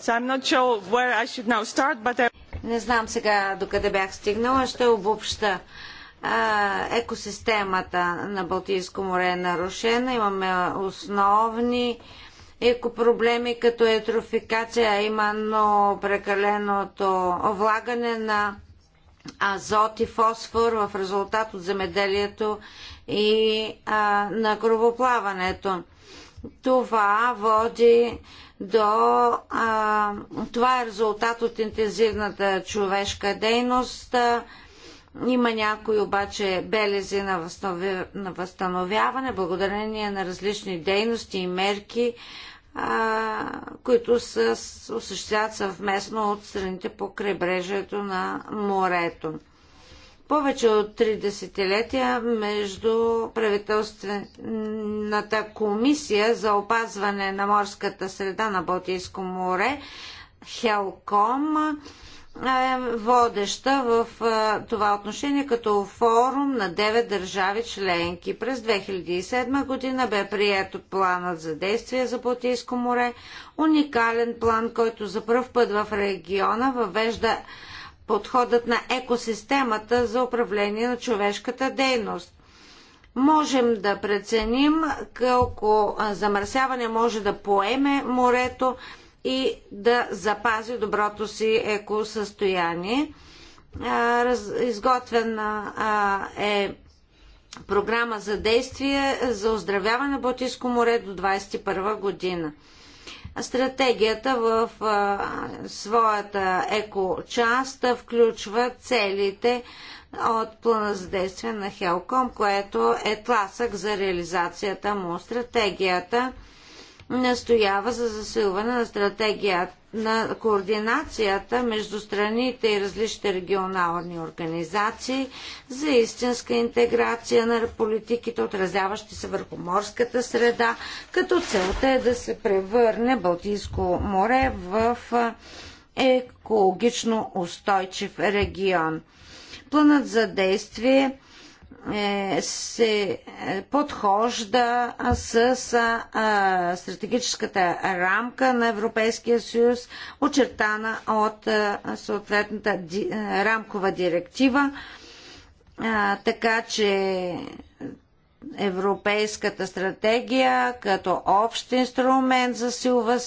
so I'm not sure where I should now start, but I... Не знам сега до къде бях стигнала, ще обобща. А, екосистемата на Балтийско море е нарушена, имаме основни екопроблеми, като етрофикация, именно прекаленото влагане на азот и фосфор в резултат от земеделието и а, на кровоплаването. Това води до... А, това е резултат от интензивната човешка дейност. Има някои обаче белези на, възстанови, на възстановяване, благодарение на различни дейности и мерки, а, които се осъществяват съвместно от страните по крайбрежието на морето повече от три десетилетия между правителствената комисия за опазване на морската среда на Балтийско море, Хелком, е водеща в е, това отношение като форум на 9 държави членки. През 2007 година бе прият планът за действие за Балтийско море, уникален план, който за първ път в региона въвежда подходът на екосистемата за управление на човешката дейност. Можем да преценим колко замърсяване може да поеме морето и да запази доброто си екосъстояние. Изготвена е програма за действие за оздравяване на Балтийско море до 2021 година. Стратегията в а, своята еко-част включва целите от плана за действие на Хелком, което е тласък за реализацията му. Стратегията настоява за засилване на стратегията на координацията между страните и различните регионални организации за истинска интеграция на политиките, отразяващи се върху морската среда, като целта е да се превърне Балтийско море в екологично устойчив регион. Планът за действие е, се е, подхожда с стратегическата рамка на Европейския съюз, очертана от съответната рамкова директива, така че Европейската стратегия като общ инструмент засилва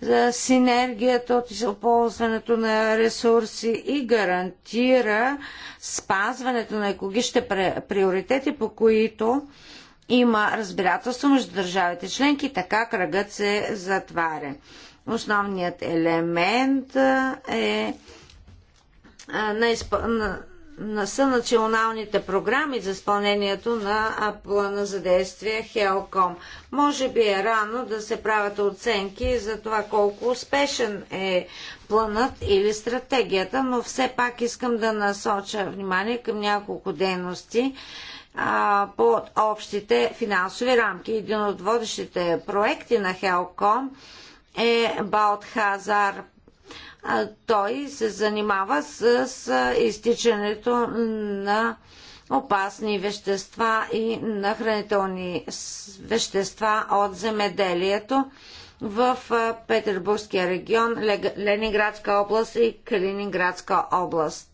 за синергията от използването на ресурси и гарантира спазването на екологичните приоритети, по които има разбирателство между държавите членки, така кръгът се затваря. Основният елемент е на, изп... на са националните програми за изпълнението на плана за действие Хелком. Може би е рано да се правят оценки за това колко успешен е планът или стратегията, но все пак искам да насоча внимание към няколко дейности под по общите финансови рамки. Един от водещите проекти на Хелком е Балтхазар той се занимава с, с изтичането на опасни вещества и на хранителни вещества от земеделието в Петербургския регион, Ленинградска област и Калининградска област.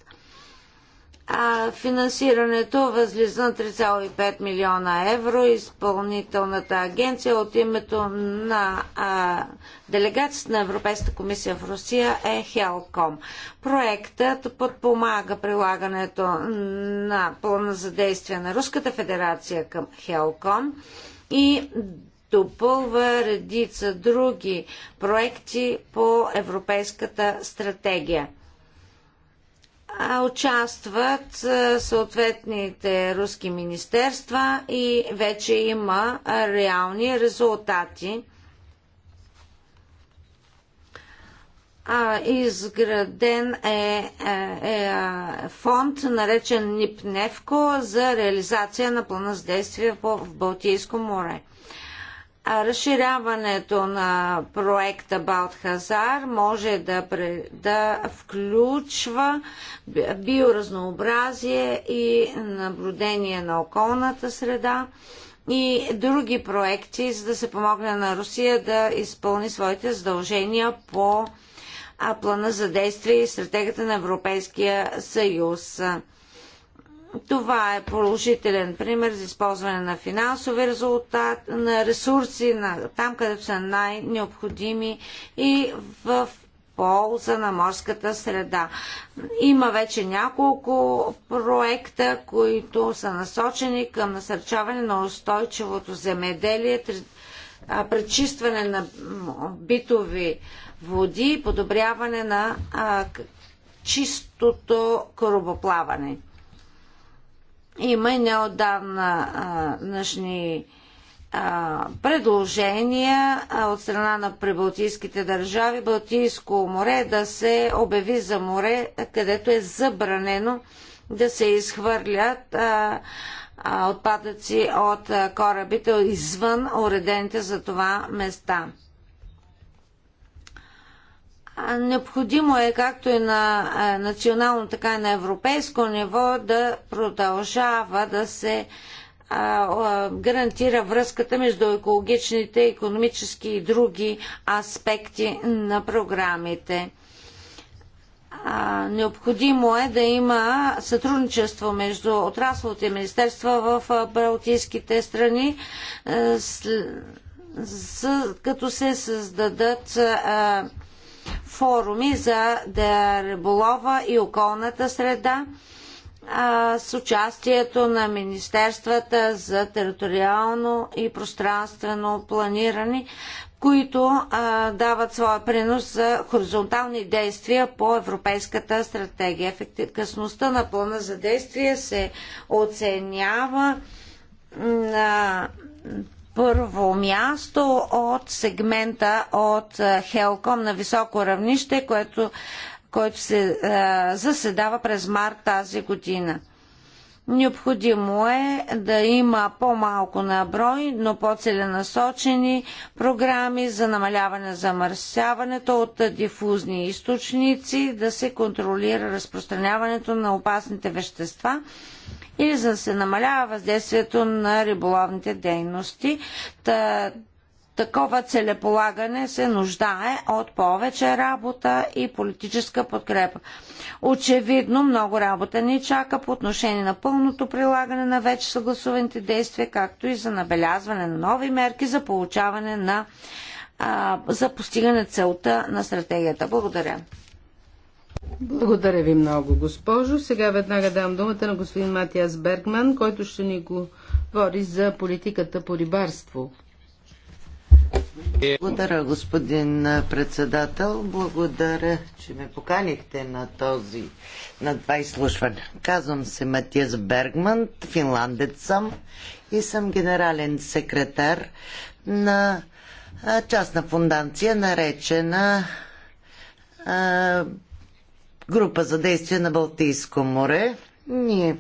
А, финансирането възлиза на 3,5 милиона евро. Изпълнителната агенция от името на а, делегацията на Европейската комисия в Русия е Хелком. Проектът подпомага прилагането на плана за действие на Руската федерация към Хелком и допълва редица други проекти по Европейската стратегия участват съответните руски министерства и вече има реални резултати. изграден е, е, е фонд, наречен НИПНЕВКО, за реализация на плана с действие в Балтийско море разширяването на проекта Балтхазар може да, да включва биоразнообразие и наблюдение на околната среда и други проекти, за да се помогне на Русия да изпълни своите задължения по плана за действие и стратегията на Европейския съюз. Това е положителен пример за използване на финансови резултат, на ресурси, на, там където са най-необходими и в полза на морската среда. Има вече няколко проекта, които са насочени към насърчаване на устойчивото земеделие, пречистване на битови води и подобряване на чистото корабоплаване. Има и неодавна нашни предложения от страна на прибалтийските държави Балтийско море да се обяви за море, където е забранено да се изхвърлят а, а, отпадъци от корабите извън уредените за това места. Необходимо е както и на национално, така и на европейско ниво да продължава да се гарантира връзката между екологичните, економически и други аспекти на програмите. Необходимо е да има сътрудничество между отрасловите министерства в балтийските страни, като се създадат форуми за да риболова и околната среда а, с участието на Министерствата за териториално и пространствено планиране, които а, дават своя принос за хоризонтални действия по Европейската стратегия. Ефективността на плана за действие се оценява на първо място от сегмента от е, Хелком на високо равнище, което, който се е, заседава през март тази година. Необходимо е да има по-малко на брой, но по-целенасочени програми за намаляване на замърсяването от дифузни източници, да се контролира разпространяването на опасните вещества или за да се намалява въздействието на риболовните дейности. Та, Такова целеполагане се нуждае от повече работа и политическа подкрепа. Очевидно много работа ни чака по отношение на пълното прилагане на вече съгласуваните действия, както и за набелязване на нови мерки за получаване на а, за постигане целта на стратегията. Благодаря. Благодаря ви много, госпожо. Сега веднага дам думата на господин Матиас Бергман, който ще ни говори за политиката по рибарство. Благодаря, господин председател. Благодаря, че ме поканихте на този, на това изслушване. Казвам се Матиас Бергман, финландец съм и съм генерален секретар на частна фундация, наречена а, Група за действие на Балтийско море. Ние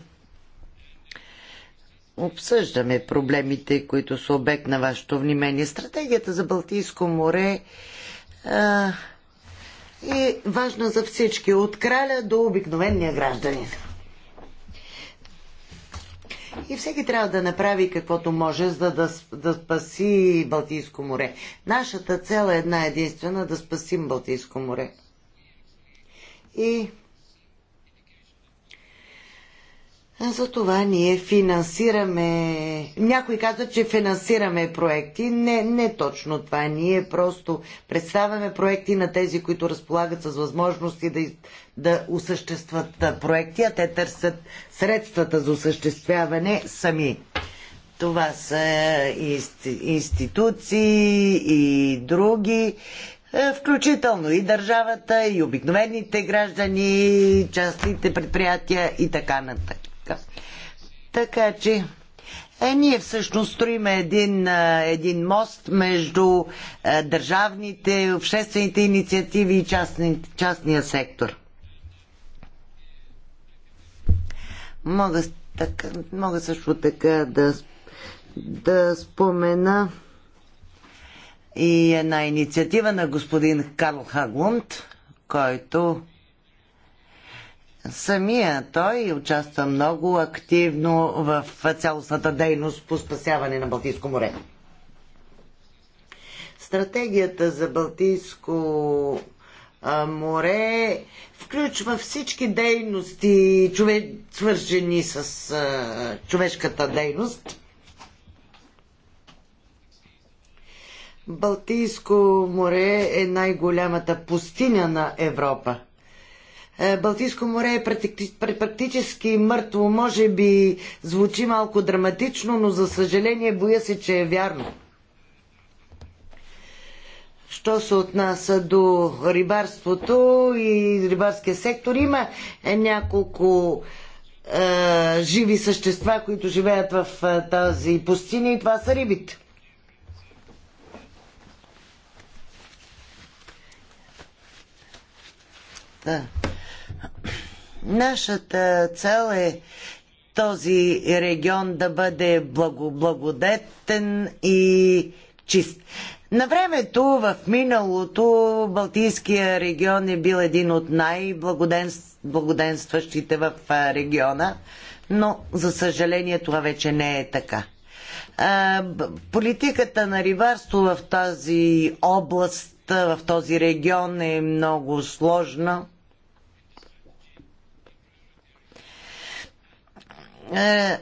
обсъждаме проблемите, които са обект на вашето внимание. Стратегията за Балтийско море а, е важна за всички, от краля до обикновения гражданин. И всеки трябва да направи каквото може, за да, да спаси Балтийско море. Нашата цел е една единствена да спасим Балтийско море. И Затова ние финансираме. Някой казва, че финансираме проекти. Не, не точно това. Ние просто представяме проекти на тези, които разполагат с възможности да, да осъществат проекти, а те търсят средствата за осъществяване сами. Това са институции и други, включително и държавата, и обикновените граждани, частните предприятия и така нататък връзка. Така че е, ние всъщност строим един, е, един мост между е, държавните, обществените инициативи и частни, частния сектор. Мога, така, мога също така да, да спомена и една инициатива на господин Карл Хаглунд, който самия той участва много активно в цялостната дейност по спасяване на Балтийско море. Стратегията за Балтийско море включва всички дейности, чове... свържени с а, човешката дейност. Балтийско море е най-голямата пустиня на Европа. Е, Балтийско море е практически мъртво. Може би звучи малко драматично, но за съжаление боя се, че е вярно. Що се отнася до рибарството и рибарския сектор, има е, няколко е, живи същества, които живеят в е, тази пустиня и това са рибите. Да. Нашата цел е този регион да бъде благо, благодетен и чист. На времето, в миналото, Балтийския регион е бил един от най-благоденстващите в региона, но за съжаление това вече не е така. Политиката на рибарство в тази област, в този регион е много сложна Е,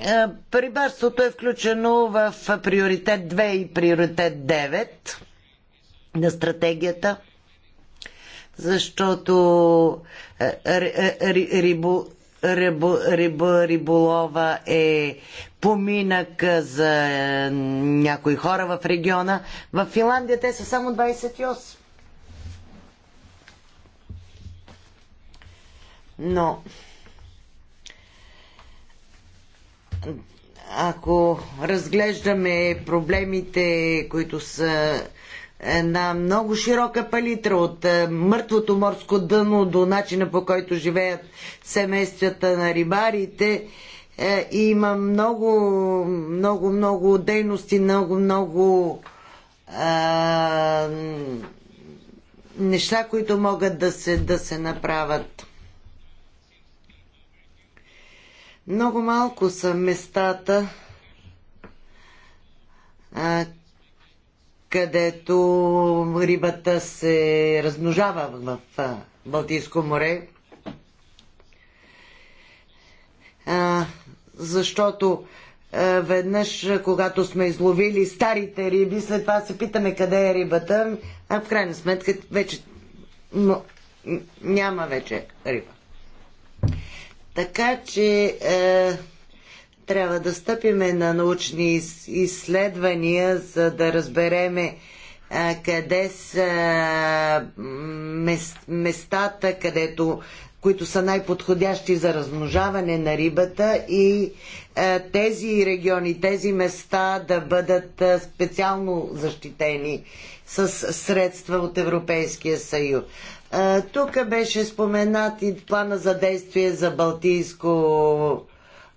е, Рибарството е включено в приоритет 2 и приоритет 9 на стратегията, защото е, рибо, рибо, рибо, риболова е поминък за някои хора в региона. В Финландия те са само 28. Но ако разглеждаме проблемите, които са на много широка палитра, от е, мъртвото морско дъно до начина по който живеят семействата на рибарите, и е, има много, много, много дейности, много, много а, е, неща, които могат да се, да се направят. Много малко са местата, където рибата се размножава в Балтийско море. защото веднъж, когато сме изловили старите риби, след това се питаме къде е рибата, а в крайна сметка вече но, няма вече риба. Така че е, трябва да стъпиме на научни изследвания, за да разбереме е, къде са мес, местата, където които са най-подходящи за размножаване на рибата и е, тези региони, тези места да бъдат е, специално защитени с средства от Европейския съюз. Тук беше споменат и плана за действие за Балтийско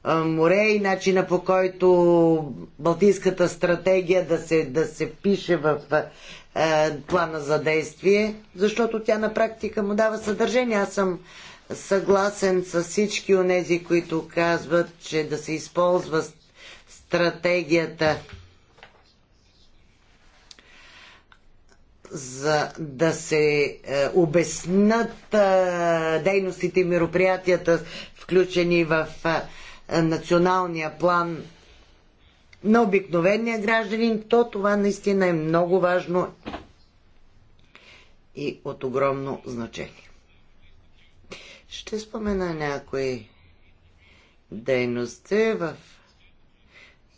море и начина по който Балтийската стратегия да се, да се впише в плана за действие, защото тя на практика му дава съдържание. Аз съм съгласен с всички онези, които казват, че да се използва стратегията за да се е, обяснат е, дейностите и мероприятията, включени в е, националния план на обикновения гражданин, то това наистина е много важно и от огромно значение. Ще спомена някои дейности в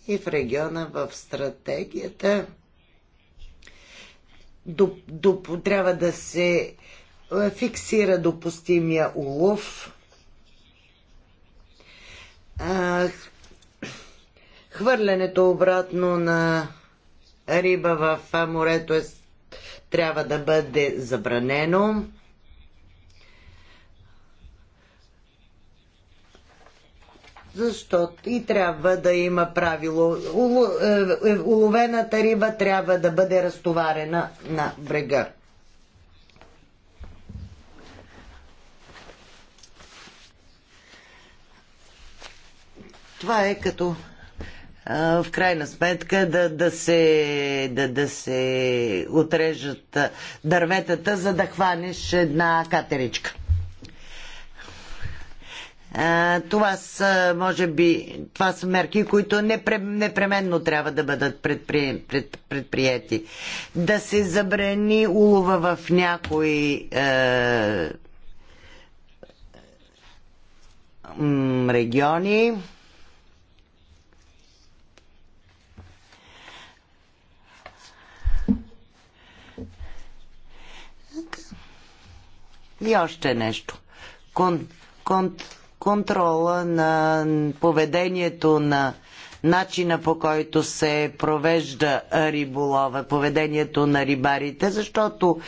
и в региона в стратегията доп, доп, трябва да се е, фиксира допустимия улов. хвърлянето обратно на риба в морето е, трябва да бъде забранено. защото и трябва да има правило. Е, е, уловената риба трябва да бъде разтоварена на брега. Това е като в крайна сметка да, да, се, да, да се отрежат дърветата, за да хванеш една катеричка това са, може би, това са мерки, които непременно трябва да бъдат предпри... пред... предприяти. Да се забрани улова в някои е... региони. И още нещо. Кон, кон, контрола на поведението на начина по който се провежда риболова, поведението на рибарите, защото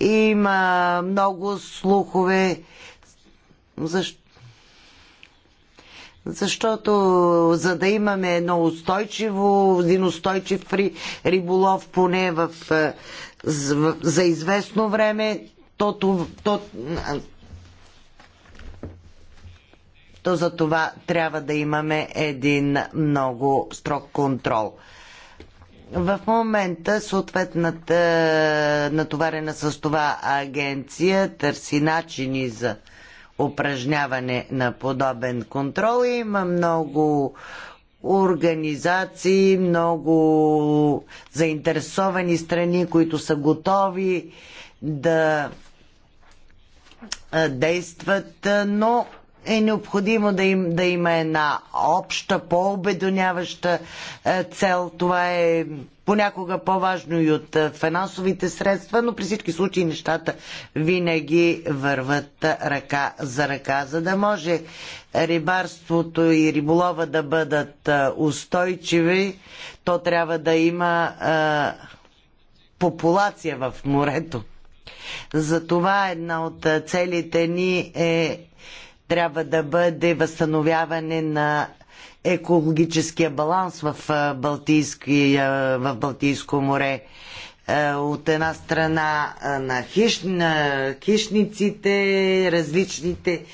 има много слухове, защо защото за да имаме едно устойчиво, един устойчив при риболов, поне в, за, за известно време, то, то, то за това трябва да имаме един много строг контрол. В момента съответната натоварена с това агенция търси начини за упражняване на подобен контрол. Има много организации, много заинтересовани страни, които са готови да действат, но е необходимо да, им, да има една обща, по-обедоняваща е, цел. Това е понякога по-важно и от е, финансовите средства, но при всички случаи нещата винаги върват ръка за ръка, за да може рибарството и риболова да бъдат е, устойчиви, то трябва да има е, популация в морето. Затова една от целите ни е трябва да бъде възстановяване на екологическия баланс в, в Балтийско море. От една страна на, хищ, на хищниците, различните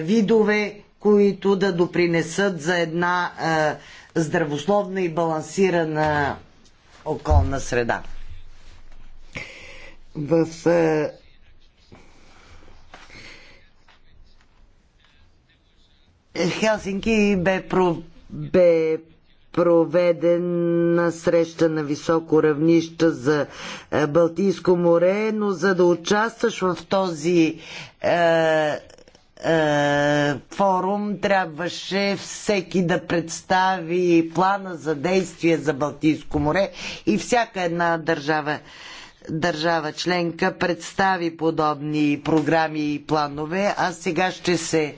видове, които да допринесат за една здравословна и балансирана околна среда. В Хелсинки бе, про, бе проведена среща на високо равнище за е, Балтийско море, но за да участваш в този е, е, форум трябваше всеки да представи плана за действие за Балтийско море и всяка една държава държава членка представи подобни програми и планове, а сега ще се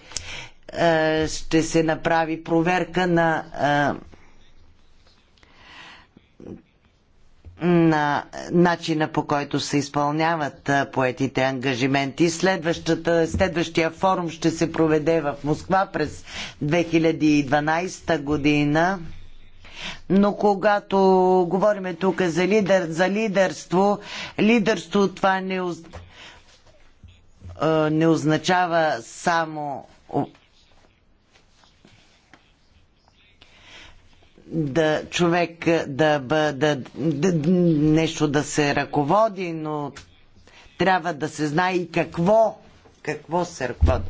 е, ще се направи проверка на е, на начина по който се изпълняват е, поетите ангажименти. Следващата, следващия форум ще се проведе в Москва през 2012 година. Но когато говорим тук за, лидер, за лидерство, лидерство това не, не означава само да човек да бъде да, нещо да се ръководи, но трябва да се знае и какво, какво се ръководи.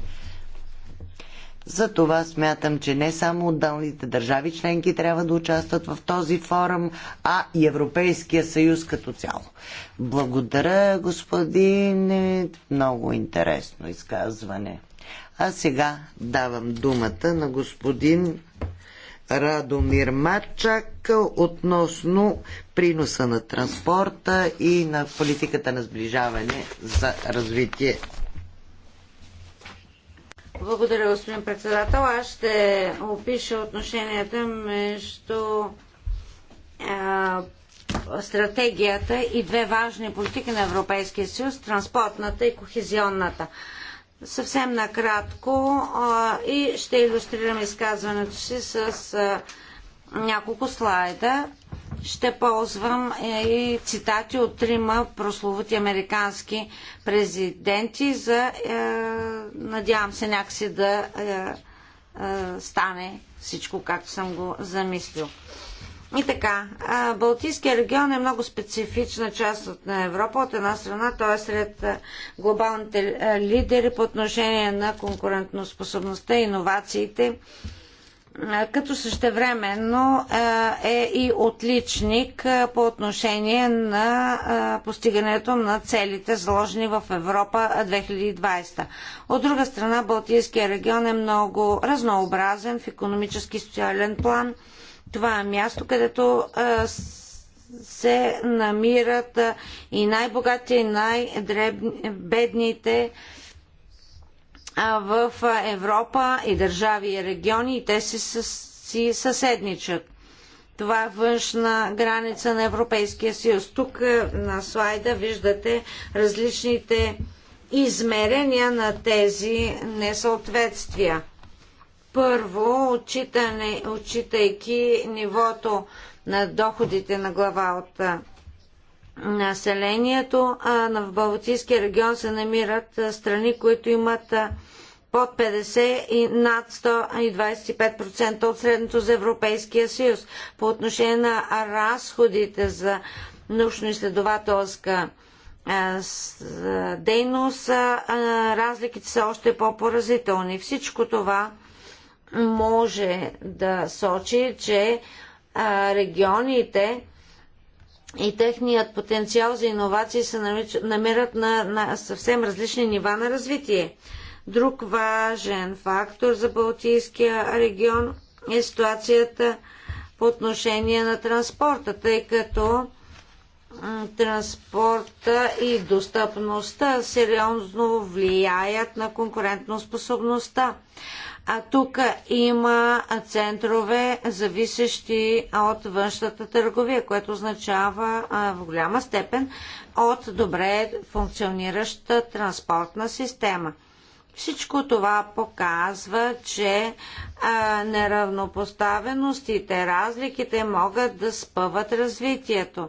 За това смятам, че не само отдалните държави членки трябва да участват в този форум, а и Европейския съюз като цяло. Благодаря, господин. Е, много интересно изказване. А сега давам думата на господин Радомир Марчак относно приноса на транспорта и на политиката на сближаване за развитие. Благодаря, господин председател. Аз ще опиша отношенията между а, стратегията и две важни политики на Европейския съюз транспортната и кохезионната съвсем накратко а, и ще иллюстрирам изказването си с а, няколко слайда. Ще ползвам е, и цитати от трима прословути американски президенти за, е, надявам се някакси да е, е, стане всичко както съм го замислил. И така, Балтийския регион е много специфична част от Европа. От една страна той е сред глобалните лидери по отношение на конкурентноспособността, иновациите, като същевременно е и отличник по отношение на постигането на целите, заложени в Европа 2020. От друга страна, Балтийския регион е много разнообразен в економически и социален план – това е място, където се намират и най-богатите, и най-бедните в Европа и държави и региони и те си, си съседничат. Това е външна граница на Европейския съюз. Тук на слайда виждате различните измерения на тези несъответствия. Първо, отчитане, отчитайки нивото на доходите на глава от населението, в Балтийския регион се намират страни, които имат под 50 и над 125% от средното за Европейския съюз. По отношение на разходите за научно-изследователска дейност, разликите са още по-поразителни. Всичко това може да сочи, че регионите и техният потенциал за иновации се намират на, на съвсем различни нива на развитие. Друг важен фактор за Балтийския регион е ситуацията по отношение на транспорта, тъй като транспорта и достъпността сериозно влияят на конкурентоспособността. способността а тук има центрове, зависещи от външната търговия, което означава а, в голяма степен от добре функционираща транспортна система. Всичко това показва, че а, неравнопоставеностите, разликите могат да спъват развитието.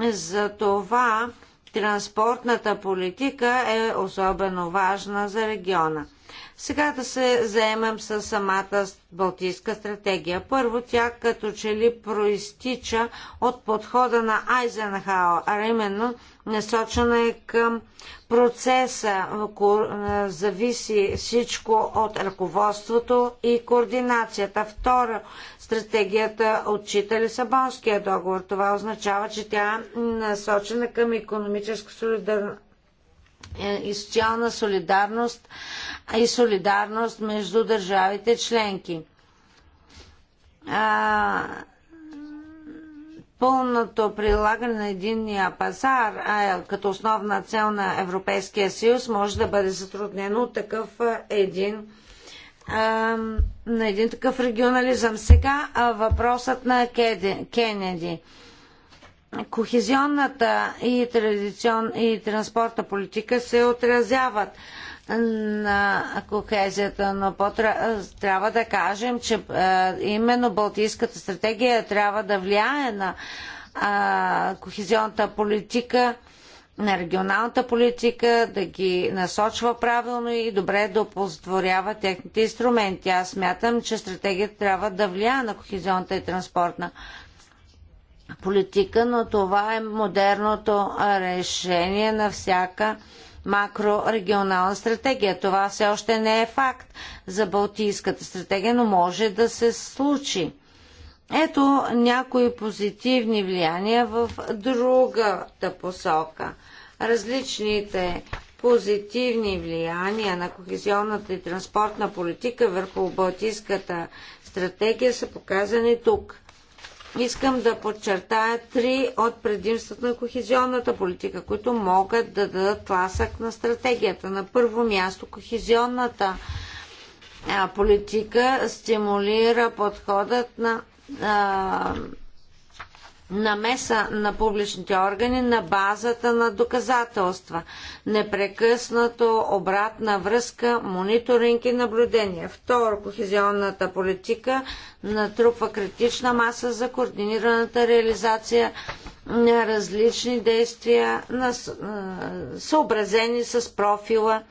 Затова транспортната политика е особено важна за региона. Сега да се заемем с самата Балтийска стратегия. Първо, тя като че ли проистича от подхода на Айзенхауер, а именно насочена е към процеса, зависи всичко от ръководството и координацията. Второ, стратегията отчита Лисабонския договор. Това означава, че тя е насочена към економическа солидарност е, и социална солидарност и солидарност между държавите членки. А, пълното прилагане на единния пазар а, е, като основна цел на Европейския съюз може да бъде затруднено от такъв един а, на един такъв регионализъм. Сега въпросът на Кенеди. Кохезионната и, традицион... и транспортна политика се отразяват на кохезията, но трябва да кажем, че именно Балтийската стратегия трябва да влияе на кохезионната политика, на регионалната политика, да ги насочва правилно и добре да оползотворява техните инструменти. Аз смятам, че стратегията трябва да влияе на кохезионната и транспортна политика политика, но това е модерното решение на всяка макрорегионална стратегия. Това все още не е факт за Балтийската стратегия, но може да се случи. Ето някои позитивни влияния в другата посока. Различните позитивни влияния на кохезионната и транспортна политика върху Балтийската стратегия са показани тук. Искам да подчертая три от предимствата на кохезионната политика, които могат да дадат ласък на стратегията. На първо място, кохезионната политика стимулира подходът на намеса на публичните органи на базата на доказателства, непрекъснато обратна връзка, мониторинг и наблюдение. Второ, кохезионната политика натрупва критична маса за координираната реализация на различни действия, съобразени с профила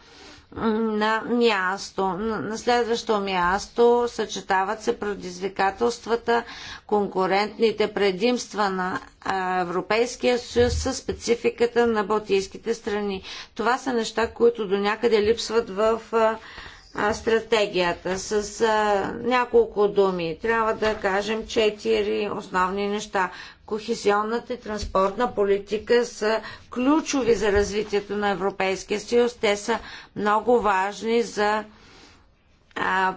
на място. На следващо място съчетават се предизвикателствата, конкурентните предимства на Европейския съюз с спецификата на балтийските страни. Това са неща, които до някъде липсват в стратегията. С а, няколко думи трябва да кажем четири основни неща кохезионната и транспортна политика са ключови за развитието на Европейския съюз. Те са много важни за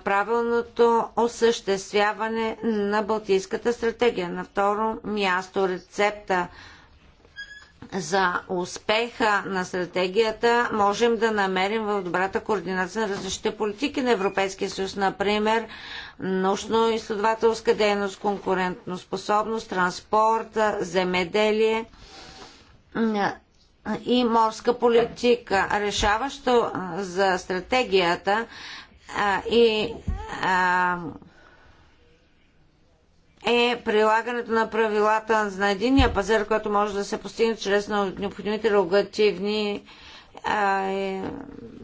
правилното осъществяване на Балтийската стратегия. На второ място рецепта за успеха на стратегията можем да намерим в добрата координация на различните политики на Европейския съюз, например научно-изследователска дейност, конкурентоспособност, транспорт, земеделие и морска политика. Решаващо за стратегията и е прилагането на правилата на единния пазар, което може да се постигне чрез необходимите регулативни а, е,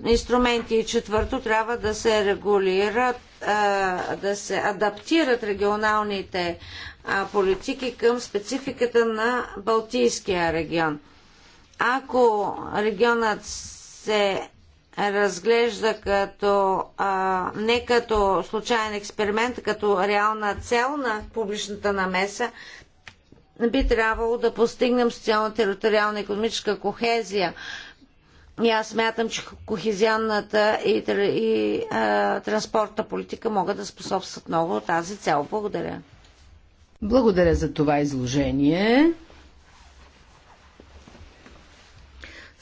инструменти. И четвърто, трябва да се регулират, а, да се адаптират регионалните а, политики към спецификата на Балтийския регион. Ако регионът се разглежда като, а, не като случайен експеримент, а като реална цел на публичната намеса, би трябвало да постигнем социално-териториална економическа кохезия. И аз смятам, че кохезионната и, и а, транспортна политика могат да способстват много тази цел. Благодаря. Благодаря за това изложение.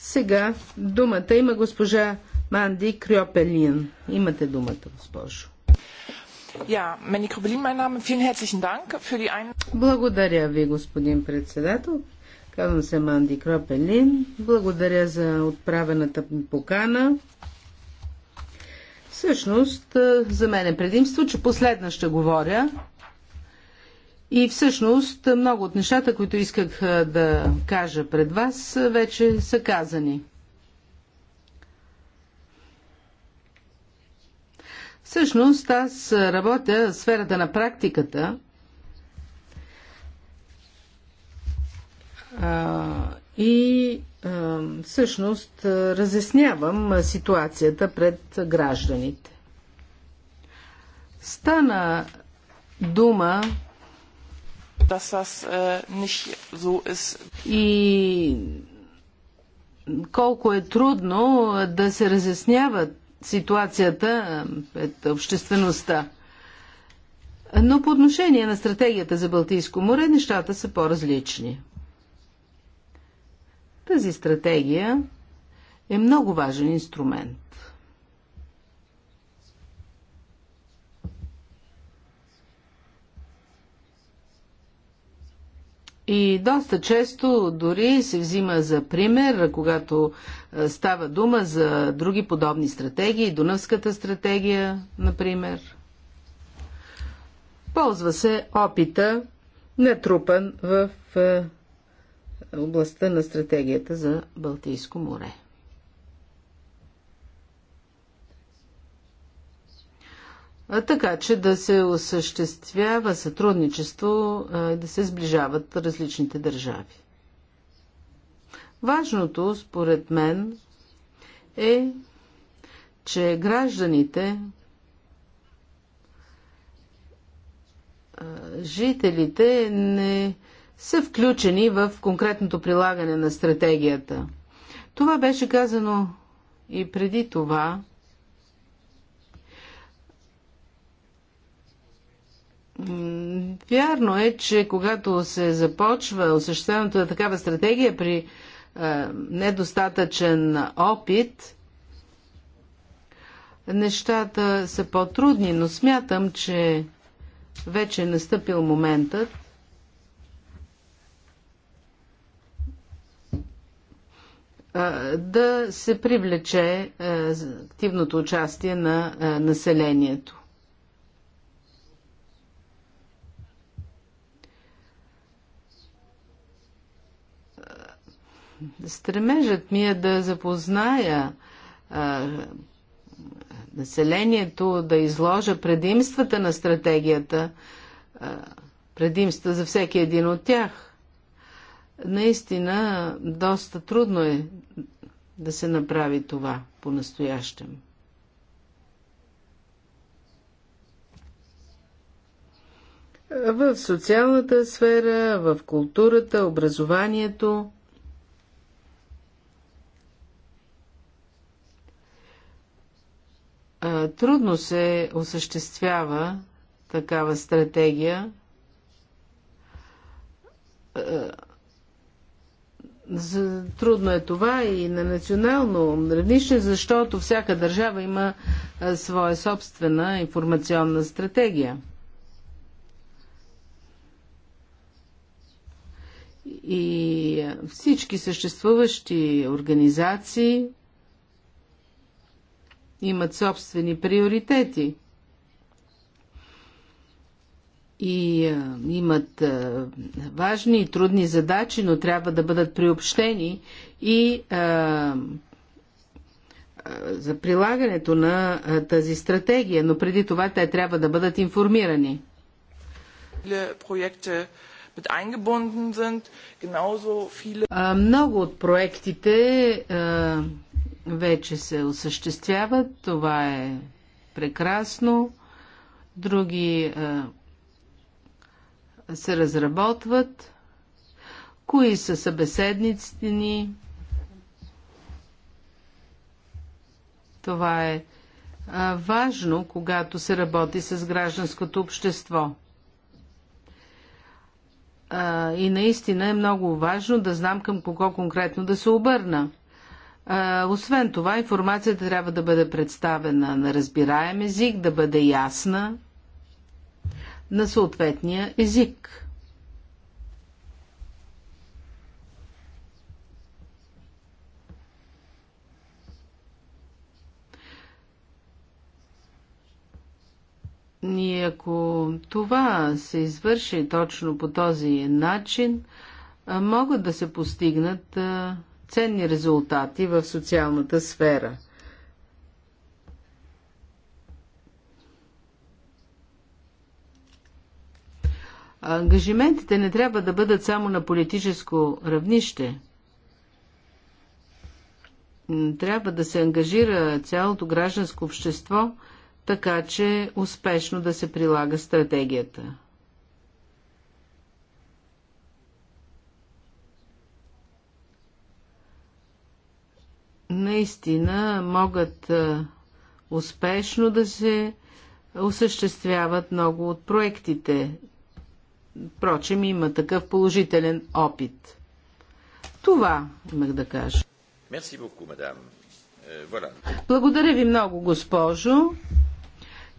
Сега думата има госпожа Манди Крьопелин. Имате думата, госпожо. Ja, Manny Krübelin, mein Name. Vielen herzlichen Dank für die ein... Благодаря ви, господин председател. Казвам се Манди Кропелин. Благодаря за отправената покана. Всъщност, за мен е предимство, че последна ще говоря. И всъщност много от нещата, които исках да кажа пред вас, вече са казани. Всъщност аз работя в сферата на практиката и всъщност разяснявам ситуацията пред гражданите. Стана дума dass das äh, nicht so ist. И колко е трудно е, да се разяснява ситуацията е, пред обществеността. Но по отношение на стратегията за Балтийско море, нещата са по-различни. Тази стратегия е много важен инструмент. И доста често дори се взима за пример, когато е, става дума за други подобни стратегии, Дунавската стратегия, например. Ползва се опита, натрупан в е, областта на стратегията за Балтийско море. така че да се осъществява сътрудничество и да се сближават различните държави. Важното, според мен, е, че гражданите, жителите не са включени в конкретното прилагане на стратегията. Това беше казано и преди това Вярно е, че когато се започва осъществяването на такава стратегия при е, недостатъчен опит, нещата са по-трудни, но смятам, че вече е настъпил моментът е, да се привлече е, активното участие на населението. Стремежът ми е да запозная а, населението, да изложа предимствата на стратегията, а, предимства за всеки един от тях. Наистина, доста трудно е да се направи това по-настоящем. В социалната сфера, в културата, образованието трудно се осъществява такава стратегия, трудно е това и на национално равнище, защото всяка държава има своя собствена информационна стратегия. И всички съществуващи организации имат собствени приоритети и а, имат а, важни и трудни задачи, но трябва да бъдат приобщени и а, а, за прилагането на а, тази стратегия, но преди това те трябва да бъдат информирани. А, много от проектите а, вече се осъществяват. Това е прекрасно. Други се разработват. Кои са събеседниците ни? Това е важно, когато се работи с гражданското общество. И наистина е много важно да знам към кого конкретно да се обърна. Освен това, информацията трябва да бъде представена на разбираем език, да бъде ясна на съответния език. И ако това се извърши точно по този начин, могат да се постигнат ценни резултати в социалната сфера. Ангажиментите не трябва да бъдат само на политическо равнище. Трябва да се ангажира цялото гражданско общество, така че успешно да се прилага стратегията. наистина могат успешно да се осъществяват много от проектите. Впрочем, има такъв положителен опит. Това имах да кажа. Е, Благодаря ви много, госпожо.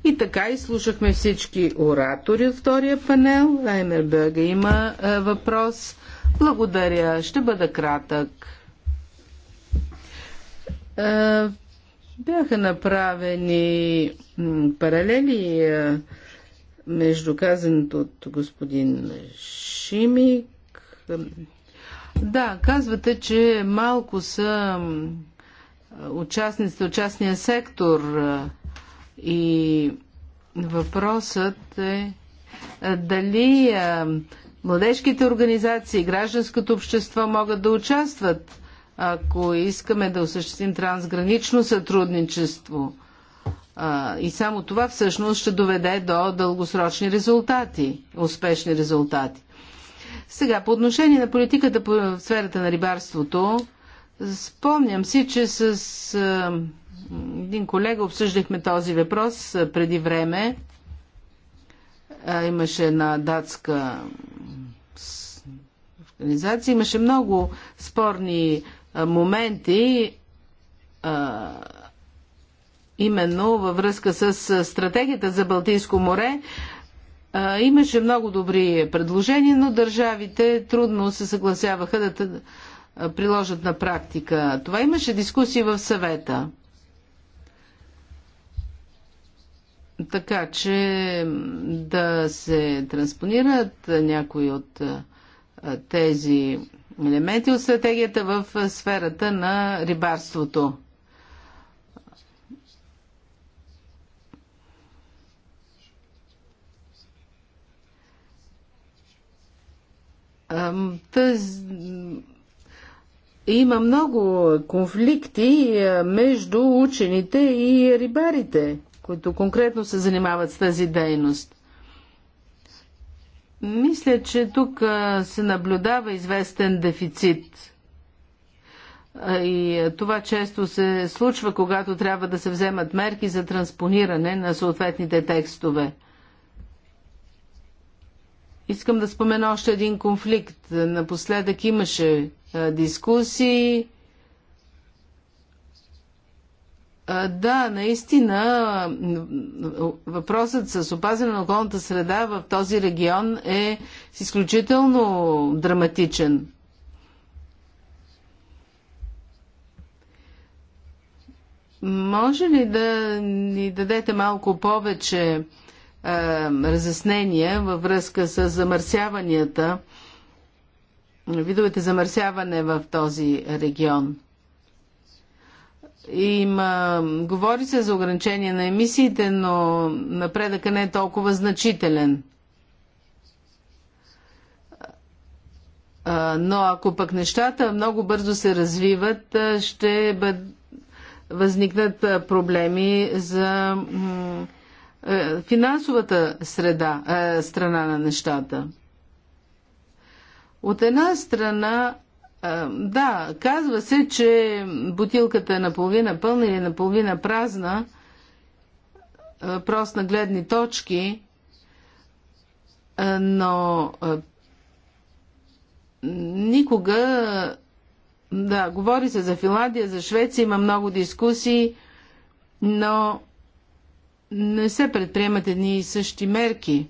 И така изслушахме всички оратори от втория панел. Раймер Бърга има е, въпрос. Благодаря. Ще бъда кратък. Е, бяха направени паралели е, между казаното от господин Шимик. Да, казвате, че малко са участниците, участния сектор е, и въпросът е дали младежките организации, гражданското общество могат да участват ако искаме да осъществим трансгранично сътрудничество. И само това всъщност ще доведе до дългосрочни резултати, успешни резултати. Сега, по отношение на политиката в сферата на рибарството, спомням си, че с един колега обсъждахме този въпрос преди време. Имаше една датска организация. Имаше много спорни моменти именно във връзка с стратегията за Балтийско море. Имаше много добри предложения, но държавите трудно се съгласяваха да приложат на практика. Това имаше дискусии в съвета. Така че да се транспонират някои от тези елементи от стратегията в сферата на рибарството. Има много конфликти между учените и рибарите, които конкретно се занимават с тази дейност. Мисля, че тук се наблюдава известен дефицит. И това често се случва, когато трябва да се вземат мерки за транспониране на съответните текстове. Искам да спомена още един конфликт. Напоследък имаше дискусии да, наистина въпросът с опазване на околната среда в този регион е изключително драматичен. Може ли да ни дадете малко повече а, разяснения във връзка с замърсяванията, видовете замърсяване в този регион? Има, говори се за ограничение на емисиите, но напредъка не е толкова значителен. Но ако пък нещата много бързо се развиват, ще бъд... възникнат проблеми за финансовата среда, страна на нещата. От една страна да, казва се, че бутилката е наполовина пълна или наполовина празна. Въпрос на гледни точки. Но никога. Да, говори се за Финландия, за Швеция, има много дискусии, но не се предприемат едни и същи мерки.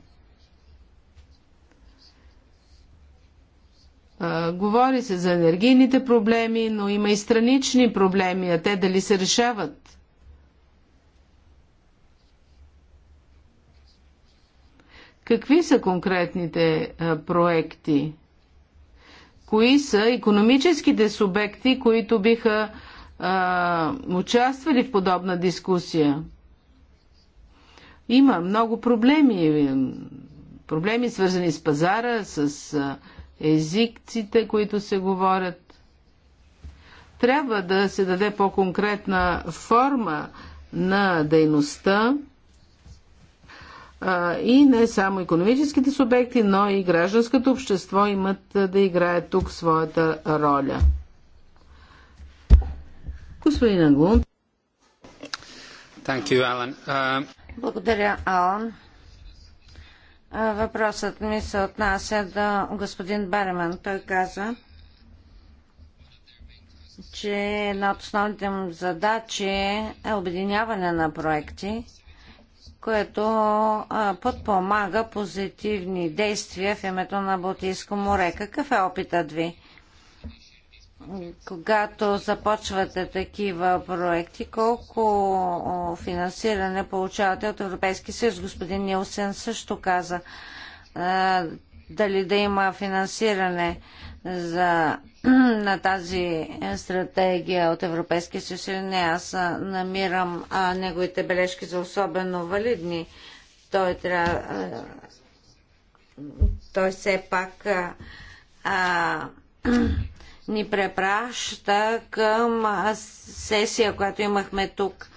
Говори се за енергийните проблеми, но има и странични проблеми, а те дали се решават? Какви са конкретните проекти? Кои са економическите субекти, които биха а, участвали в подобна дискусия? Има много проблеми. Проблеми свързани с пазара, с езиците, които се говорят. Трябва да се даде по-конкретна форма на дейността и не само економическите субекти, но и гражданското общество имат да играят тук своята роля. Господин Агун. Uh, Благодаря, Алан. Въпросът ми се отнася до господин Бареман. Той каза, че една от основните му задачи е обединяване на проекти, което подпомага позитивни действия в името на Балтийско море. Какъв е опитът ви? когато започвате такива проекти, колко финансиране получавате от Европейски съюз? Господин Нилсен също каза е, дали да има финансиране за, [CLEARS THROAT] на тази стратегия от Европейския съюз или не. Аз намирам а, неговите бележки за особено валидни. Той трябва. Е, той все пак е, а, [CLEARS THROAT] ни препраща към сесия, която имахме тук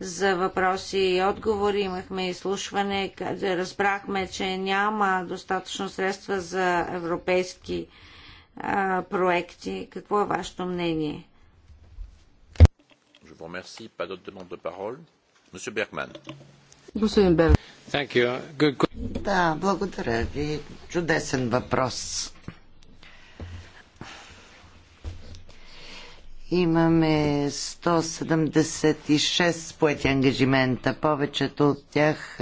за въпроси и отговори. Имахме изслушване, къде разбрахме, че няма достатъчно средства за европейски а, проекти. Какво е вашето мнение? Je vous remercie. Pas d'autres demandes de parole. Monsieur Bergman. Господин Бер. Да, благодаря ви. Чудесен въпрос. Имаме 176 поети ангажимента. Повечето от тях,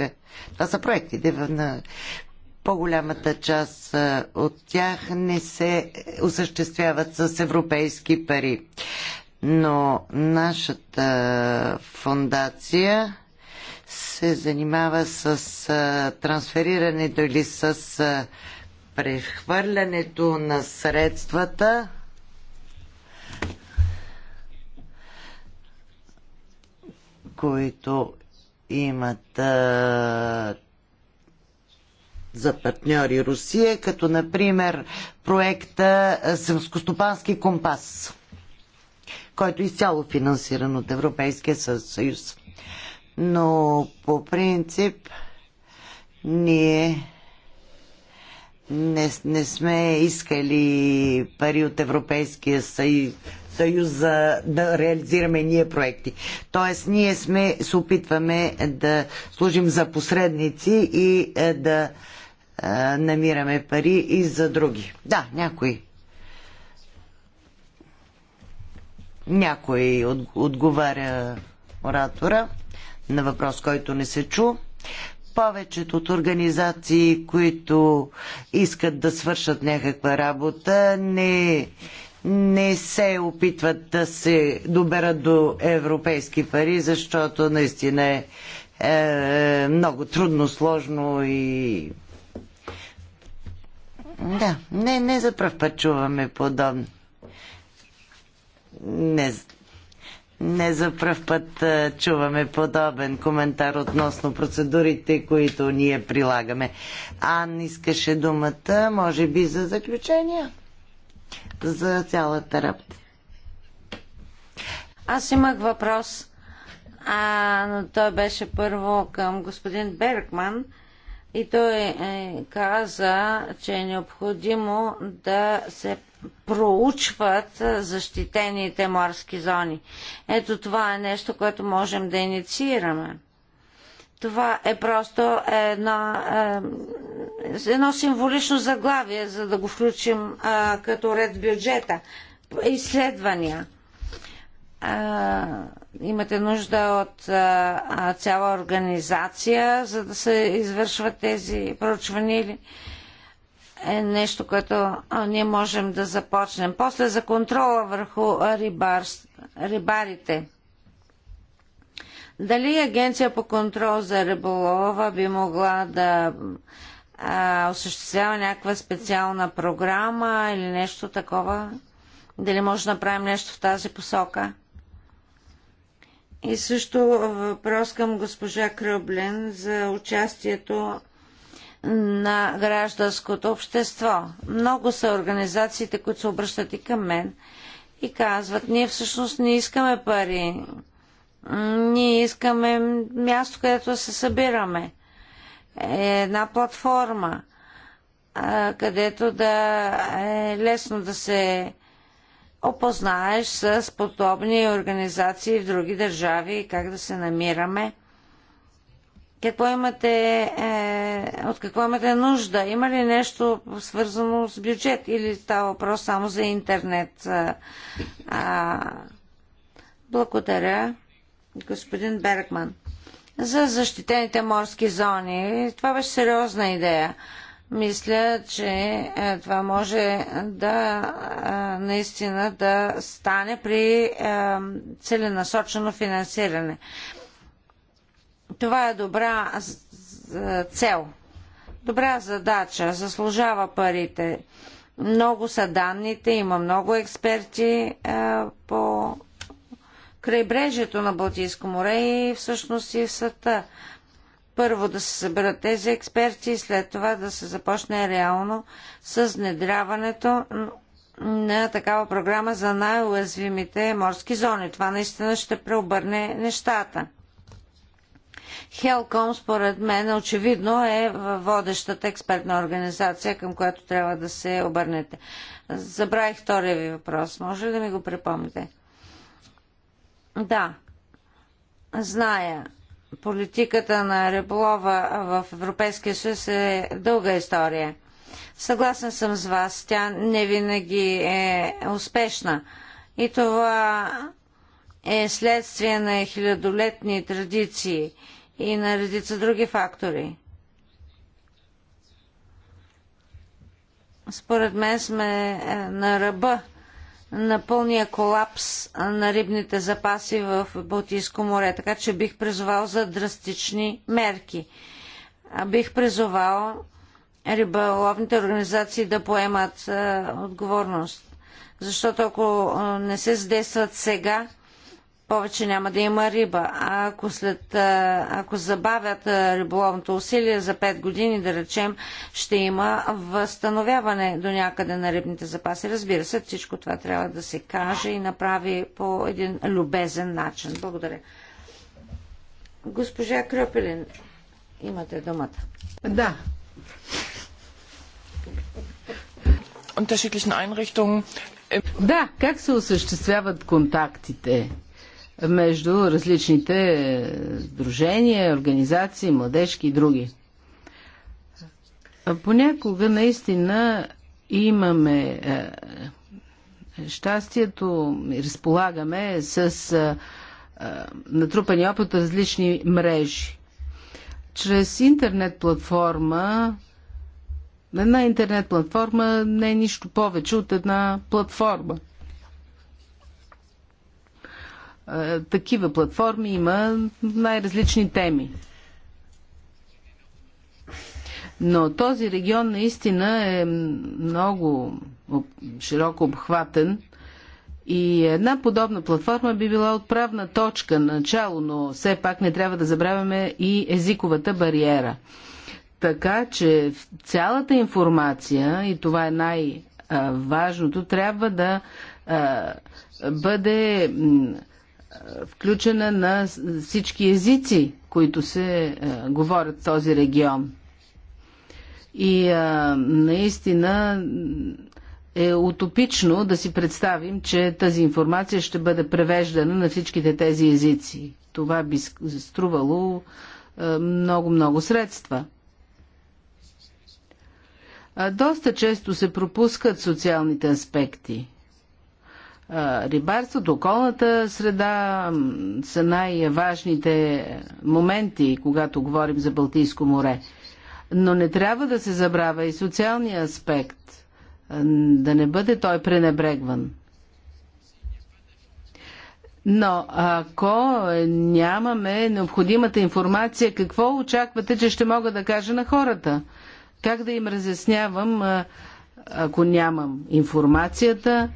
това са проектите, на по-голямата част от тях не се осъществяват с европейски пари. Но нашата фундация се занимава с трансферирането или с прехвърлянето на средствата които имат а, за партньори Русия, като например проекта Съмскостопански компас, който е изцяло финансиран от Европейския съюз. Но по принцип ние не, не сме искали пари от Европейския съюз, съюз за да реализираме ние проекти. Тоест, ние сме, се опитваме да служим за посредници и е, да а, е, намираме пари и за други. Да, някои. Някой отговаря оратора на въпрос, който не се чу повечето от организации, които искат да свършат някаква работа, не, не се опитват да се доберат до европейски пари, защото наистина е, е много трудно, сложно и. Да, не, не за пръв път чуваме подобно. Не, не за пръв път е, чуваме подобен коментар относно процедурите, които ние прилагаме. Ан искаше думата, може би за заключения за цялата работа. Аз имах въпрос, а, но той беше първо към господин Бергман и той е, е, каза, че е необходимо да се проучват защитените морски зони. Ето това е нещо, което можем да инициираме. Това е просто едно, е, едно символично заглавие, за да го включим като ред в бюджета. Изследвания имате нужда от цяла организация, за да се извършват тези проучвания или е нещо, което ние можем да започнем. После за контрола върху рибар, рибарите. Дали агенция по контрол за риболова би могла да а, осъществява някаква специална програма или нещо такова? Дали може да направим нещо в тази посока? И също въпрос към госпожа Кръблен за участието на гражданското общество. Много са организациите, които се обръщат и към мен и казват, ние всъщност не искаме пари ние искаме място, където се събираме. Е една платформа, където да е лесно да се опознаеш с подобни организации в други държави и как да се намираме. Какво имате, е, от какво имате нужда? Има ли нещо свързано с бюджет или става въпрос само за интернет? благодаря господин Бергман за защитените морски зони. Това беше сериозна идея. Мисля, че е, това може да е, наистина да стане при е, целенасочено финансиране. Това е добра цел, добра задача, заслужава парите. Много са данните, има много експерти по крайбрежието на Балтийско море и всъщност и в света. Първо да се съберат тези експерти и след това да се започне реално с внедряването на такава програма за най-уязвимите морски зони. Това наистина ще преобърне нещата. Хелком, според мен, очевидно е водещата експертна организация, към която трябва да се обърнете. Забравих втория ви въпрос. Може ли да ми го припомните? Да, зная. Политиката на риболова в Европейския съюз е дълга история. Съгласен съм с вас, тя не винаги е успешна. И това е следствие на хилядолетни традиции и на редица други фактори. Според мен сме е, на ръба на пълния колапс на рибните запаси в Балтийско море. Така че бих призовал за драстични мерки. Бих призовал риболовните организации да поемат отговорност. Защото ако не се задействат сега, повече няма да има риба. А ако, след, ако забавят риболовното усилие за 5 години, да речем, ще има възстановяване до някъде на рибните запаси. Разбира се, всичко това трябва да се каже и направи по един любезен начин. Благодаря. Госпожа Кръпелин, имате думата. Да. Да, как се осъществяват контактите? между различните дружения, организации, младежки и други. Понякога наистина имаме е, щастието и разполагаме с е, е, натрупани опит от различни мрежи. Чрез интернет платформа една интернет платформа не е нищо повече от една платформа – е, такива платформи има най-различни теми. Но този регион наистина е много широко обхватен и една подобна платформа би била отправна точка начало, но все пак не трябва да забравяме и езиковата бариера. Така че цялата информация, и това е най-важното, трябва да бъде включена на всички езици, които се а, е, говорят в този регион. И а, е, наистина е утопично да си представим, че тази информация ще бъде превеждана на всичките тези езици. Това би струвало е, много-много средства. А доста често се пропускат социалните аспекти рибарството, околната среда са най-важните моменти, когато говорим за Балтийско море. Но не трябва да се забравя и социалния аспект, да не бъде той пренебрегван. Но ако нямаме необходимата информация, какво очаквате, че ще мога да кажа на хората? Как да им разяснявам, ако нямам информацията,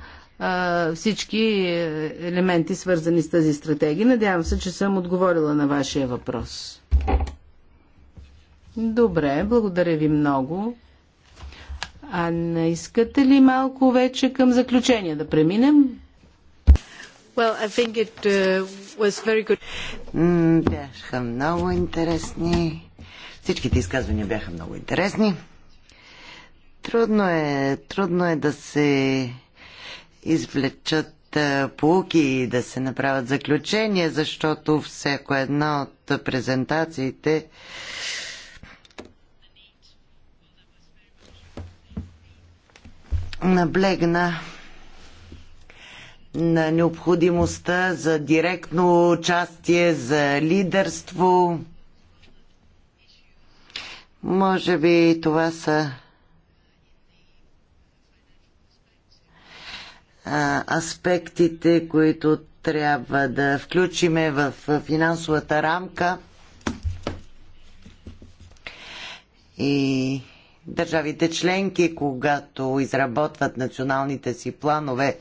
всички е, елементи, свързани с тази стратегия. Надявам се, че съм отговорила на вашия въпрос. Добре, благодаря ви много. А не искате ли малко вече към заключение да преминем? Well, I think it uh, was very good. Mm, бяха много интересни. Всичките изказвания бяха много интересни. Трудно е, трудно е да се извлечат полуки и да се направят заключения, защото всяко една от презентациите наблегна на необходимостта за директно участие, за лидерство. Може би това са аспектите, които трябва да включиме в финансовата рамка и държавите членки, когато изработват националните си планове,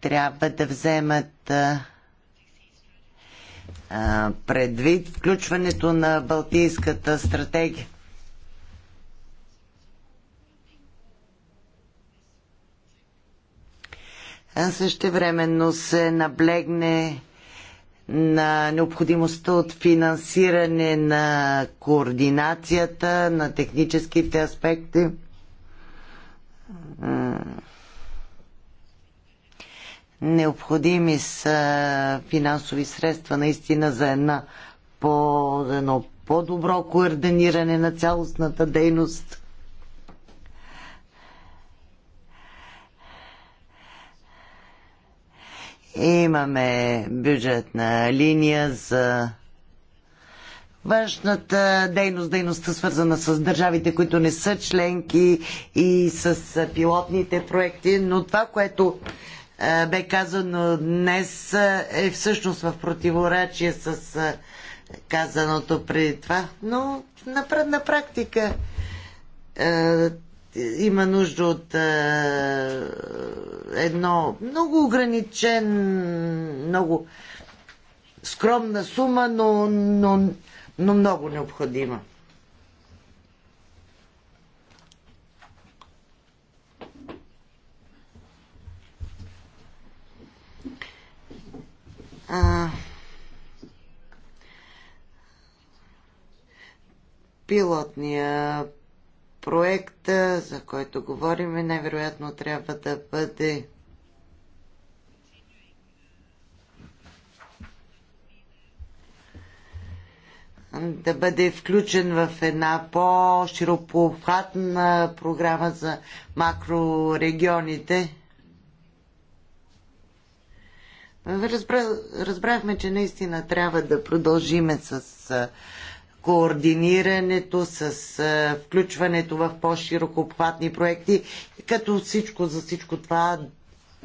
трябва да вземат предвид включването на Балтийската стратегия. Същевременно се наблегне на необходимостта от финансиране на координацията, на техническите аспекти. Необходими са финансови средства наистина за една по, за едно по-добро координиране на цялостната дейност Имаме бюджетна линия за външната дейност, дейността свързана с държавите, които не са членки и с пилотните проекти, но това, което е, бе казано днес е всъщност в противоречие с е, казаното преди това, но на, на практика е, има нужда от а, е, едно много ограничен, много скромна сума, но, но, но много необходима. А, пилотния проекта, за който говорим, най-вероятно трябва да бъде да бъде включен в една по-широпохватна програма за макрорегионите. разбрахме, че наистина трябва да продължиме с координирането, с включването в по-широко обхватни проекти, като всичко за всичко това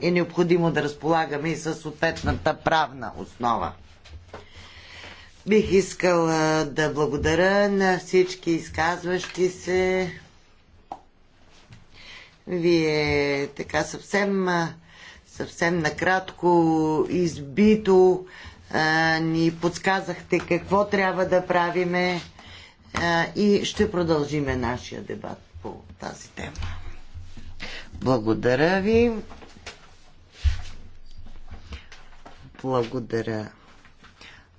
е необходимо да разполагаме и със съответната правна основа. Бих искала да благодаря на всички изказващи се. Вие така съвсем, съвсем накратко избито а, ни подсказахте какво трябва да правиме а, и ще продължиме нашия дебат по тази тема. Благодаря ви. Благодаря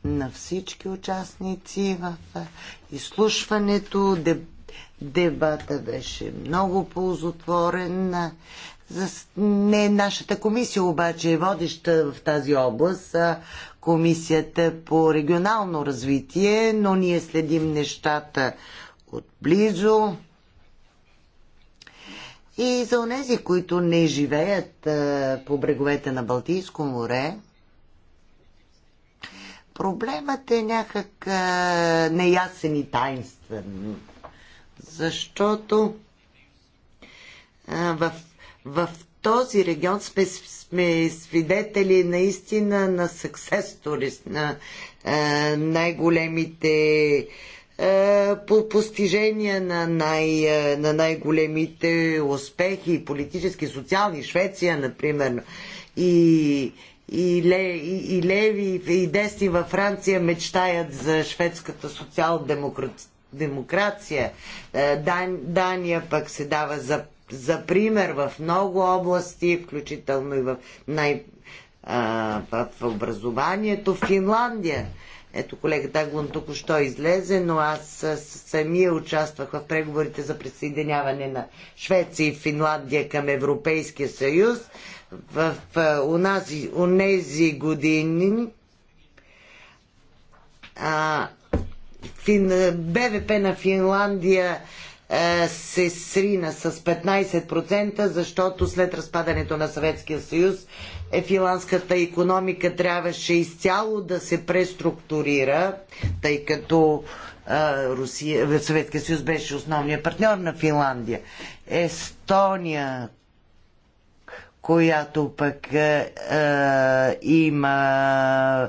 на всички участници в изслушването. Дебата беше много ползотворен. Не нашата комисия обаче е водеща в тази област, Комисията по регионално развитие, но ние следим нещата отблизо. И за онези, които не живеят по бреговете на Балтийско море, проблемът е някак неясен и тайнствен. Защото в, в този регион специ сме свидетели наистина на success stories, на е, най-големите е, по постижения на, най, е, на най-големите успехи, политически, социални, Швеция, например, и, и, ле, и, и леви, и десни във Франция мечтаят за шведската социал-демокрация. Е, Дания пък се дава за за пример в много области, включително и в, най, а, в образованието. Финландия. Ето колегата Аглон току-що излезе, но аз самия участвах в преговорите за присъединяване на Швеция и Финландия към Европейския съюз. В, тези години а, фин, БВП на Финландия е, се срина с 15%, защото след разпадането на Съветския съюз е финландската економика трябваше изцяло да се преструктурира, тъй като е, Русия, Съветския съюз беше основният партньор на Финландия. Естония, която пък е, е, има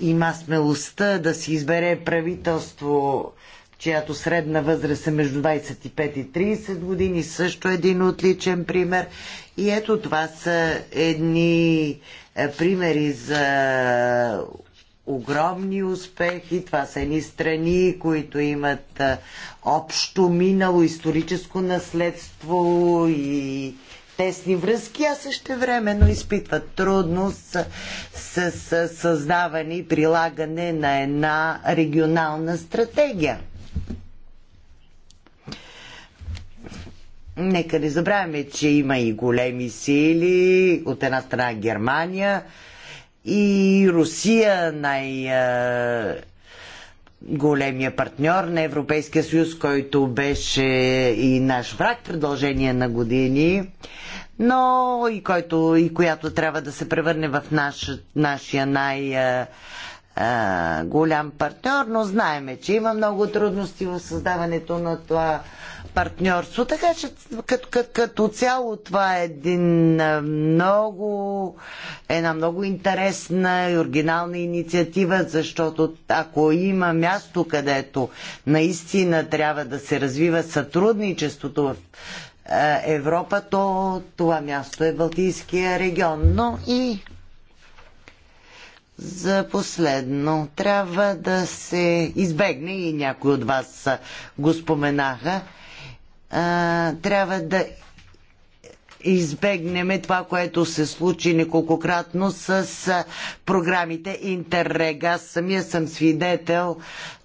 има смелостта да си избере правителство чиято средна възраст е между 25 и 30 години, също е един отличен пример. И ето това са едни е, примери за огромни успехи. Това са едни страни, които имат е, общо минало историческо наследство и тесни връзки, а също времено изпитват трудност с, с създаване и прилагане на една регионална стратегия. Нека не забравяме, че има и големи сили, от една страна Германия и Русия, най- големия партньор на Европейския съюз, който беше и наш враг в продължение на години, но и, който, и която трябва да се превърне в наш, нашия най- голям партньор, но знаеме, че има много трудности в създаването на това партньорство. Така че като, като, като цяло това е един много, една много интересна и оригинална инициатива, защото ако има място, където наистина трябва да се развива сътрудничеството в Европа, то това място е Балтийския регион. Но и за последно трябва да се избегне и някои от вас го споменаха а, трябва да избегнем това, което се случи неколкократно с програмите Интеррег. Аз самия съм свидетел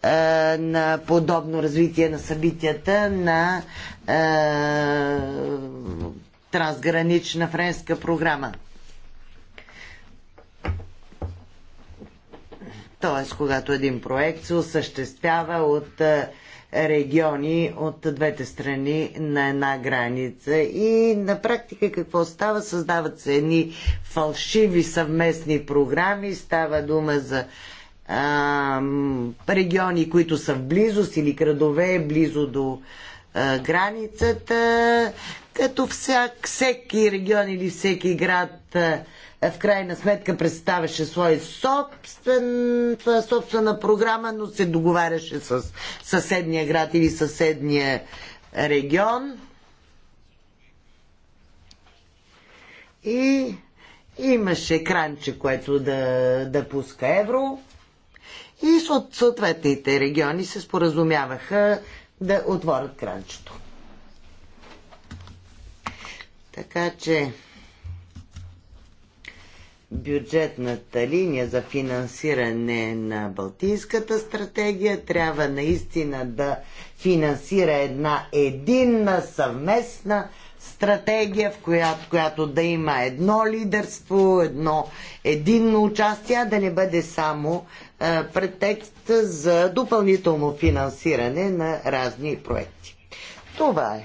а, на подобно развитие на събитията на а, трансгранична френска програма. Тоест, когато един проект се осъществява от а, региони от двете страни на една граница. И на практика какво става? Създават се едни фалшиви съвместни програми, става дума за а, региони, които са в близост или градове близо до а, границата, като всяк, всеки регион или всеки град а, в крайна сметка представяше своя собствен, е собствена програма, но се договаряше с съседния град или съседния регион. И имаше кранче, което да, да пуска евро. И съответните региони се споразумяваха да отворят кранчето. Така че бюджетната линия за финансиране на Балтийската стратегия трябва наистина да финансира една единна съвместна стратегия, в която, която да има едно лидерство, едно единно участие, а да не бъде само е, претекст за допълнително финансиране на разни проекти. Това е.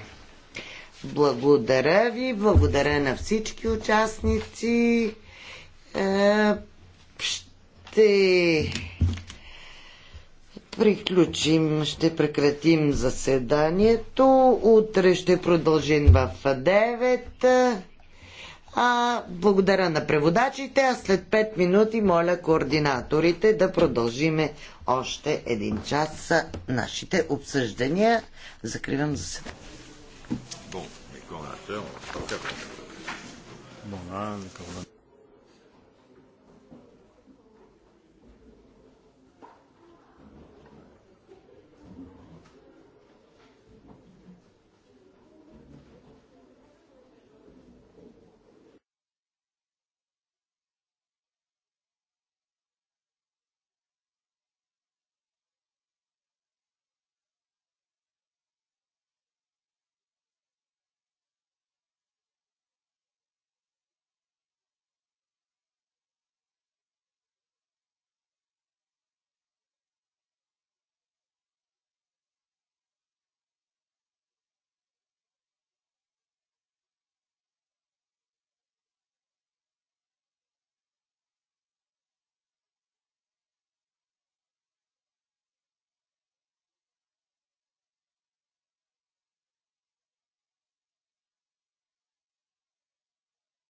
Благодаря ви, благодаря на всички участници. Е, ще приключим, ще прекратим заседанието. Утре ще продължим в 9. А, благодаря на преводачите, а след 5 минути моля координаторите да продължиме още един час нашите обсъждания. Закривам заседанието. Bon, Bon,